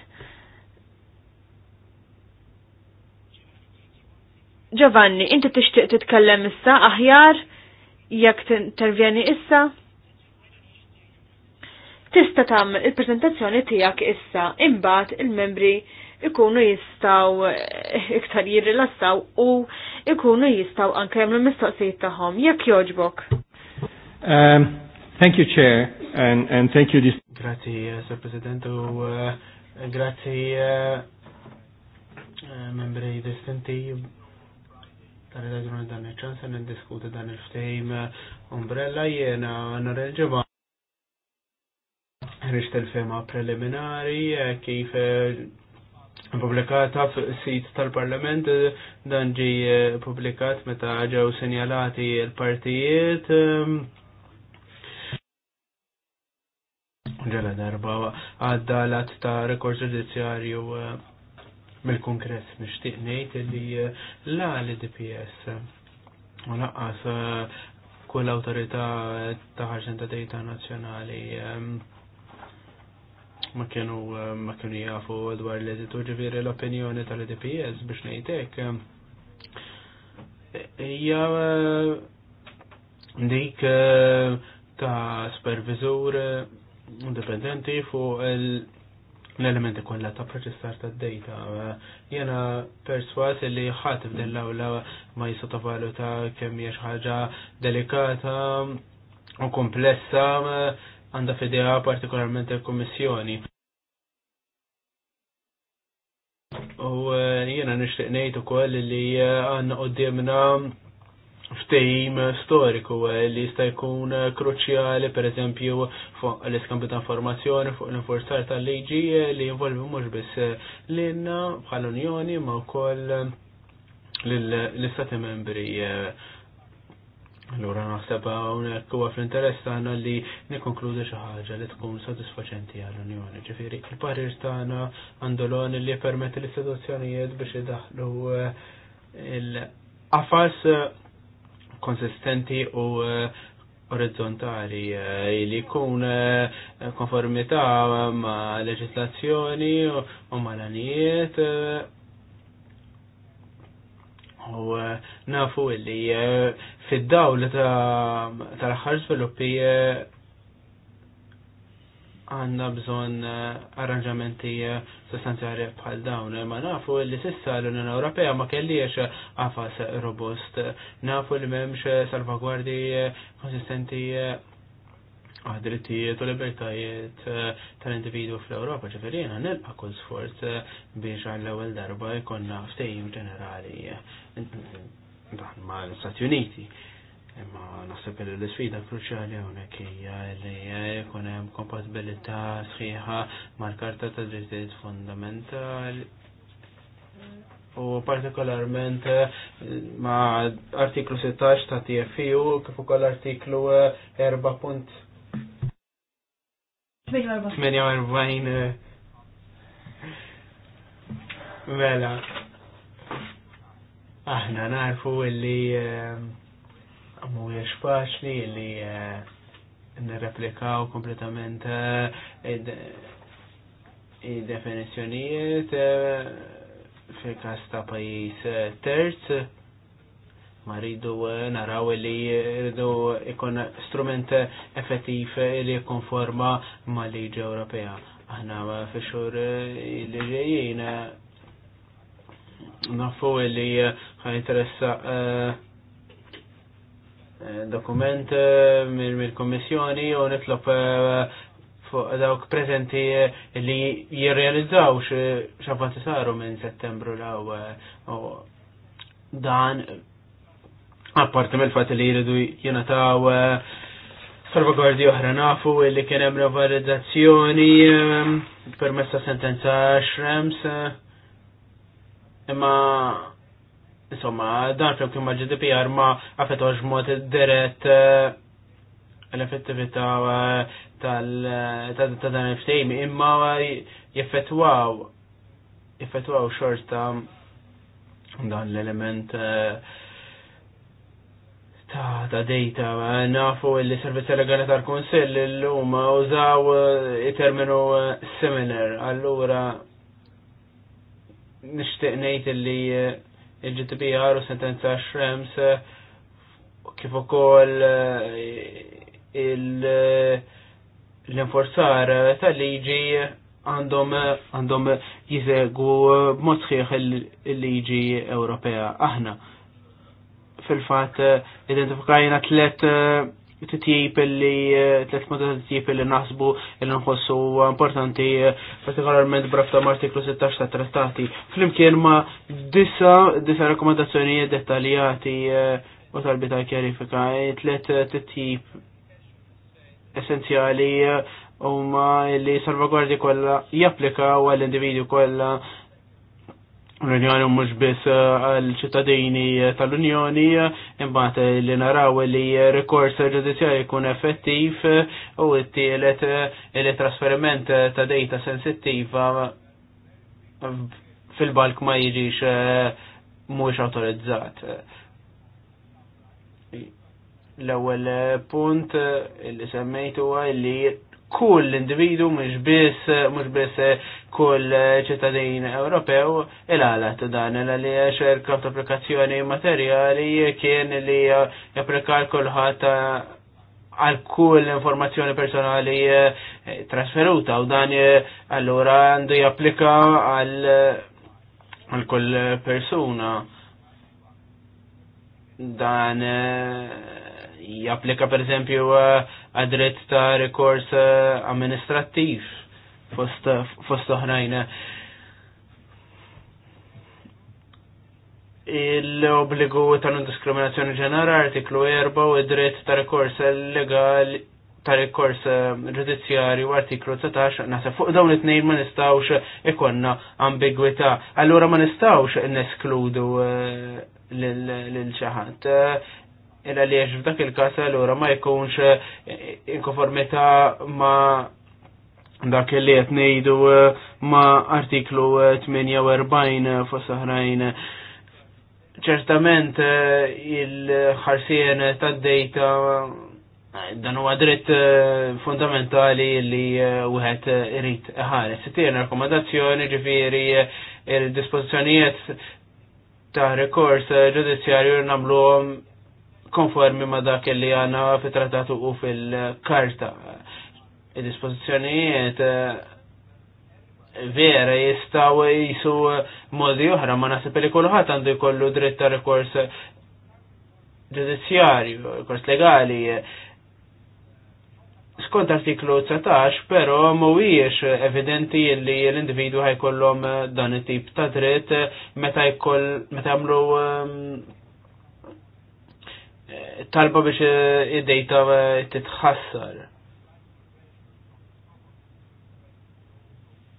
Giovanni, inti tixtieq titkellem issa aħjar jekk tintervjeni issa? tista' tagħmel il-preżentazzjoni tiegħek issa imbagħad il-membri ikunu jistaw eh, iktar jirrilassaw u ikunu jistaw anke jemlu mistoqsijiet tagħhom jekk joġbok. Um, thank you, Chair, and, and thank you. This... Grazie, eh, Sir President, u uh, eh, grazie uh, membri distinti tal-raġuni dan il ċansan n-diskuta dan il-ftejm umbrella jena n-reġiva ħriġ tal-fema preliminari eh, kif eh, publikata sit tal-Parlament eh, dan ġi publikat meta ġew sinjalati l-partijiet ġela darba għadda l-att ta' rekord ġudizzjarju mill-kongress nixtieq ngħid li la l-DPS u laqqas kull awtorità ta' ħarġenta ta' dejta nazzjonali ma kienu eh, ma kienu jafu dwar l-eżitu ġiviri l-opinjoni tal-DPS biex nejtek. Eh, ja eh, dik ta' supervisur indipendenti fuq l-elementi kollha ta' proċessar ta' data. Jena perswas li ħat f'din l-awla ma jisotovalu ta' kemm hija ħaġa delikata u komplessa għandha f'idea partikolarment il-Kummissjoni. U eh, jiena nixtieq ngħid ukoll li eh, għandna qudiemna ftehim storiku eh, li jista' jkun kruċjali pereżempju fuq l-iskambju ta' informazzjoni fuq l-infurzar tal-liġi li jinvolvi mhux biss lilna bħal Unjoni ma wkoll l-Istati Membri Allura naħseb hawnhekk huwa fl-interess tagħna li nikkonkludi xi ħaġa li tkun sodisfaċenti għall-Unjoni. Ġifieri il-parir tagħna għandu lon li jippermetti l-istituzzjonijiet biex idaħlu eh, il-qafas eh, konsistenti u eh, orizzontali li jkun konformità ma' leġislazzjoni u ma' l U eh, nafu illi eh, fid-dawl tal-aħħar sviluppi eh, għanna bżon arranġamenti sostanzjali bħal dawn. Ma nafu li sissa l-Unjoni Ewropea ma kellix għafas robust. Nafu li memx salvagwardi konsistenti għadrittijiet u libertajiet eh, tal-individu fl-Europa, ċifiri nilqa kull sforz eh, biex għall-ewel darba jkonna ftejim ġenerali eh, dan ma l-Stati Uniti. Imma naħseb li l-sfida kruċjali hawnhekk hija li jkun hemm kompatibilità sħiħa mal-Karta ta' Drittijiet Fundamentali u partikolarment ma artiklu 16 ta' TFU kif ukoll artiklu 4. 48. Eh. Mela. Aħna narfu illi eh, mhuwiex faċli illi eh, nirreplikaw kompletament id-definizzjonijiet fil-każ ta' pajjiż terz ma rridu eh, naraw li rridu ikon strument effettiv li konforma ma liġi Ewropea. Aħna eh, fi xhur eh, li ġejjin nafu li interessa dokument mill-Kommissjoni u nitlob fuq dawk prezenti li jirrealizzaw x'avvanti saru minn Settembru l-ewwel dan apparti mill-fat li jridu jenataw eh, salvaguardi oħra nafu li kien hemm revalorizzazzjoni eh, permessa sentenza xrems eh, imma insomma, dan fil kien ma gdpr ma għafetoġ mod dirett l-effettività tal dan il-ftejm, imma jiffetwaw jiffetwaw xorta dan l-element ta' ta' nafu li servizzi legali tal-Konsill l-lum użaw eh, terminu eh, similar allura nishtiq ngħid li eh, il-GDPR u sentenza xrems, kif ukoll l-enforzar tal-liġi għandhom għandhom jiżegu b'mod il-liġi Ewropea aħna fil-fat eh, identifikajna tlet eh, titjib li eh, tlet model titjib li naħsbu li nħossu importanti partikolarment brafta artiklu 16 ta' trattati. Flimkien ma disa, disa rekomendazzjoni dettaljati u talbi ta' kjerifika, tlet titjib essenzjali u ma li salvaguardi kolla japplika u għall-individu kolla l-Unjoni mhux biss eh, għal-ċittadini eh, tal-Unjoni, eh, imbagħad li naraw li rikors ġudizzjarju jkun effettiv u t-tielet li trasferiment ta' data sensittiva fil-balk ma jiġix mhux autorizzat. L-ewwel punt li semmejtu huwa li kull individu mhux biss mhux biss kull ċittadin Ewropew il-għalat dan li xerka applikazzjoni materjali kien li japplikar kulħadd għal kull informazzjoni personali trasferuta u dan allura għandu japplika għal għal kull persuna dan eh, japplika per esempio għadret ta' rekors eh, amministrattiv fost oħrajn. Il-obligu ta' non-diskriminazzjoni ġenera, artiklu 4, u id-dritt ta' rekors legali ta' rekors eh, u artiklu 13, naħseb fuq dawn it nejn ma nistawx ikonna ambigwità. Allura ma nistawx neskludu eh, lil xi Illa li f'dak il-kas allura ma jkunx eh, inkonformità ma dak li qed ngħidu eh, ma artiklu 48 fuq saħrajn. Ċertament eh, il-ħarsien tad-dejta dan huwa dritt fundamentali li wieħed irid ħares. Tiena rakkomandazzjoni ġifieri il-dispożizzjonijiet ta' rekors ġudizzjarju nagħmluhom konformi ma dak li għana fit-trattatu u fil-karta. Il-dispozizjonijiet eh, vera jistaw jisu modi oħra, ma nasib li kullħat għandu jkollu dritt ta' rekors ġudizzjarju, rekors legali. Skont artiklu 19, pero mhuwiex evidenti li l-individu ħajkollhom dan it-tip ta' dritt meta jkoll meta jagħmlu ehm, talba biex id-data titħassar.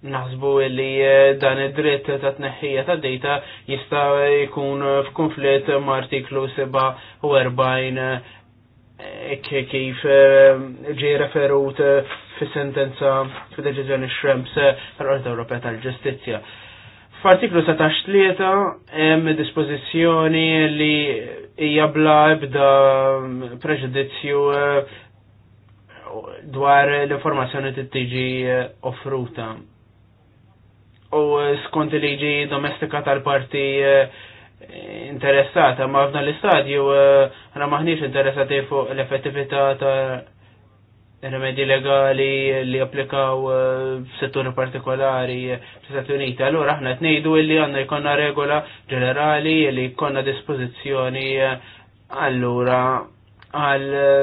Naħsbu li eh, dan id-dritt ta' tneħħija ta' data jista' jkun f'konflitt ma' artiklu 47 eh, kif eh, ġej referut fi sentenza fi deċiżjoni Shrems tal-Qorti Ewropea tal-Ġustizzja. F'artiklu 17 hemm dispożizzjoni li hija bla ebda preġudizzju eh, dwar l-informazzjoni t tiġi eh, offruta. U skont liġi domestika tal-parti eh, interessata, ma f'dan l-istadju għana maħniex interessati fuq l-effettività ta' remedi legali li applikaw eh, setturi partikolari fl-Stati Uniti. Allura aħna tnejdu illi għanna jkonna regola ġenerali li jkonna dispozizjoni eh, allura għal eh,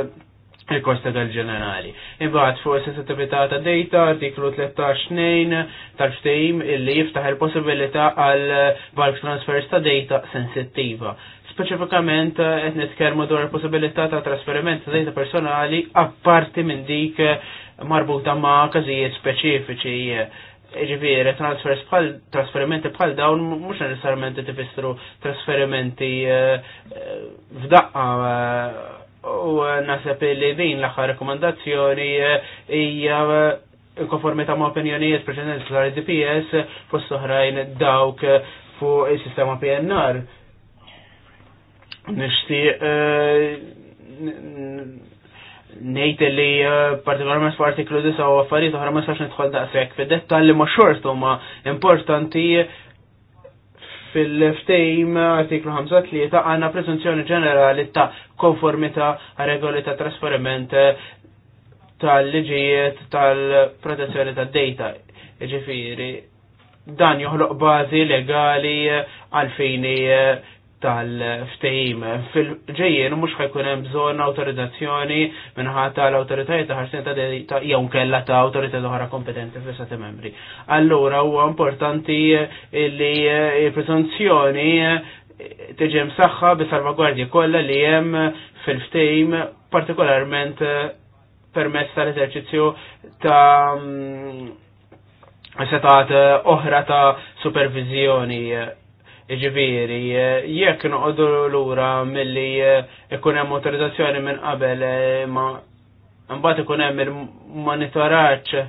il-kosta għal ġenerali Imbagħad fuq is-sensitività ta' data artiklu 13.2 tal-ftehim illi jiftaħ il-possibilità għal bulk transfers ta' data sensittiva. Speċifikament eh, qed nitkellmu dwar il-possibilità ta' trasferiment ta' data personali apparti minn dik eh, marbuta ma' każijiet speċifiċi. Ġifieri, transfers bħal trasferimenti bħal dawn mhux necessarment tifissru trasferimenti eh, f'daqqa u naħseb li din l-aħħar rekomandazzjoni hija konformita ma' opinjonijiet preċedenti tal-DPS fost oħrajn dawk fuq is-sistema PNR nishtiq eh, nejt li eh, partikolarment f'artiklu 9 u affarijiet oħra ma sax nidħol daqshekk fid tal li ma xort huma importanti fil-ftejm artiklu 53 għanna presunzjoni ġenerali ta' konformita regoli ta' trasferiment eh, tal-liġijiet tal-protezzjoni ta' data. Iġifiri, dan joħloq bazi legali għalfejni tal-ftejim. Fil-ġejjien mux ħajkun hemm bżonn awtorizzazzjoni minħata tal-awtoritajiet ta' ħarsin ta' jew kella ta' autoritajiet oħra kompetenti fl sati membri. Allura huwa importanti li l-presenzjoni tiġi saħħa bi salvagwardji kollha li hemm fil-ftejim partikolarment permess tal-eżerċizzju ta' mm, setat oħra ta' supervizjoni ġibiri, jekk noqogħdu lura milli eh, ikun hemm motorizzazzjoni minn qabel eh, ma mbagħad ikun hemm il-monitoraġġ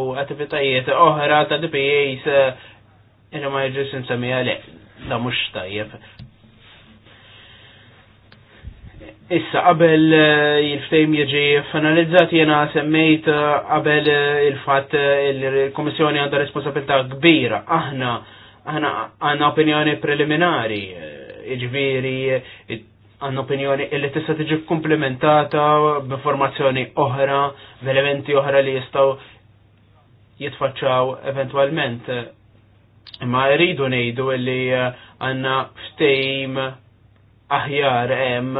u attivitajiet oħra ta' DPAs eh, illi ma jiġux insemmiha le, da mhux tajjeb. Issa qabel eh, il-ftejm jiġi finalizzat jena semmejt eh, qabel eh, il-fatt il-Komissjoni għandha responsabilità kbira. Aħna aħna għandna opinjoni preliminari, iġviri, għandna opinjoni li tista' tiġi komplementata b'informazzjoni oħra, b'elementi oħra li jistgħu jitfaċċaw eventwalment. Imma rridu ngħidu li għandna ftejm aħjar hemm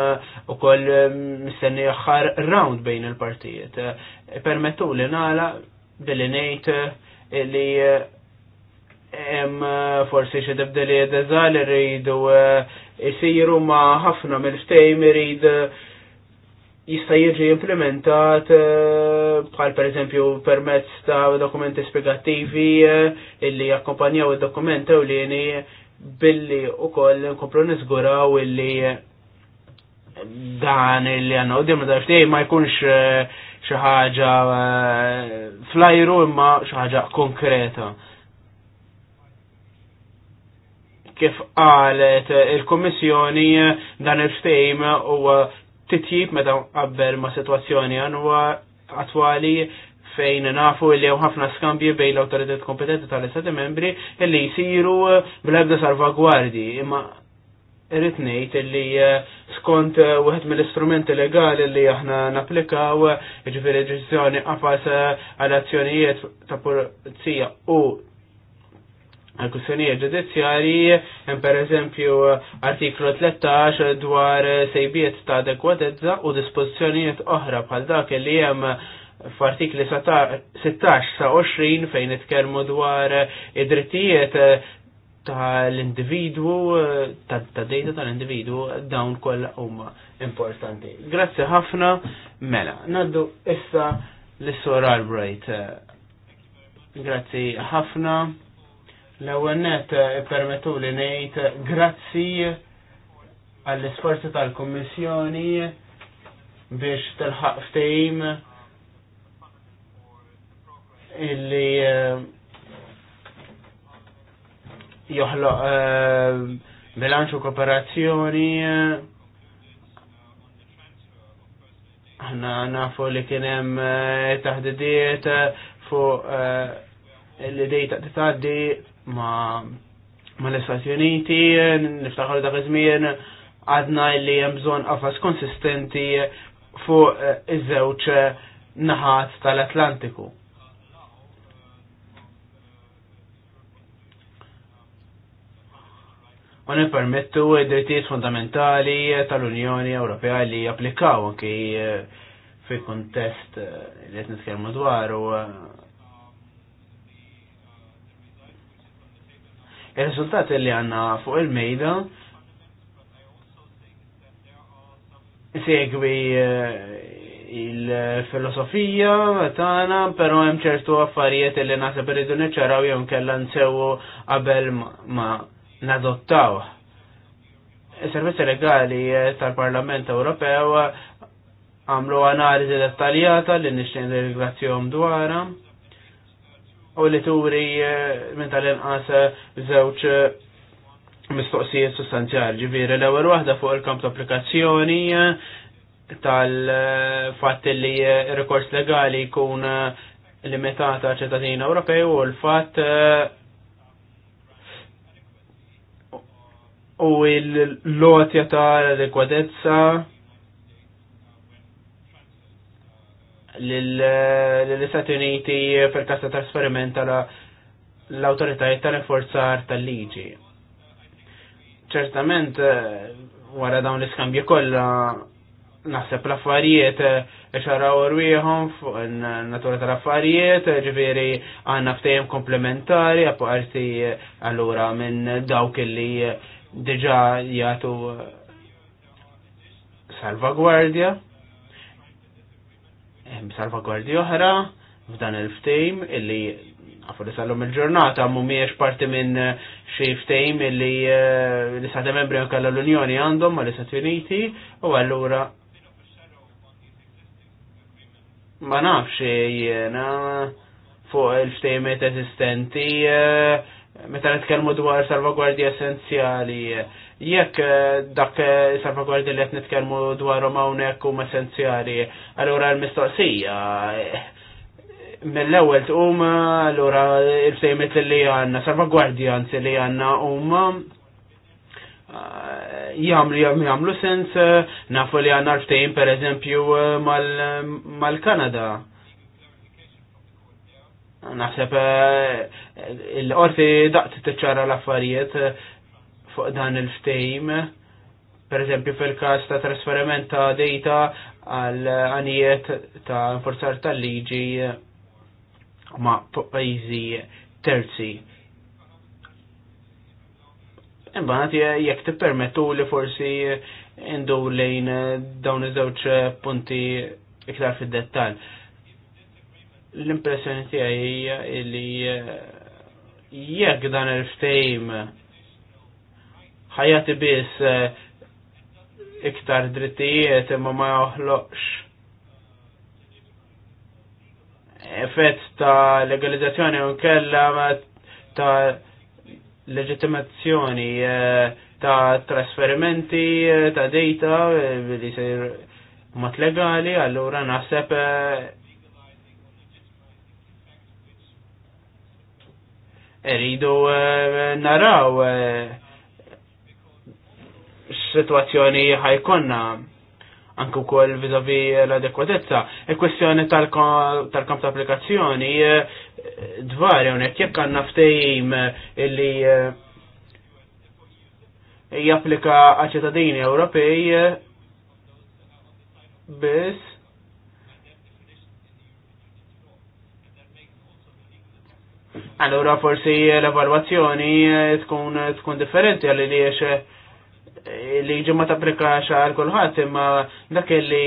ukoll mistenni aħħar round bejn il-partijiet. E, permettu li nala billi ngħid e, li hemm e, forsi xi dibdeli deżal irridu jsiru ma' ħafna mill-ftejm irid jista' jiġi implementat bħal pereżempju permezz ta' dokumenti spjegattivi illi jakkompanjaw id-dokumenti u li billi u koll nkomplu nizguraw illi dan illi għanna u dimma daċ ma jkunx eh, xaħġa eh, flajru imma xaħġa konkreta. Kif għalet il-Komissjoni dan il-ftejm u titjib meta qabel ma' situazzjoni għanwa attwali fejn nafu li hemm ħafna skambji bejn l autoritet kompetenti tal-Istati membri li jsiru eh, bl-ebda salvagwardi. Imma irrid ngħid li eh, skont eh, wieħed mill-istrumenti legali li aħna napplikaw jiġifieri ġestjoni qafas għal azzjonijiet ta' pulizija u għal-kussjonijiet ġudizzjarji, per eżempju artiklu 13 dwar sejbiet ta' adekwatezza u dispożizzjonijiet oħra bħal dak li hemm f'artikli 16 sa 20 fejn itkellmu dwar eh, id-drittijiet eh, tal-individwu, eh, tad-data tal-individwu, dawn kollha huma importanti. Grazzi ħafna, mela. Naddu issa l-Sor Albright. Grazzi ħafna. L-ewwel permetu permettu li ngħid grazzi għall-isforzi tal-Kummissjoni biex telħaq ftehim illi eh, joħloq eh, bilanċu kooperazzjoni eh, ħna nafu li kienem taħdidiet fuq li dejta t-taddi ma ma l-Istati Uniti, niftaħar dak iż-żmien għadna li hemm bżonn qafas konsistenti fuq iż-żewġ naħat tal-Atlantiku. u nipermettu id-drittijiet fundamentali tal-Unjoni Ewropea li japplikaw anki eh, fi kontest eh, li qed nitkellmu dwar u eh, ir-riżultati li għandna fuq il-mejda segwi il-filosofija tagħna, però hemm ċertu affarijiet li naħseb irridu niċċaraw jew kellha nsewwu qabel ma' nadottaw. Is-servizzi legali tal-Parlament Ewropew għamlu analiżi dettaljata li nixtieq nirringrazzjahom dwarha u li turi eh, minn tal-inqas eh, żewġ eh, mistoqsijiet sostanzjali. Ġifieri l-ewwel waħda fuq il-kamp ta' applikazzjoni tal-fatt li r-rikors legali jkun limitata ċittadini Ewropej u l-fatt u l-lotja ta' l-ekwadezza l-Istati Uniti per kasta trasferimenta l-autoritajiet ta' reforzar tal-liġi. ċertament, wara dawn l-iskambju kollha naħseb l-affarijiet eh, xaraw rwieħom fuq natura tal-affarijiet, ġifiri għandna ftejem komplementari apparti eh, allura minn dawk li diġa jgħatu eh, salvagwardja, salvagwardja oħra f'dan il-ftejm illi għafu li sallum il-ġurnata miex parti minn eh, xie ftejm illi eh, li sa' membri għakalla l-Unjoni għandhom ma li sa' Uniti u għallura ma nafx jena fuq il-ftejmet esistenti uh, meta nitkellmu dwar Salvagwardja essenzjali, jekk eh, dak il-Salvagwardja eh, li qed nitkellmu dwarhom hawnhekk huma essenzjali, allura l-mistoqsija eh, mill-ewwel tqum allura l-fejmet li għandna Salvagwardja anzi li għandna huma jagħmlu jagħmlu sens nafu li għandna ftehim pereżempju mal-Kanada. Naħseb eh, il-qorti daqt t-ċara l-affarijiet eh, fuq dan il-ftejm, per eżempju fil-kas ta' trasferiment ta' data għal għanijiet ta' forzar tal-liġi ma' pajzi terzi. Imbanat jek t-permettu li forsi indu lejn dawn iż-żewġ punti iktar fid-dettal l-impressjoni tiegħi hija li eh, jekk dan il-ftehim ħajati biss eh, iktar drittijiet imma ma joħloqx effett ta' legalizzazzjoni u kella ta' leġitimazzjoni eh, ta' trasferimenti ta' data li ser mat legali allura naħseb Eridu eh, naraw eh, situazzjoni ħajkonna anke wkoll vizavi l-adekwatezza. Il-kwestjoni e tal-kamp ta' applikazzjoni eh, dvar hawnhekk jekk għandna ftehim illi japplika għal ċittadini Ewropej biss Allora forsi l-evalwazzjoni eh, tkun eh, tkun differenti għalli li eh, li ġemma ta' prekaxa għal kulħadd imma dak li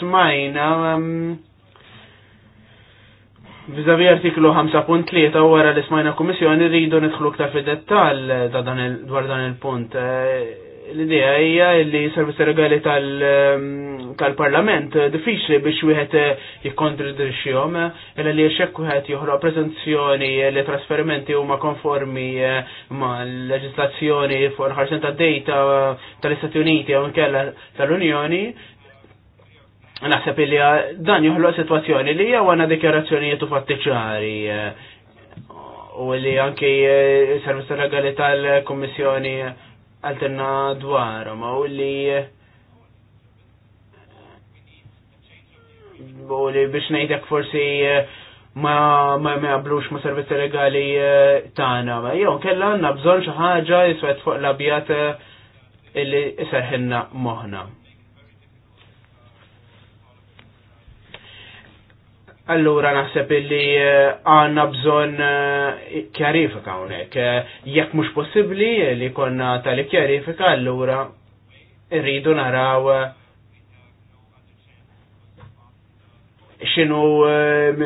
smajna mm, Vizavi artiklu 5.3 wara li smajna kommissjoni rridu nidħlu ktar fi dettall dwar dan il-punt l-idea hija li servizz regali ehm, tal-Parlament eh, diffiċli biex wieħed eh, jikkontridixxihom eh, illa li xekk wieħed joħroq preżenzjoni li trasferimenti huma konformi ma' l-leġislazzjoni fuq il-ħarsin tad-dejta tal-Istati Uniti jew inkella tal-Unjoni. Naħseb li dan joħloq sitwazzjoni li hija għandna dikjarazzjonijiet u fattiċari u li anke s-servizzi regali tal kummissjoni dwar, ma u li u li biex nejdek forsi eh, ma ma ma jablux ma servizzi legali eh, tana. Jow, kella għanna bżon xaħġa jiswet fuq labjat eh, illi serħinna moħna. Allura naħseb illi eh, għanna bżon eh, kjarifika unek. Eh, jekk mux possibli li konna tali kjarifika, allura rridu naraw xinu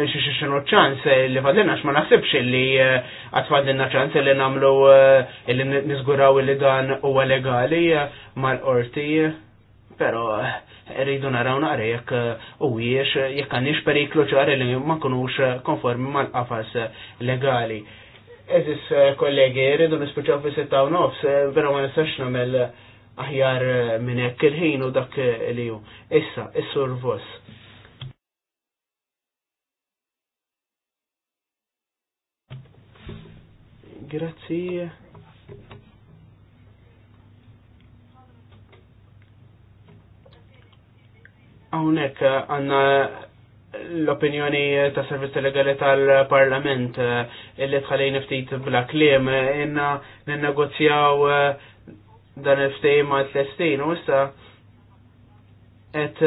xinu ċans li fadlina xma naħsibx li fadlina ċans li namlu li nizguraw li dan u legali mal-orti, pero rridu naraw naqra jekk uh, u jiex jekk għandix periklu ċar li ma nkunux uh, konformi mal-qafas uh, legali. Eżis kollegi, rridu nispiċaw fi sitta nofs, vera ma nistax nagħmel aħjar minn hekk il-ħin u dak li hu. Issa, is-sur vos. Grazie. Hawnhekk għandna l-opinjoni ta' servizz legali tal-Parlament eh, illi tħalli ftit bla kliem eh, inna ninnegozjaw eh, dan il ftej ma' t-lestin u issa qed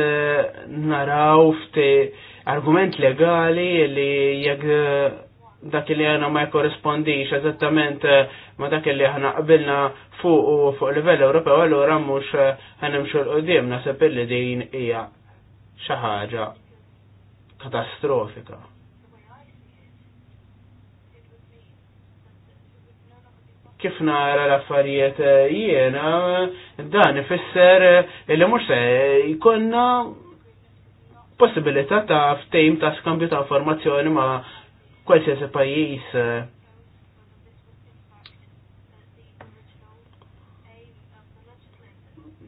naraw fti argument legali illi jekk dak li għana ma jkorrespondix eżattament ma dak li għana qbilna fuq u fuq livell Ewropew, għallura mux għanimxu l-qoddim, nasib illi din hija xi ħaġa katastrofika. Kif nara l-affarijiet eh, jiena, dan ifisser illi eh, mhux se jkollna possibilità ta' ftejm ta' skambju ta' informazzjoni ma' kwalsiasi pajjiż eh.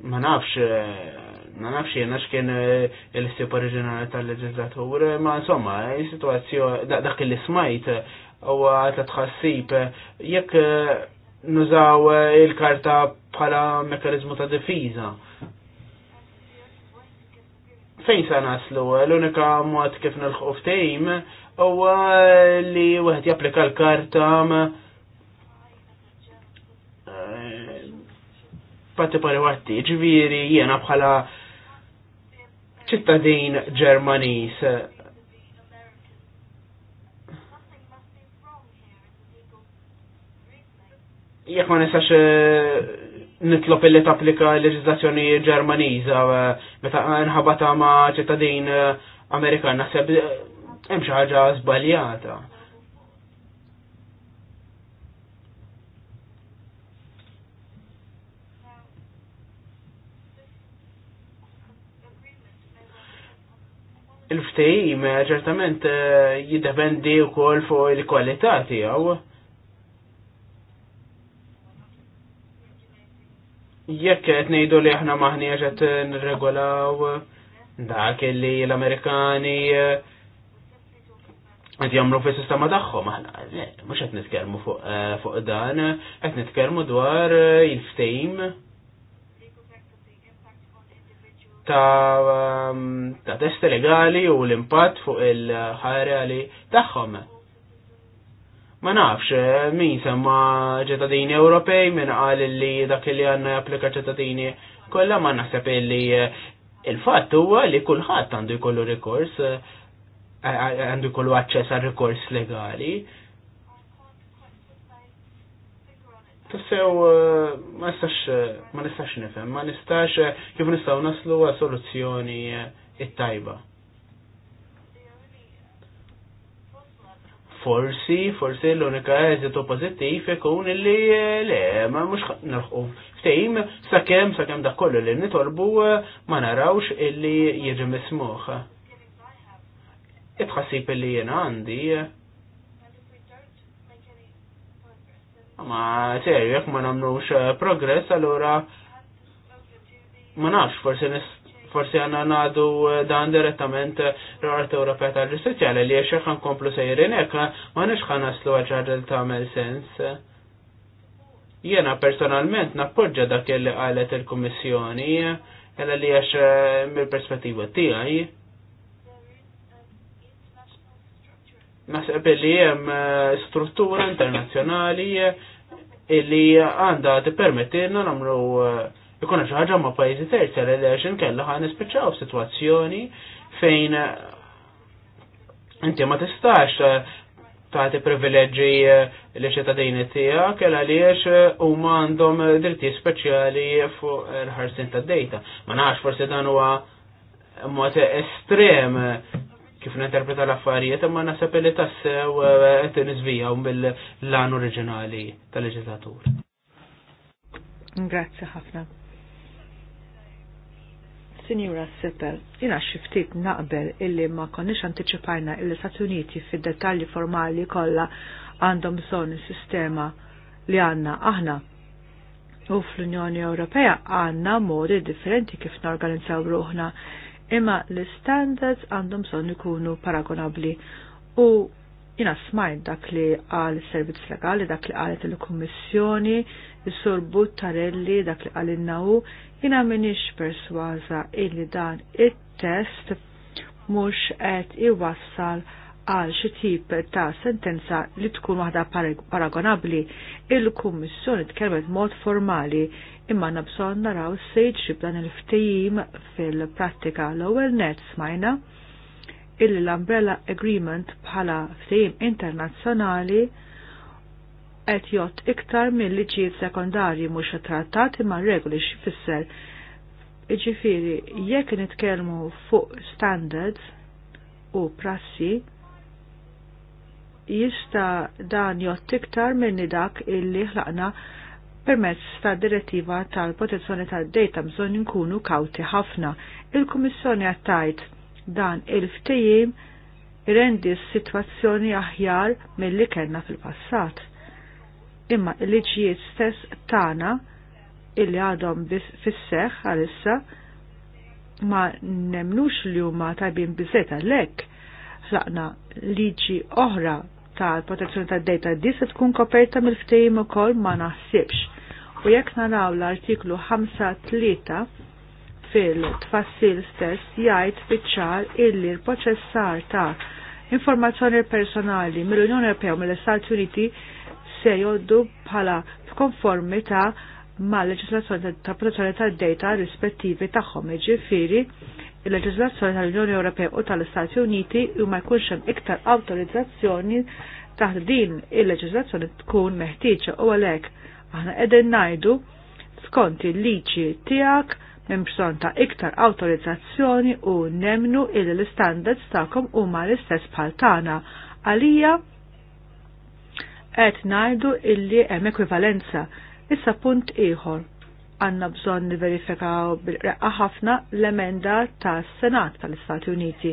ma nafx ma nafx jena x'kien eh, il-ħsieb oriġinali tal-leġislatur, eh, ma insomma, eh, situazzjoni dak li smajt huwa ta' tħassib jekk nużaw il-karta bħala mekanizmu ta' difiza. Fejn sa naslu, l-unika mod kif nilħu ftejm, huwa li wieħed japplika l-karta Patti pari watti, ġviri, jena bħala ċittadin Ġermanis. Jekk ma nistax eh, nitlob illi tapplika l-leġizlazzjoni Ġermaniża eh, meta nħabata ma' ċittadin eh, Amerikan naħseb hemm xi ħaġa żbaljata. il-ftehim eh, ċertament eh, jiddependi wkoll fuq il-kwalità tiegħu. Jekk qed ngħidu li aħna maħni qed nirregolaw dak li l-Amerikani eh, qed jagħmlu fis sistema tagħhom aħna mhux qed nitkellmu fuq dan, qed nitkellmu dwar il-ftehim ta' um, ta' test legali u l-impatt fuq il-ħareali tagħhom. Ma nafx, min semma ċittadini Ewropej, min għal li dak li għanna japplika ċittadini kollha ma naħseb li eh, il-fatt huwa li kulħadd għandu jkollu rikors eh, għandu jkollu aċċess għal rikors legali Tassew eh, ma nistax eh, ma nistax nifhem, ma nistax eh, kif nistgħu naslu għal soluzzjoni it-tajba. Forsi, forsi l-unika eżitu pożittiv ikun illi le, ma mhux nilħqu. Ftehim sakemm sakemm dak kollu li nitolbu ma narawx illi jiġi mismuħ. Itħassib illi jiena għandi Ma serju, jekk ma namnux eh, progress, allura ma nafx, forse forsi għanna nadu eh, dan direttament l-Orta Ewropea tal-Ġustizjali li jiex għan komplu sejrin ekk, ma nix għan aslu għagħadil ta' mel sens. Jena personalment nappoġġa dak li għalet il komissjoni għalet li għax eh, mill-perspettiva tijaj. Nasib li jem struttura internazjonali illi għanda tippermettilna namlu eh, ikun xi ħaġa ma' pajjiżi terzi għal għax kella għan ispeċaw situazzjoni fejn eh, inti ma tistax eh, tagħti privileġġi li ċittadini tiegħek kella għaliex huma għandhom dritti speċjali fuq il-ħarsin tad-dejta. Ma nafx forsi dan huwa mod estrem kif ninterpreta l-affarijiet, imma nasab li tassew eh, qed niżvijaw mill-lan oriġinali tal-leġislatur. Grazzi ħafna. Sinjura Sippel, jina xiftit naqbel illi ma konniex antiċipajna illi Stati Uniti fid-dettalji formali kollha għandhom bżonn sistema li għanna aħna. U fl-Unjoni Ewropea għanna modi differenti kif norganizzaw ruħna imma l-standards għandhom son ikunu paragonabli. U jina smajt dak li għal servizz legali, dak li għal il-kommissjoni, il-sorbu tarelli, dak li għal il-nawu, jina minix perswaza illi dan it-test mux qed iwassal għal xi tip ta' sentenza li tkun waħda paragonabli. Il-Kummissjoni tkellmet mod formali imma nabson naraw sejt xibdan il-ftejim fil-prattika l-ewwel net smajna illi l-Umbrella Agreement bħala ftejim internazzjonali qed jott iktar mill liġijiet sekondarji mhux trattati ma regoli x'ifisser. Iġifiri, jekk nitkellmu fuq standards u prassi jista' dan jott iktar minn dak illi ħlaqna Permezz ta' direttiva tal-protezzjoni tad-data bżonn inkunu kawti ħafna. Il-Kummissjoni għattajt dan il-ftejim rendi s-sitwazzjoni aħjar mill-li kellna fil-passat. Imma il liġijiet stess tagħna illi għadhom fis-seħ għalissa ma nemnux li huma tajbin biżeta lek ħlaqna liġi oħra tal-protezzjoni tad-data di se tkun koperta mill-ftehim ukoll ma naħsibx. U jekk naraw l-artiklu 5-3 fil-tfassil stess jgħid fiċ-ċar illi l-proċessar ta' informazzjoni personali mill-Unjoni Ewropea mill-Istati Uniti se joddu bħala f'konformità ma' leġislazzjoni ta' protezzjoni tad-data rispettivi tagħhom, jiġifieri il-leġislazzjoni tal-Unjoni Ewropea u tal-Istati Uniti u ma jkunx hemm iktar awtorizzazzjoni taħt din il-leġislazzjoni tkun meħtieġa u għalhekk aħna qegħdin ngħidu skont il-liġi tiegħek hemm bżonn ta' iktar awtorizzazzjoni u nemnu il l-istandards tagħkom huma l-istess bħal tagħna għalija qed ngħidu illi hemm ekwivalenza. Issa punt ieħor għanna bżon niverifikaw bil-reqqa ħafna l-emenda ta' Senat tal-Istati Uniti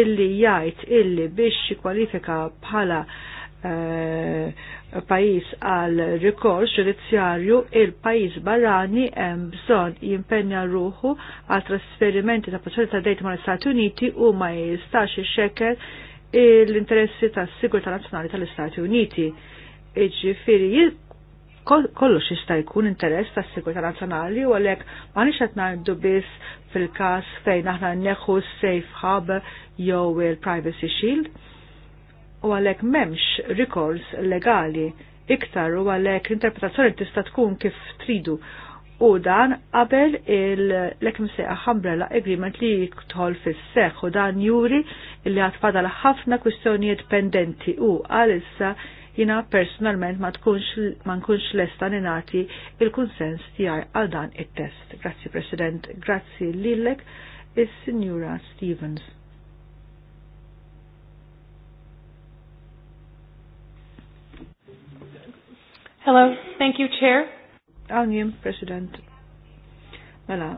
illi jgħid illi biex jikwalifika bħala eh, pajis għal rikors ġudizzjarju il-pajis barrani hemm bżonn jimpenja ruħu għal trasferimenti ta' proċessi ta' dejt mal-Istati Uniti u ma jistax ix-xekel l-interessi tas-sigurtà nazzjonali tal-Istati Uniti. Iġifieri kollox jista' jkun interess tas-sigurtà nazzjonali u għalhekk m'għandix qed ngħidu biss fil-każ fejn aħna neħu safe hub jew il-privacy shield u għalhekk m'hemmx rikors legali iktar u għalhekk l-interpretazzjoni tista' tkun kif tridu u dan qabel l-ekim seqa Umbrella Agreement li jiktħol fis seħħ u dan juri li għatfadal ħafna kwistjonijiet pendenti u għalissa issa jina personalment ma tkunx ma nkunx lesta ninati il-kunsens tiegħi għal dan it-test. Grazzi President, grazzi lilek is signora Stevens. Hello, thank you, Chair. Għanjim, President. Mela,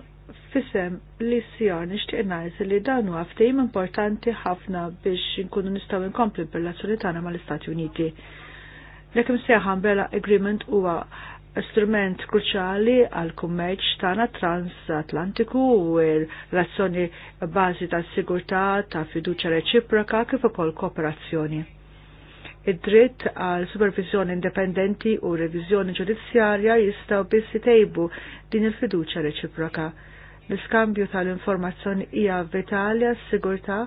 fissem li s-sijar nishtiq li dan huwa ftehim importanti ħafna biex nkunu nistgħu per l-relazzjoni tagħna mal-Istati Uniti. Lekim seħan bella agreement huwa strument kruċali għal kummerċ tana transatlantiku u relazzjoni bazi ta' sigurtà ta' fiduċa reċiproka kif ukoll kooperazzjoni. Id-dritt għal supervizjoni indipendenti u reviżjoni ġudizzjarja jistgħu biss tejbu din il-fiduċa reċiproka. L-iskambju tal-informazzjoni hija vitali għas sigurtà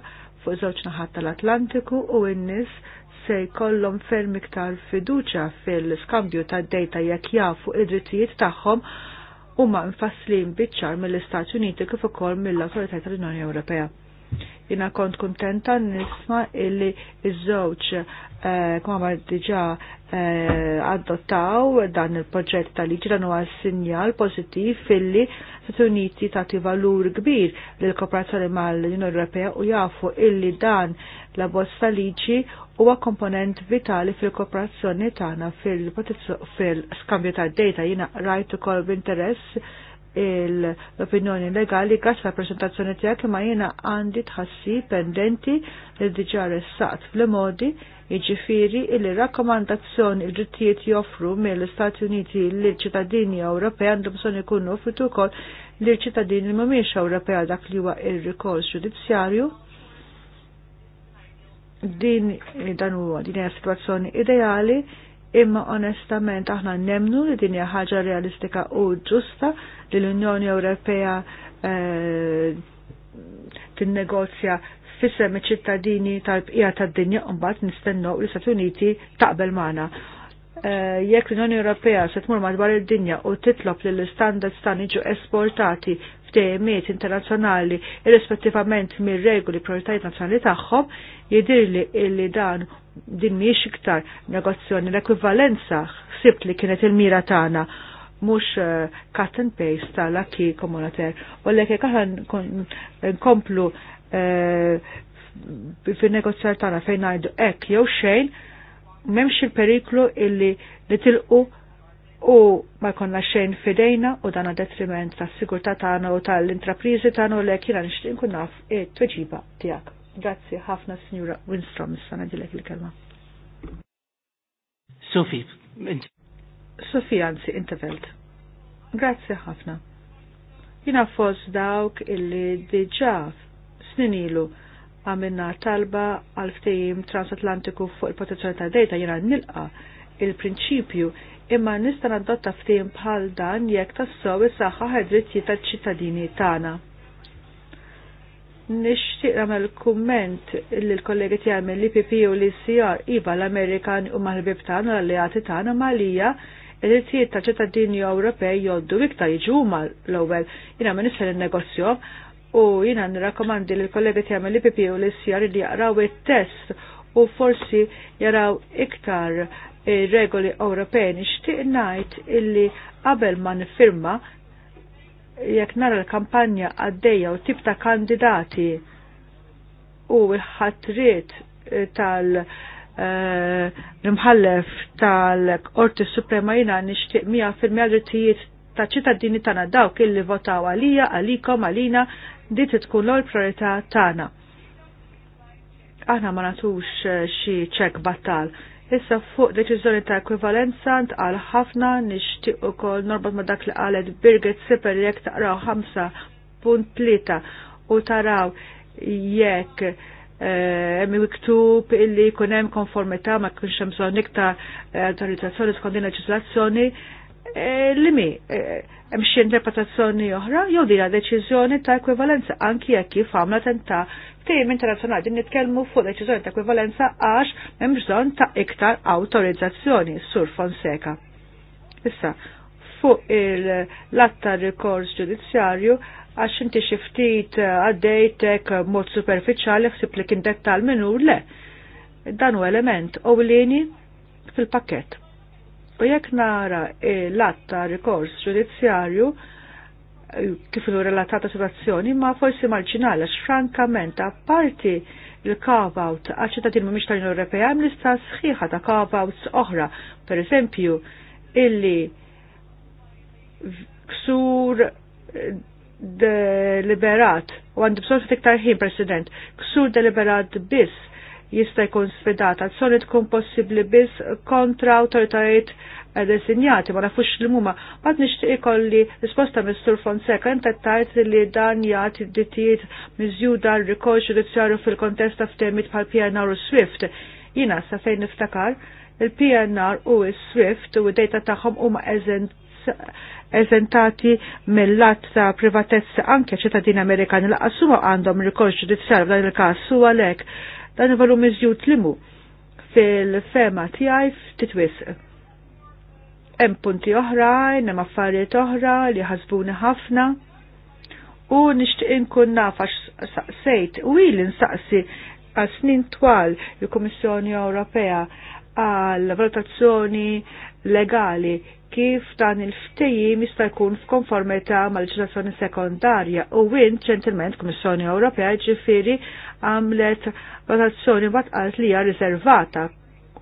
fuq żewġ naħat tal-Atlantiku u n-nies se jkollhom ferm iktar fiduċa fil-skambju ta' dejta jekk jafu id-drittijiet tagħhom huma mfasslin biċ-ċar mill-Istati Uniti kif ukoll mill-Awtorità tal-Unjoni Ewropea. Jina kont kontenta nisma illi iż-żewġ eh, kmama diġa eh, adottaw dan il-proġett tal-liġi dan huwa sinjal pożittiv illi Stati Uniti tagħti valur kbir lil kooperazzjoni mal-Unjoni Ewropea u jafu illi dan la bosta liġi huwa komponent vitali fil-kooperazzjoni tagħna fil-skambju fil kooperazzjoni tagħna fil skambju tad data jiena call ukoll b'interess l-opinjoni legali għax la presentazzjoni tijak ma jena għandi tħassi pendenti li s-sat fl-modi iġifiri il rakkomandazzjoni il-ġittijiet joffru mill-Stati Uniti l-ċittadini Ewropea għandhom bżon ikun fitu kol l-ċittadini mumiex Ewropea dak li huwa il-rikors ġudizzjarju din dan huwa din hija situazzjoni ideali imma onestament aħna nemnu li din hija ħaġa realistika u ġusta li l-Unjoni Ewropea eh, tinnegozja fissem ċittadini tal-bqija tad-dinja u mbagħad nistennew li Stati Uniti taqbel magħna eh, jekk l-Unjoni Ewropea se tmur madwar id-dinja u titlob li l-standards tan iġu esportati f'temiet internazzjonali irrispettivament mir-regoli prioritajiet nazzjonali tagħhom, jidirli li dan din mhijiex iktar negozjoni l-ekwivalenza ħsibt li kienet il-mira tagħna mux eh, cut and paste tal-akki komunater. U l-ek kħan nkomplu eh, fil-negozjar tana fejn għajdu ek jew xejn, memx il-periklu illi tilqu u ma konna xejn fidejna u dana detriment ta' sigurta tana u tal-intraprizi tana u l-ek jina nishtin kunnaf it-tweġiba tijak. Grazzi ħafna, Signora Winstrom, s-sana dilek il-kelma. Sophie, Sofija Anzi Intervelt. Grazzi ħafna. Jina fos dawk illi diġa snin ilu għamilna talba għal ftejim transatlantiku fuq il-protezzjoni ta' data jina nilqa il-prinċipju imma nista' nadotta ftejim bħal dan jekk tassew is-saħħa ħedritti tal-ċittadini tagħna. Nixtieq nagħmel kumment li l-kollegi tijam li ipp u l-ICR iva l-Amerikan u mal bib tagħna l-alleati tagħna malija il drittijiet ta' ċittadini Ewropej joddu iktar jiġu huma l-ewwel jiena ma in innegozjom u jiena nirrakkomandi lill kollegi tiegħi mill-IPP u l-ISR li jaqraw it-test u forsi jaraw iktar eh, regoli Ewropej nixtieq ngħid illi qabel ma nifirma jekk nara l-kampanja għaddejja u tip ta' kandidati u l-ħatriet eh, tal- Eh, l-imħallef tal-Qorti Suprema jina nishtiq 100% drittijiet ta' ċittadini tana dawk illi votaw għalija, għalikom, għalina, di tkun l-ol priorità tana. Aħna ma natux eh, xi ċek battal. Issa fuq deċiżjoni ta' ekwivalenza għal ħafna nixtieq ukoll norbot ma' dak li qalet Birgit Sipper jekk taqraw 5.3 u taraw jekk Eh, hemm wiktub illi jkun hemm konformità ma kienx hemm bżonn iktar eh, autorizzazzjoni skont din leġiżlazzjoni eh, li mi hemm xi interpretazzjoni oħra jew dina deċiżjoni ta' ekwivalenza anki jekk kif għamla ta' tim internazzjonali din nitkellmu fuq deċiżjoni ta' ekwivalenza għax hemm bżonn ta' iktar autorizzazzjoni sur Fonseca. Issa, fuq il-latta rikors ġudizzjarju għax inti xiftit eh, għaddejtek mod superficiali ħsib li kindek tal minur le. Dan u element u fil-pakket. U jekk nara l-att ta' rikors ġudizzjarju eh, kif lu relatata situazzjoni ma forsi marġinali għax frankament apparti l-carve-out għal ċittadin mhumiex tal-Unjoni Ewropea hemm lista sħiħa ta' carve-outs oħra, pereżempju illi ksur eh, deliberat u għandu bżonn ftit ħin President, ksur deliberat biss jista' jkun sfidat għal solid tkun possibbli biss kontra autoritajiet eh, desinjati ma nafux li muma. Bad nixtieq ikolli risposta Mistur Fonseca inta tajt li dan jagħti dittijiet miżjuda l-rikol ġudizzjarju fil-kontest ta' ftehmiet bħal PNR u Swift. Jina sa fejn niftakar il-PNR u s-Swift u d taħħom tagħhom huma eżent eżentati mill-att ta' privatezza anke ċittadini Amerikani laqas huma għandhom rikorġ ġudizzjarju dan il-każ su għalhekk dan ivalu miżjud limu fil-fema tiegħi titwis. Hemm punti oħrajn, hemm affarijiet oħra li ħasbuni ħafna u nixtieq inkun nafax saqsejt u insaqsi nsaqsi għal snin twal il-Kummissjoni Ewropea għal valutazzjoni legali kif dan il-ftejim mista' jkun f'konformità mal-leġislazzjoni sekondarja u wien ċentilment Kummissjoni Ewropea ġifieri għamlet votazzjoni mbagħad li hija riservata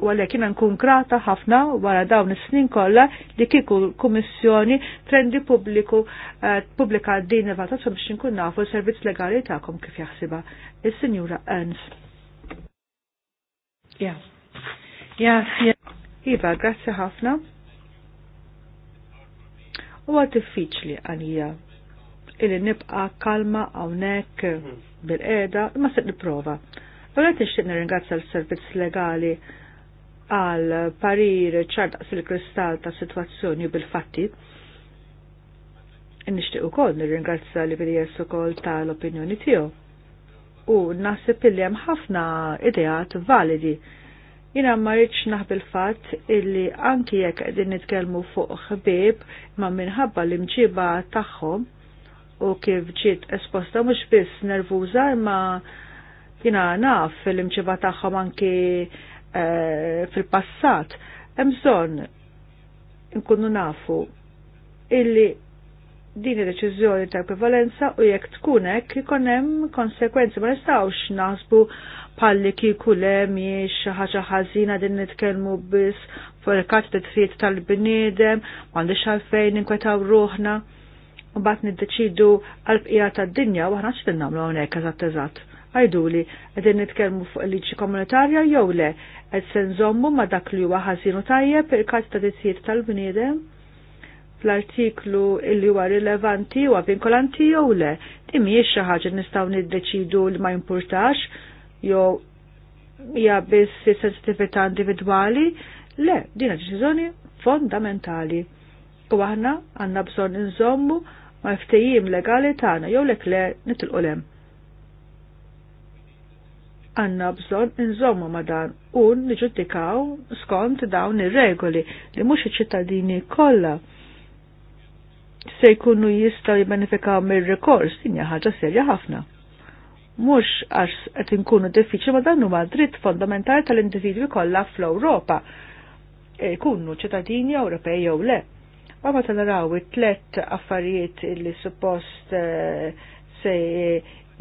u għalhekk jiena nkun grata ħafna wara dawn is-snin kollha li kieku l-Kummissjoni trendi pubbliku eh, pubblika din il votazzjoni biex inkun nafu s-servizz legali tagħkom kif jaħsibha. Is-Sinjura Ernst. Ja. Ja, Iva, grazzi ħafna huwa diffiċli għalija illi nibqa kalma hawnhekk bil-qeda ma se nipprova. Allura tixtieq nirringrazzja l-servizz legali għal parir ċardaqs fil kristall ta' situazzjoni bil-fatti. Nixtieq ukoll nirringrazzja li BDS ukoll tal-opinjoni tiegħu. U naħseb illi hemm ħafna ideat validi Jina ma rridx bil fatt illi anki jekk qegħdin nitkellmu fuq ħbieb ma minħabba l-imġiba tagħhom u kif ġiet esposta mhux biss nervuża ma jina naf l-imġiba tagħhom anki eh, fil-passat. Hemm bżonn nkunu nafu illi din id-deċiżjoni ta' prevalenza u jekk tkun hekk ikun hemm konsekwenzi ma nistgħux naħsbu palli ki kulem mhijiex ħaġa ħażina din nitkellmu biss fuq t tfiet tal-bniedem, m'għandix għalfejn inkwetaw ruħna. u Mbagħad niddeċidu għal-bqija tad-dinja u aħna x'tin nagħmlu hawnhekk eżatt eżatt. Għajduli, qegħdin nitkellmu fuq liġi komunitarja jew le, qed se nżommu ma' dak li huwa ħażinu tajjeb il-karti ta' tal-bniedem l artiklu illi huwa rilevanti u vinkolanti jew le. Din xi ħaġa nistgħu niddeċidu li ma jimpurtax jew hija biss sensitività individwali. Le, din deċiżjoni fondamentali. U aħna għandna bżonn inżommu ma' ftejjim legali tagħna jew lek le nitilqu lem. Għanna bżon inżommu ma' dan un niġudikaw skont dawn ir-regoli li mhux iċ-ċittadini kollha se jkunu jista jibbenefikaw mir-rekors, dinja ħaġa serja ħafna. Mux għax qed inkunu diffiċli ma dan huma dritt fondamentali tal-individwi kollha fl-Ewropa. E, jkunu ċittadini Ewropej jew le. Ma ma tanaraw it-tlet affarijiet li suppost e, se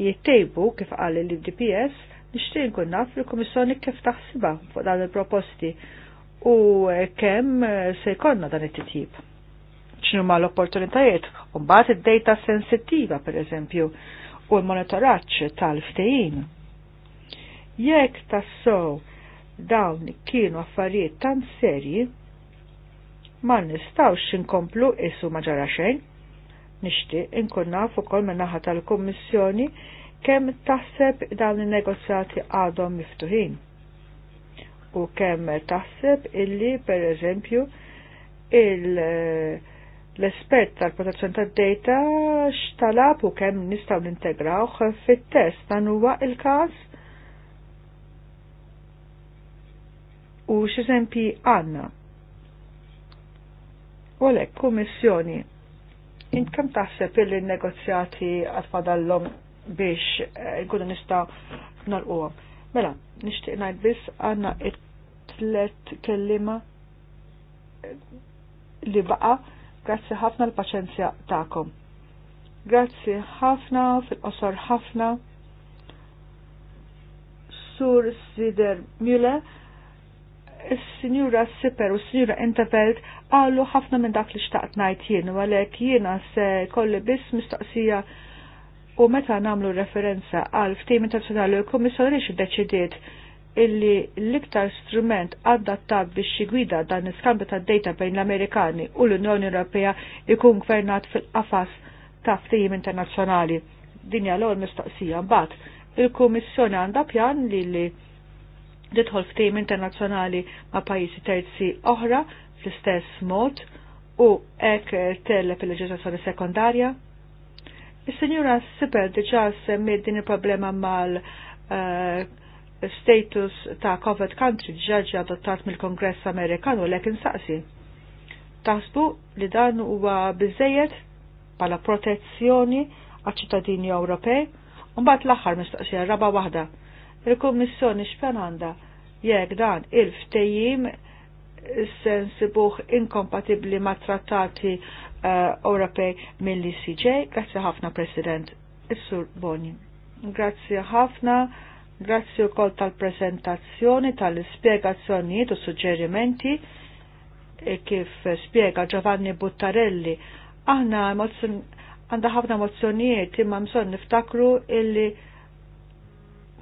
jittejbu kif qal il-DPS, nixtieq nkun naf il-Kummissjoni kif taħsibha fuq dan il-proposti u e, kemm se jkollna dan it-titjib ċinu ma l-opportunitajiet, u mbagħad id-data sensittiva pereżempju u l-monitoraġġ tal-ftehim. Jekk tassow dawn kienu affarijiet tant serji, ma nistaw inkomplu isu ma ġara xejn. Nixtieq inkun naf ukoll minn naħa tal-Kummissjoni kemm taħseb dawn in-negozjati għadhom miftuħin. U kemm taħseb illi pereżempju il- l-espert tal-protezzjoni tad-data x'talab u kemm nistgħu nintegrawh fit-test dan huwa il-każ u x'eżempji għandna. U għalhekk kummissjoni int kemm taħseb illi n-negozjati għad fadallhom biex eh, nkunu nistgħu nalquhom. Mela, nixtieq ngħid biss għandna it-tlet kelliema eh, li baqa' Grazzi ħafna l-paċenzja ta'kom. Grazzi ħafna fil-qosor ħafna. Sur Sider Mule, il-Sinjura Siper u sinjura Intervelt għallu ħafna minn dak li xtaqt najt jien, għalek jiena se kolli biss mistoqsija u meta namlu referenza għal ftim internazzjonali u l xid deċidiet illi l-iktar strument adattab biex jigwida dan iskambju ta' data bejn l-Amerikani u l-Unjoni Ewropea ikun gvernat fil-qafas ta' ftehim internazzjonali. Dinja l ewwel mistoqsija mbagħad il-Kummissjoni għandha pjan li li titħol ftehim internazzjonali ma' pajjiżi terzi oħra fl-istess mod u hekk tellef il-leġiżlazzjoni sekondarja. Is-Sinjura Sipel diġà semmiet din il-problema mal- eh, status ta' covered country ġaġi adottat mill-Kongress Amerikanu lekin saqsi. Taħsbu li dan huwa biżejjed bħala protezzjoni għal-ċittadini Ewropej u mbagħad l-aħħar mistaqsija raba waħda. Il-Kummissjoni x'pjan għandha jekk dan il-ftejjim sensibuħ inkompatibbli ma' trattati eh, Ewropej mill-ICJ. Grazzi ħafna President. Is-Sur Boni. Grazzi ħafna. Grazzi wkoll tal-prezentazzjoni, tal-ispjegazzjonijiet u suġġerimenti e kif spiega Giovanni Buttarelli. Aħna għandha ħafna mozzjonijiet imma mson niftakru illi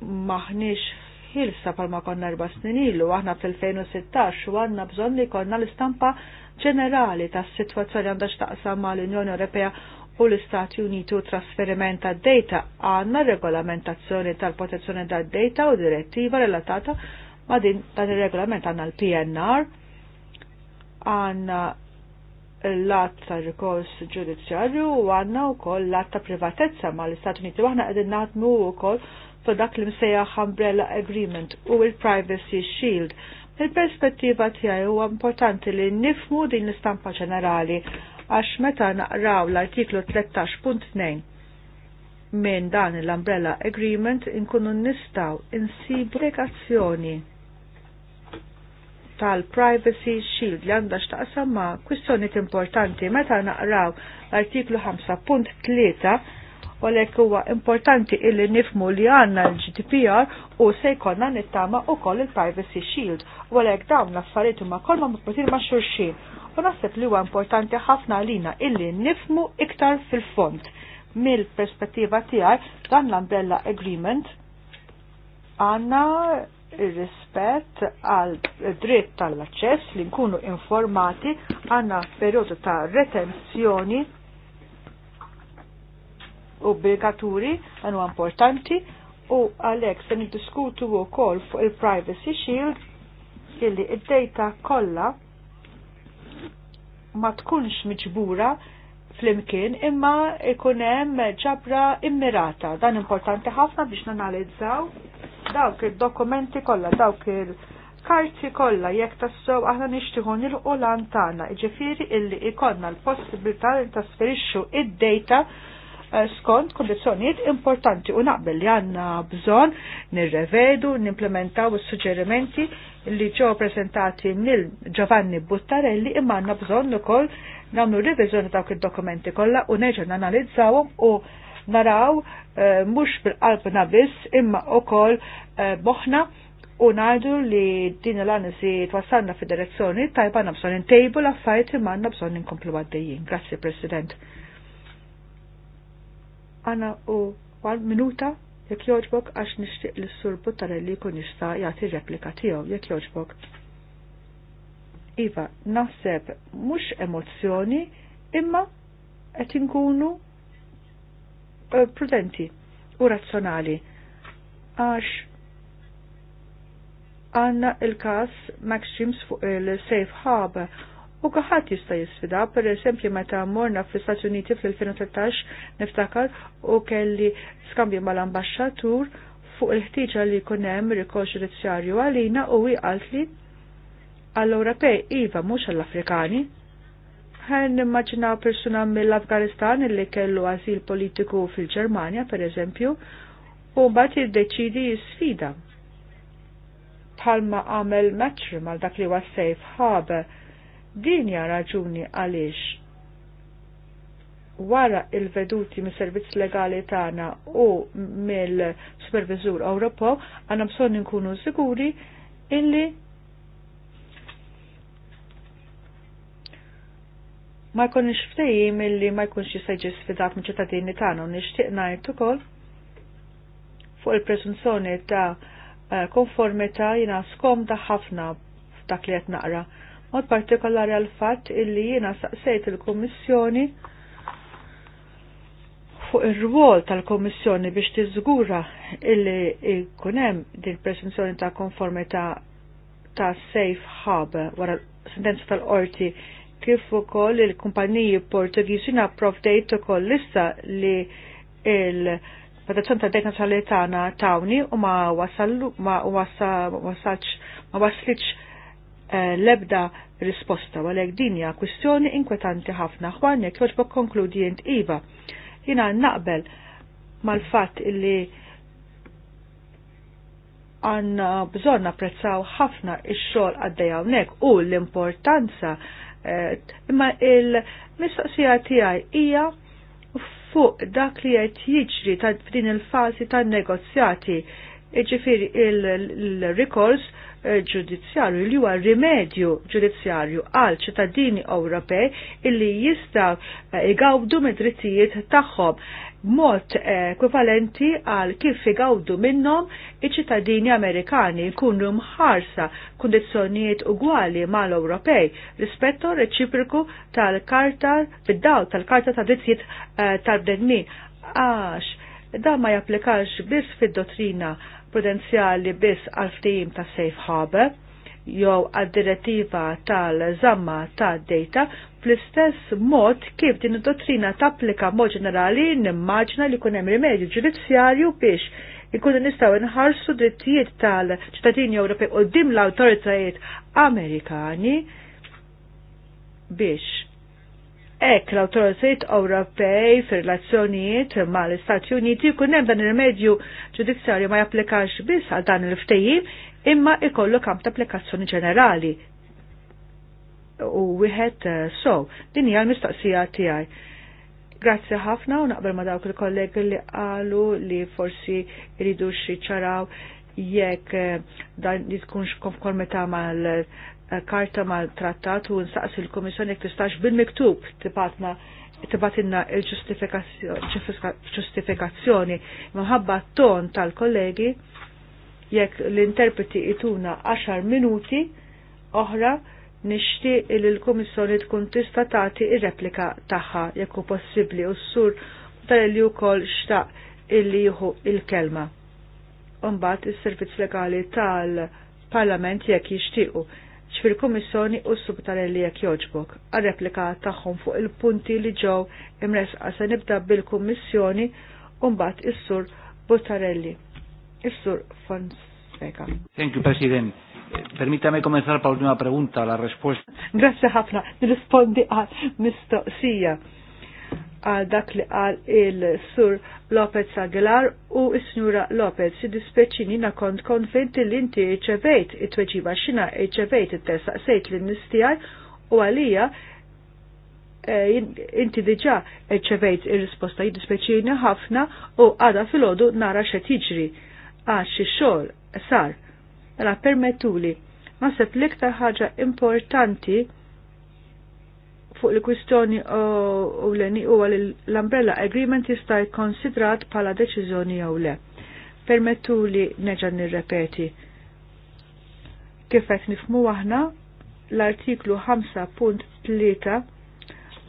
maħniex ħilsa ma konna erba snin ilu, aħna fil 2016 u għanna bżon li konna l-istampa ġenerali ta' situazzjoni għandha xtaqsam ma' l-Unjoni Ewropea u l-Istati Unitu trasferiment ta' data għanna regolamentazzjoni tal-protezzjoni ta' data u direttiva relatata ma' din dan il-regolament għanna l-PNR għanna l-att ta' rikors ġudizzjarju u għanna u koll l-att ta' privatezza ma' l-Istati Uniti u għanna għedin naħdmu u koll fu dak li msejjaħ Umbrella Agreement u il-Privacy Shield. Il-perspettiva tiegħi huwa importanti li nifmu din l-istampa ġenerali għax meta naqraw l-artiklu 13.2 minn dan l-Umbrella Agreement inkunu nistaw insibu legazzjoni tal-Privacy Shield li għandha x'taqsam ma' kwistjoni importanti meta naqraw l-artiklu 5.3 għalek huwa importanti illi nifmu li għanna l-GDPR u se jkollna nittama u koll il-Privacy Shield. Għalek dawn l-affariet huma kolma mutmatin ma' xurxin U naħseb li huwa importanti ħafna għalina illi nifmu iktar fil-font mill-perspettiva tiegħi dan l ambella Agreement għanna rispett għal dritt tal-aċċess li nkunu informati għanna periodu ta' retenzjoni obbligaturi għanu importanti u għalek se niddiskutu u kol fuq il-Privacy Shield illi id-data kolla ma tkunx miġbura flimkien imma ikun hemm ġabra immirata. Dan importanti ħafna biex nanalizzaw dawk id-dokumenti kollha, dawk il-karti kollha jekk tassew aħna nixtieħu nilqu lantana, tagħna. Ġifieri illi ikonna l-possibilità li tasferixxu id-data Eh, skont kondizjoniet importanti u naqbel li għanna bżon nirrevedu, nimplementaw is-suġġerimenti li ġew prezentati mill Giovanni Buttarelli imma għanna bżon ukoll nagħmlu revizjoni dawk id-dokumenti kollha u neġa' nanalizzawhom u naraw e, mhux bil-qalbna biss imma ukoll e, boħna u najdu li din l-anisi f-direzzjoni tajba nabżon intejbu l-affajt imma nabżon inkomplu għaddejjin. Grazie, President għana u għal minuta jekk joġbok għax nixtieq l sur li jkun jista' jagħti replika tiegħu jekk joġbok. Iva, naħseb mhux emozzjoni imma qed inkunu eh, prudenti u razzjonali għax għanna il-kas Maxims fuq il-Safe Harbor U kħat jista jisfida, per esempio meta morna fl istati Uniti fl-2013 niftakar u kelli skambju mal-ambasċatur fuq il-ħtiġa li kunem rikol ġudizzjarju għalina u wi li għall-Ewropej iva mhux għall-Afrikani. Ħen immaġina persuna mill-Afganistan li kellu għazil politiku fil-Ġermanja, per eżempju, u mbagħad jiddeċidi jisfida. Palma għamel matchroom għal dak li huwa safe harbor Din hija raġuni għaliex wara il-veduti mis servizz legali tagħna u mill-Supervisur Ewropew għandna bżonn inkunu siguri illi ma jkunx ftehim illi ma jkunx jista' jiġi sfidat minn ċittadini tagħna u nixtieq ngħid ukoll fuq il-presunzjoni ta' eh, konformità jina skom ħafna dak li qed naqra mod partikolari għal fatt illi jiena saqsejt il-Kummissjoni fuq ir-rwol tal-Kommissjoni biex tiżgura illi jkun hemm din presunzjoni ta' konformità ta' safe hub wara sentenza tal-qorti kif ukoll il-kumpaniji Portugiżi napprovdejt ukoll lista li il- Protezzjoni ta' dejna tawni u ma wasallu ma wasalx ma waslitx Eh, lebda risposta għalhekk din hija kwistjoni inkwetanti ħafna ħwanek jekk bok konkludi jint iva. Jina naqbel mal-fatt illi għanna bżon napprezzaw ħafna il xogħol għaddejaw hawnhekk u l-importanza eh, imma il-mistoqsija tiegħi hija fuq dak li qed jiġri f'din il-fażi tan-negozjati. iġifiri il rekords il Eh, ġudizzjarju li huwa rimedju ġudizzjarju għal ċittadini Ewropej illi jistgħu eh, igawdu mid-drittijiet tagħhom mod eh, ekwivalenti għal kif igawdu minnhom iċ-ċittadini Amerikani jkunu mħarsa kundizzjonijiet ugwali mal-Ewropej rispetto reċipriku tal-karta fid-daw tal-karta ta' drittijiet tal-bnedmin għax dan ma japplikax biss fid-dottrina prudenzjali biss għal ftehim ta' safe harbor jew għad-direttiva tal-żamma ta' data fl-istess mod kif din id-dottrina tapplika mod ġenerali nimmaġna li kun hemm rimedju ġudizzjarju biex ikunu nistgħu nħarsu drittijiet tal-ċittadini Ewropej qudiem l-awtoritajiet Amerikani biex Ek l-autorizzajt Ewropej fir-relazzjonijiet mal-Istati Uniti jkun hemm dan il-medju ġudizzjarju ma japplikax biss għal dan il-ftehim imma ikollu kamp ta' applikazzjoni ġenerali. U wieħed eh, so, din hija l-mistoqsija tiegħi. Grazzi ħafna u naqbel ma dawk il-kollegi li qalu li forsi jridu xi ċaraw jekk eh, dan li tkunx konformità mal Eh, karta ma trattat u nsaqs il komissjoni jekk tistax bil-miktub tibatna tibatinna il-ġustifikazzjoni minħabba ton tal-kollegi jekk l-interpreti ituna 10 minuti oħra nixti il l-Komissjoni tkun tista' tagħti ir-replika tagħha jekk hu possibbli u s-sur tal-li wkoll xtaq illi jieħu il-kelma. Umbagħad is-servizz legali tal-Parlament jekk jixtiequ fil komissjoni u s-Subtarelli jek joġbok, għal-replika taħħom fuq il-punti li ġew imres se nibda bil-Komissjoni un-bat il-Sur Buttarelli. Il-Sur Fonseca. Thank you, President. Permítame comenzar pa' ultima pregunta, la respuesta. Grazie ħafna, nirrispondi għal mistoqsija għal dak li għal il-sur Lopez Aguilar u s-snura Lopez. dispeċini na kont konventi li inti eċevejt it-tweġiba xina eċevejt it-tessa sejt l-nistijaj u għalija eh, inti diġa eċevejt il-risposta jidispeċini ħafna u għada fil-ħodu nara xe tiġri għax xol sar. Ra permettuli, ma sepp l-iktar ħaġa importanti fuq il-kwistjoni u l-eni u l-umbrella agreement jista' konsidrat pala deċiżjoni jew le. Permettu li neġa nirrepeti. Kif qed nifmu aħna l-artiklu 5.3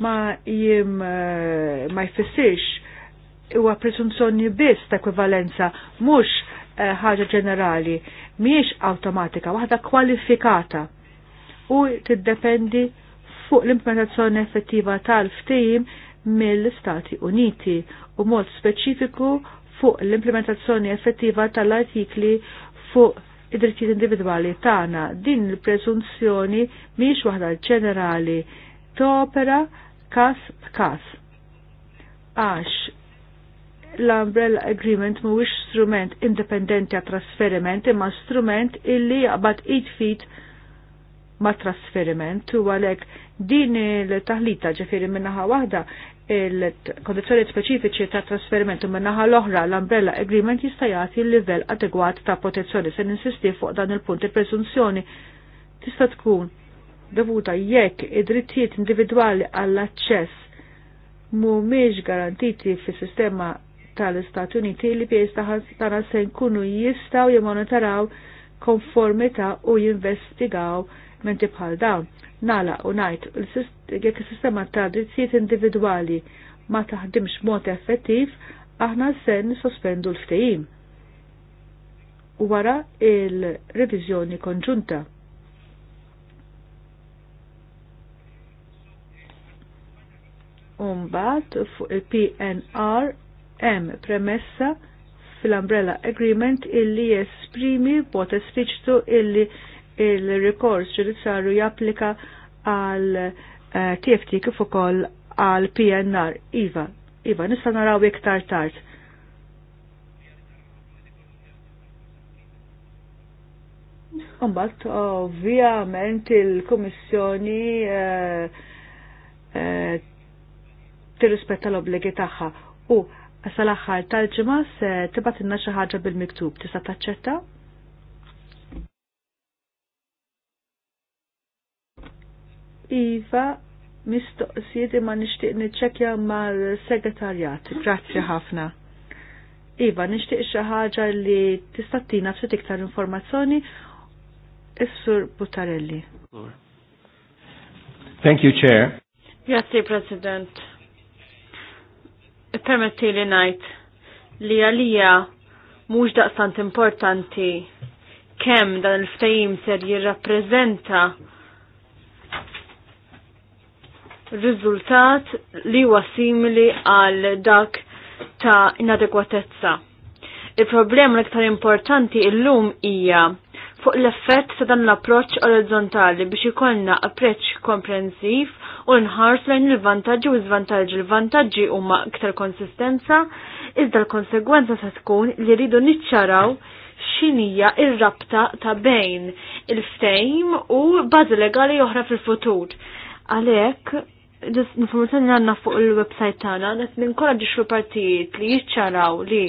ma jim eh, ma jfissirx huwa presunzjoni biss ta' ekwivalenza mhux eh, ħaġa ġenerali, mhijiex awtomatika, waħda kwalifikata u tiddependi fuq l-implementazzjoni effettiva tal-ftim mill-Stati Uniti u mod speċifiku fuq l-implementazzjoni effettiva tal-artikli fuq id-drittijiet individwali tagħna. Din il-preżunzjoni mhix waħda ġenerali topera kas kas. Għax l-Umbrella Agreement mhuwiex strument indipendenti għat trasferiment imma strument illi jaqbad id fit ma' trasferiment u għalhekk Din il-taħlita ġifiri minnaħa wahda il-kondizjoni speċifiċi ta' trasferimentu minnaħa l-oħra l-umbrella agreement jista' jagħti l-livell adegwat ta' protezzjoni se ninsisti fuq dan il-punt il-presunzjoni tista' tkun dovuta jekk id-drittijiet individwali għall-aċċess mhumiex garantiti fis-sistema tal-Istati Uniti li pjes tagħna se nkunu jistgħu jimmonitaraw konformità u jinvestigaw menti bħal dawn. Nala u najt, jekk il-sistema ta' drittijiet individwali ma taħdimx mod effettiv, aħna sen sospendu l-ftejim. U wara il-revizjoni konġunta. Umbat fuq il-PNR hemm premessa fil-Umbrella Agreement illi jesprimi bot espliċitu illi il-rikors saru japplika għal TFT eh, kif ukoll għal PNR. Iva, Iva, nista' naraw iktar tard. Umbat, ovvjament, il-Komissjoni eh, eh, tirrispetta l-obligi tagħha u sal-aħħar tal-ġimgħa se tibgħatilna xi ħaġa bil-miktub tista' taċċetta? Iva, mistoqsijiet imma nixtieq niċċekkja mal-segretarjat. Grazzi ħafna. Iva, nixtieq xi ħaġa li tista' tina ftit iktar informazzjoni is-Sur Butarelli. Thank you, Chair. Grazzi, President. Permetti li najt li għalija mhux daqstant importanti kemm dan il-ftajim ser jirrappreżenta riżultat li huwa simili għal dak ta' inadekwatezza. Il-problema l-iktar importanti illum hija fuq l-effett ta' dan l-approċċ orizzontali biex ikollna approċċ komprensiv u nħars lejn il-vantaġġi u l-żvantaġġi. Il-vantaġġi huma iktar konsistenza, iżda l-konsegwenza se tkun li rridu niċċaraw x'inhija ir-rabta ta' bejn il-ftejm u bażi legali oħra fil-futur. Għalhekk l-informazzjoni li għandna fuq il-website tagħna qed ninkoraġġixxu partijiet li jiċċaraw li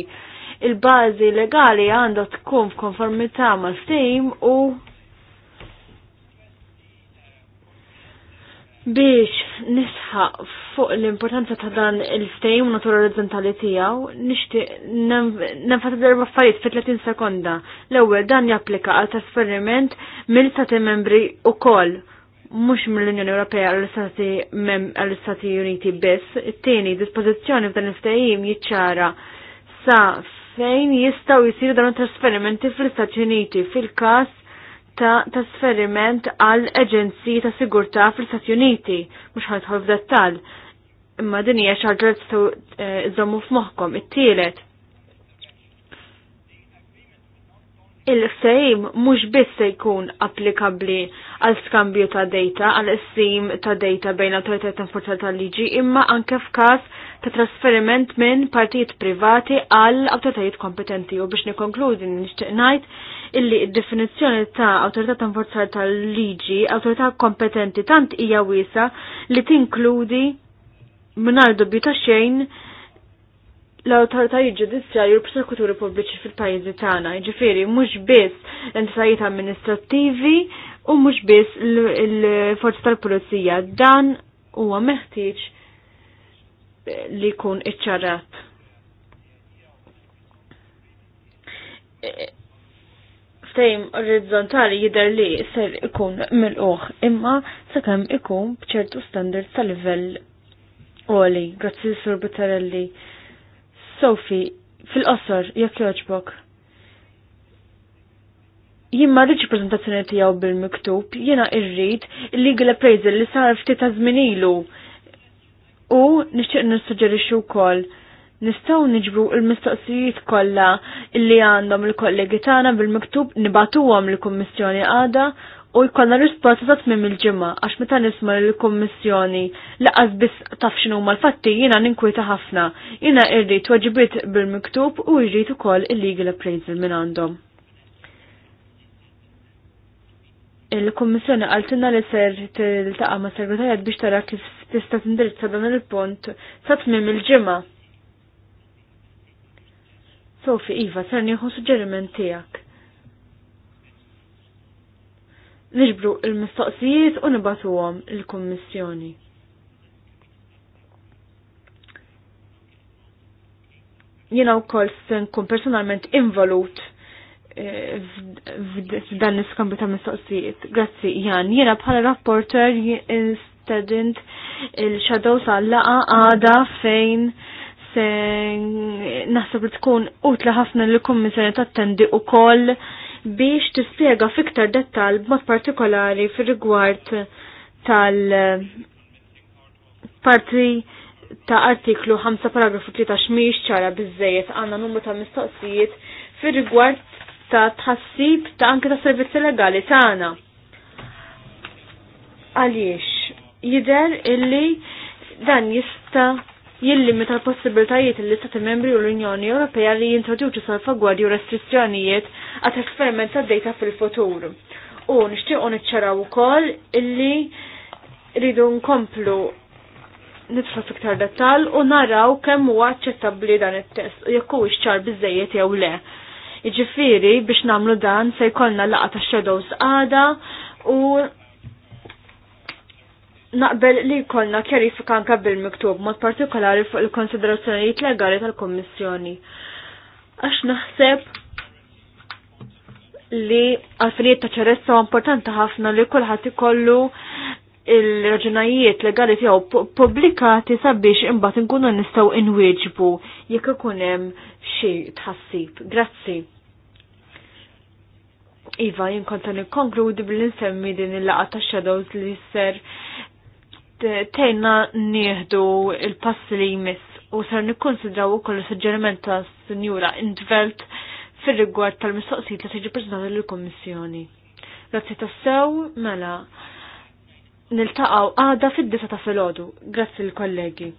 il-bażi legali għandha tkun f'konformità mal stejm u biex nisħaq fuq l-importanza ta' dan il-stejm u natura orizzontali tiegħu nixtieq nenfata darba affarijiet fi 30 sekonda. L-ewwel dan japplika għal trasferiment mill-stati membri ukoll mux mill-Unjoni Ewropea għall-Istati Uniti biss, it-tieni dispożizzjoni f'dan il-ftehim jiċċara sa fejn jistgħu jisiru dan trasferimenti fl-Istati Uniti fil-każ ta' trasferiment għal Aġenziji ta' Sigurtà fl-Istati Uniti, mhux ħadħol f'dettall. Imma din hija xi ħaġa tistgħu eh, iżommu f'moħħkom. It-tielet il-ftehim mhux biss se jkun applikabbli għal skambju ta' data, għal issim ta' data bejn autoritet forza tal-liġi, imma anke f'każ ta' trasferiment minn partijiet privati għal autoritajiet kompetenti. U biex nikonkludi nixtieq ngħid illi d-definizzjoni ta' autorità enforza tal-liġi, autorità kompetenti tant hija wiesa li tinkludi mingħajr dubju ta' xejn l-autoritajiet ġudizzjarji u l-prosekuturi pubbliċi fil-pajjiżi tagħna, jiġifieri mhux biss l-entitajiet amministrattivi u mhux biss l-forzi tal-pulizija. Dan huwa meħtieġ li jkun iċċarrat. Ftejm orizzontali jidher li ser ikun mill-oħ, imma sakemm ikun bċertu standards tal-livell Oli, grazzi Sur Butarelli. Sofi, fil-qosor, jekk joġbok. Jien ma rridx prezentazzjoni tiegħu bil-miktub, jiena irrid il-legal appraisal li sar ftit ta' żmien ilu. U nixtieq nissuġġerixxi wkoll nistgħu niġbru l-mistoqsijiet kollha li għandhom il-kollegi tagħna bil-miktub nibatuhom l kummissjoni għada u jkollna risposta ta' tmim il-ġimgħa għax meta nisma' l kummissjoni laqas biss taf x'inhu mal-fatti jiena ninkwieta ħafna. Jiena rrid waġibiet bil-miktub u jrid ukoll il-legal appraisal minn għandhom. Il-Kummissjoni għaltinna li ser tiltaqa' ma' segretarjat biex tara kif tista' tindirizza dan il-punt sa tmim il-ġimgħa. Sofi, Iva, ser nieħu suġġeriment tiegħek niġbru il-mistoqsijiet u nibatuhom il-Kummissjoni. Jiena wkoll se nkun personalment involut eh, f'dan l-iskambju ta' mistoqsijiet. Grazzi, Jan. Jiena bħala rapporter stedint il-shadow tal-laqa għada fejn se naħseb li tkun utla ħafna l kummissjoni tattendi u koll biex tispjega fiktar dettal b'mod partikolari fir rigward tal-parti ta' artiklu 5 paragrafu 13 miex ċara bizzejiet għanna numru ta' mistoqsijiet fir rigward ta' tħassib ta' anke ta' servizzi legali tagħna. Għaliex, jider illi dan jista' meta l-possibiltajiet li stati membri u l-Unjoni Ewropea li jintroduċu salfagwardju restrizzjonijiet għat esperiment ta' data fil-futur. U nixtiequ niċċaraw ukoll illi rridu nkomplu nitfa' fiktar dettal u naraw kemm huwa aċċettabbli dan it-test u jekk huwiex ċar biżejjed jew le. Jiġifieri biex nagħmlu dan se jkollna laqgħa ta' shadows għada u Naqbel li kolna kjarifika anka bil-miktub, mod partikolari fuq il-konsiderazzjonijiet legali tal-Kommissjoni. Għax naħseb li għalfinijiet ta' ċeressa importanti ħafna li kullħat ikollu il-raġunajiet legali tiegħu publikati sabiex imbagħad inkunu nistgħu inwieġbu jekk ikun hemm xi tħassib. Grazzi. Iva, jinkontan ikkonkludi bil-insemmi din il-laqa ta' shadows li jisser tejna nieħdu il-passi li jmiss u ser nikkonsidraw ukoll is-suġġeriment ta' Sinjura Intvelt fir-rigward tal-mistoqsijiet li tiġi preżentati lill-Kummissjoni. Grazzi tassew, mela niltaqgħu għada fid-disa ta' filgħodu. Grazzi l-kollegi.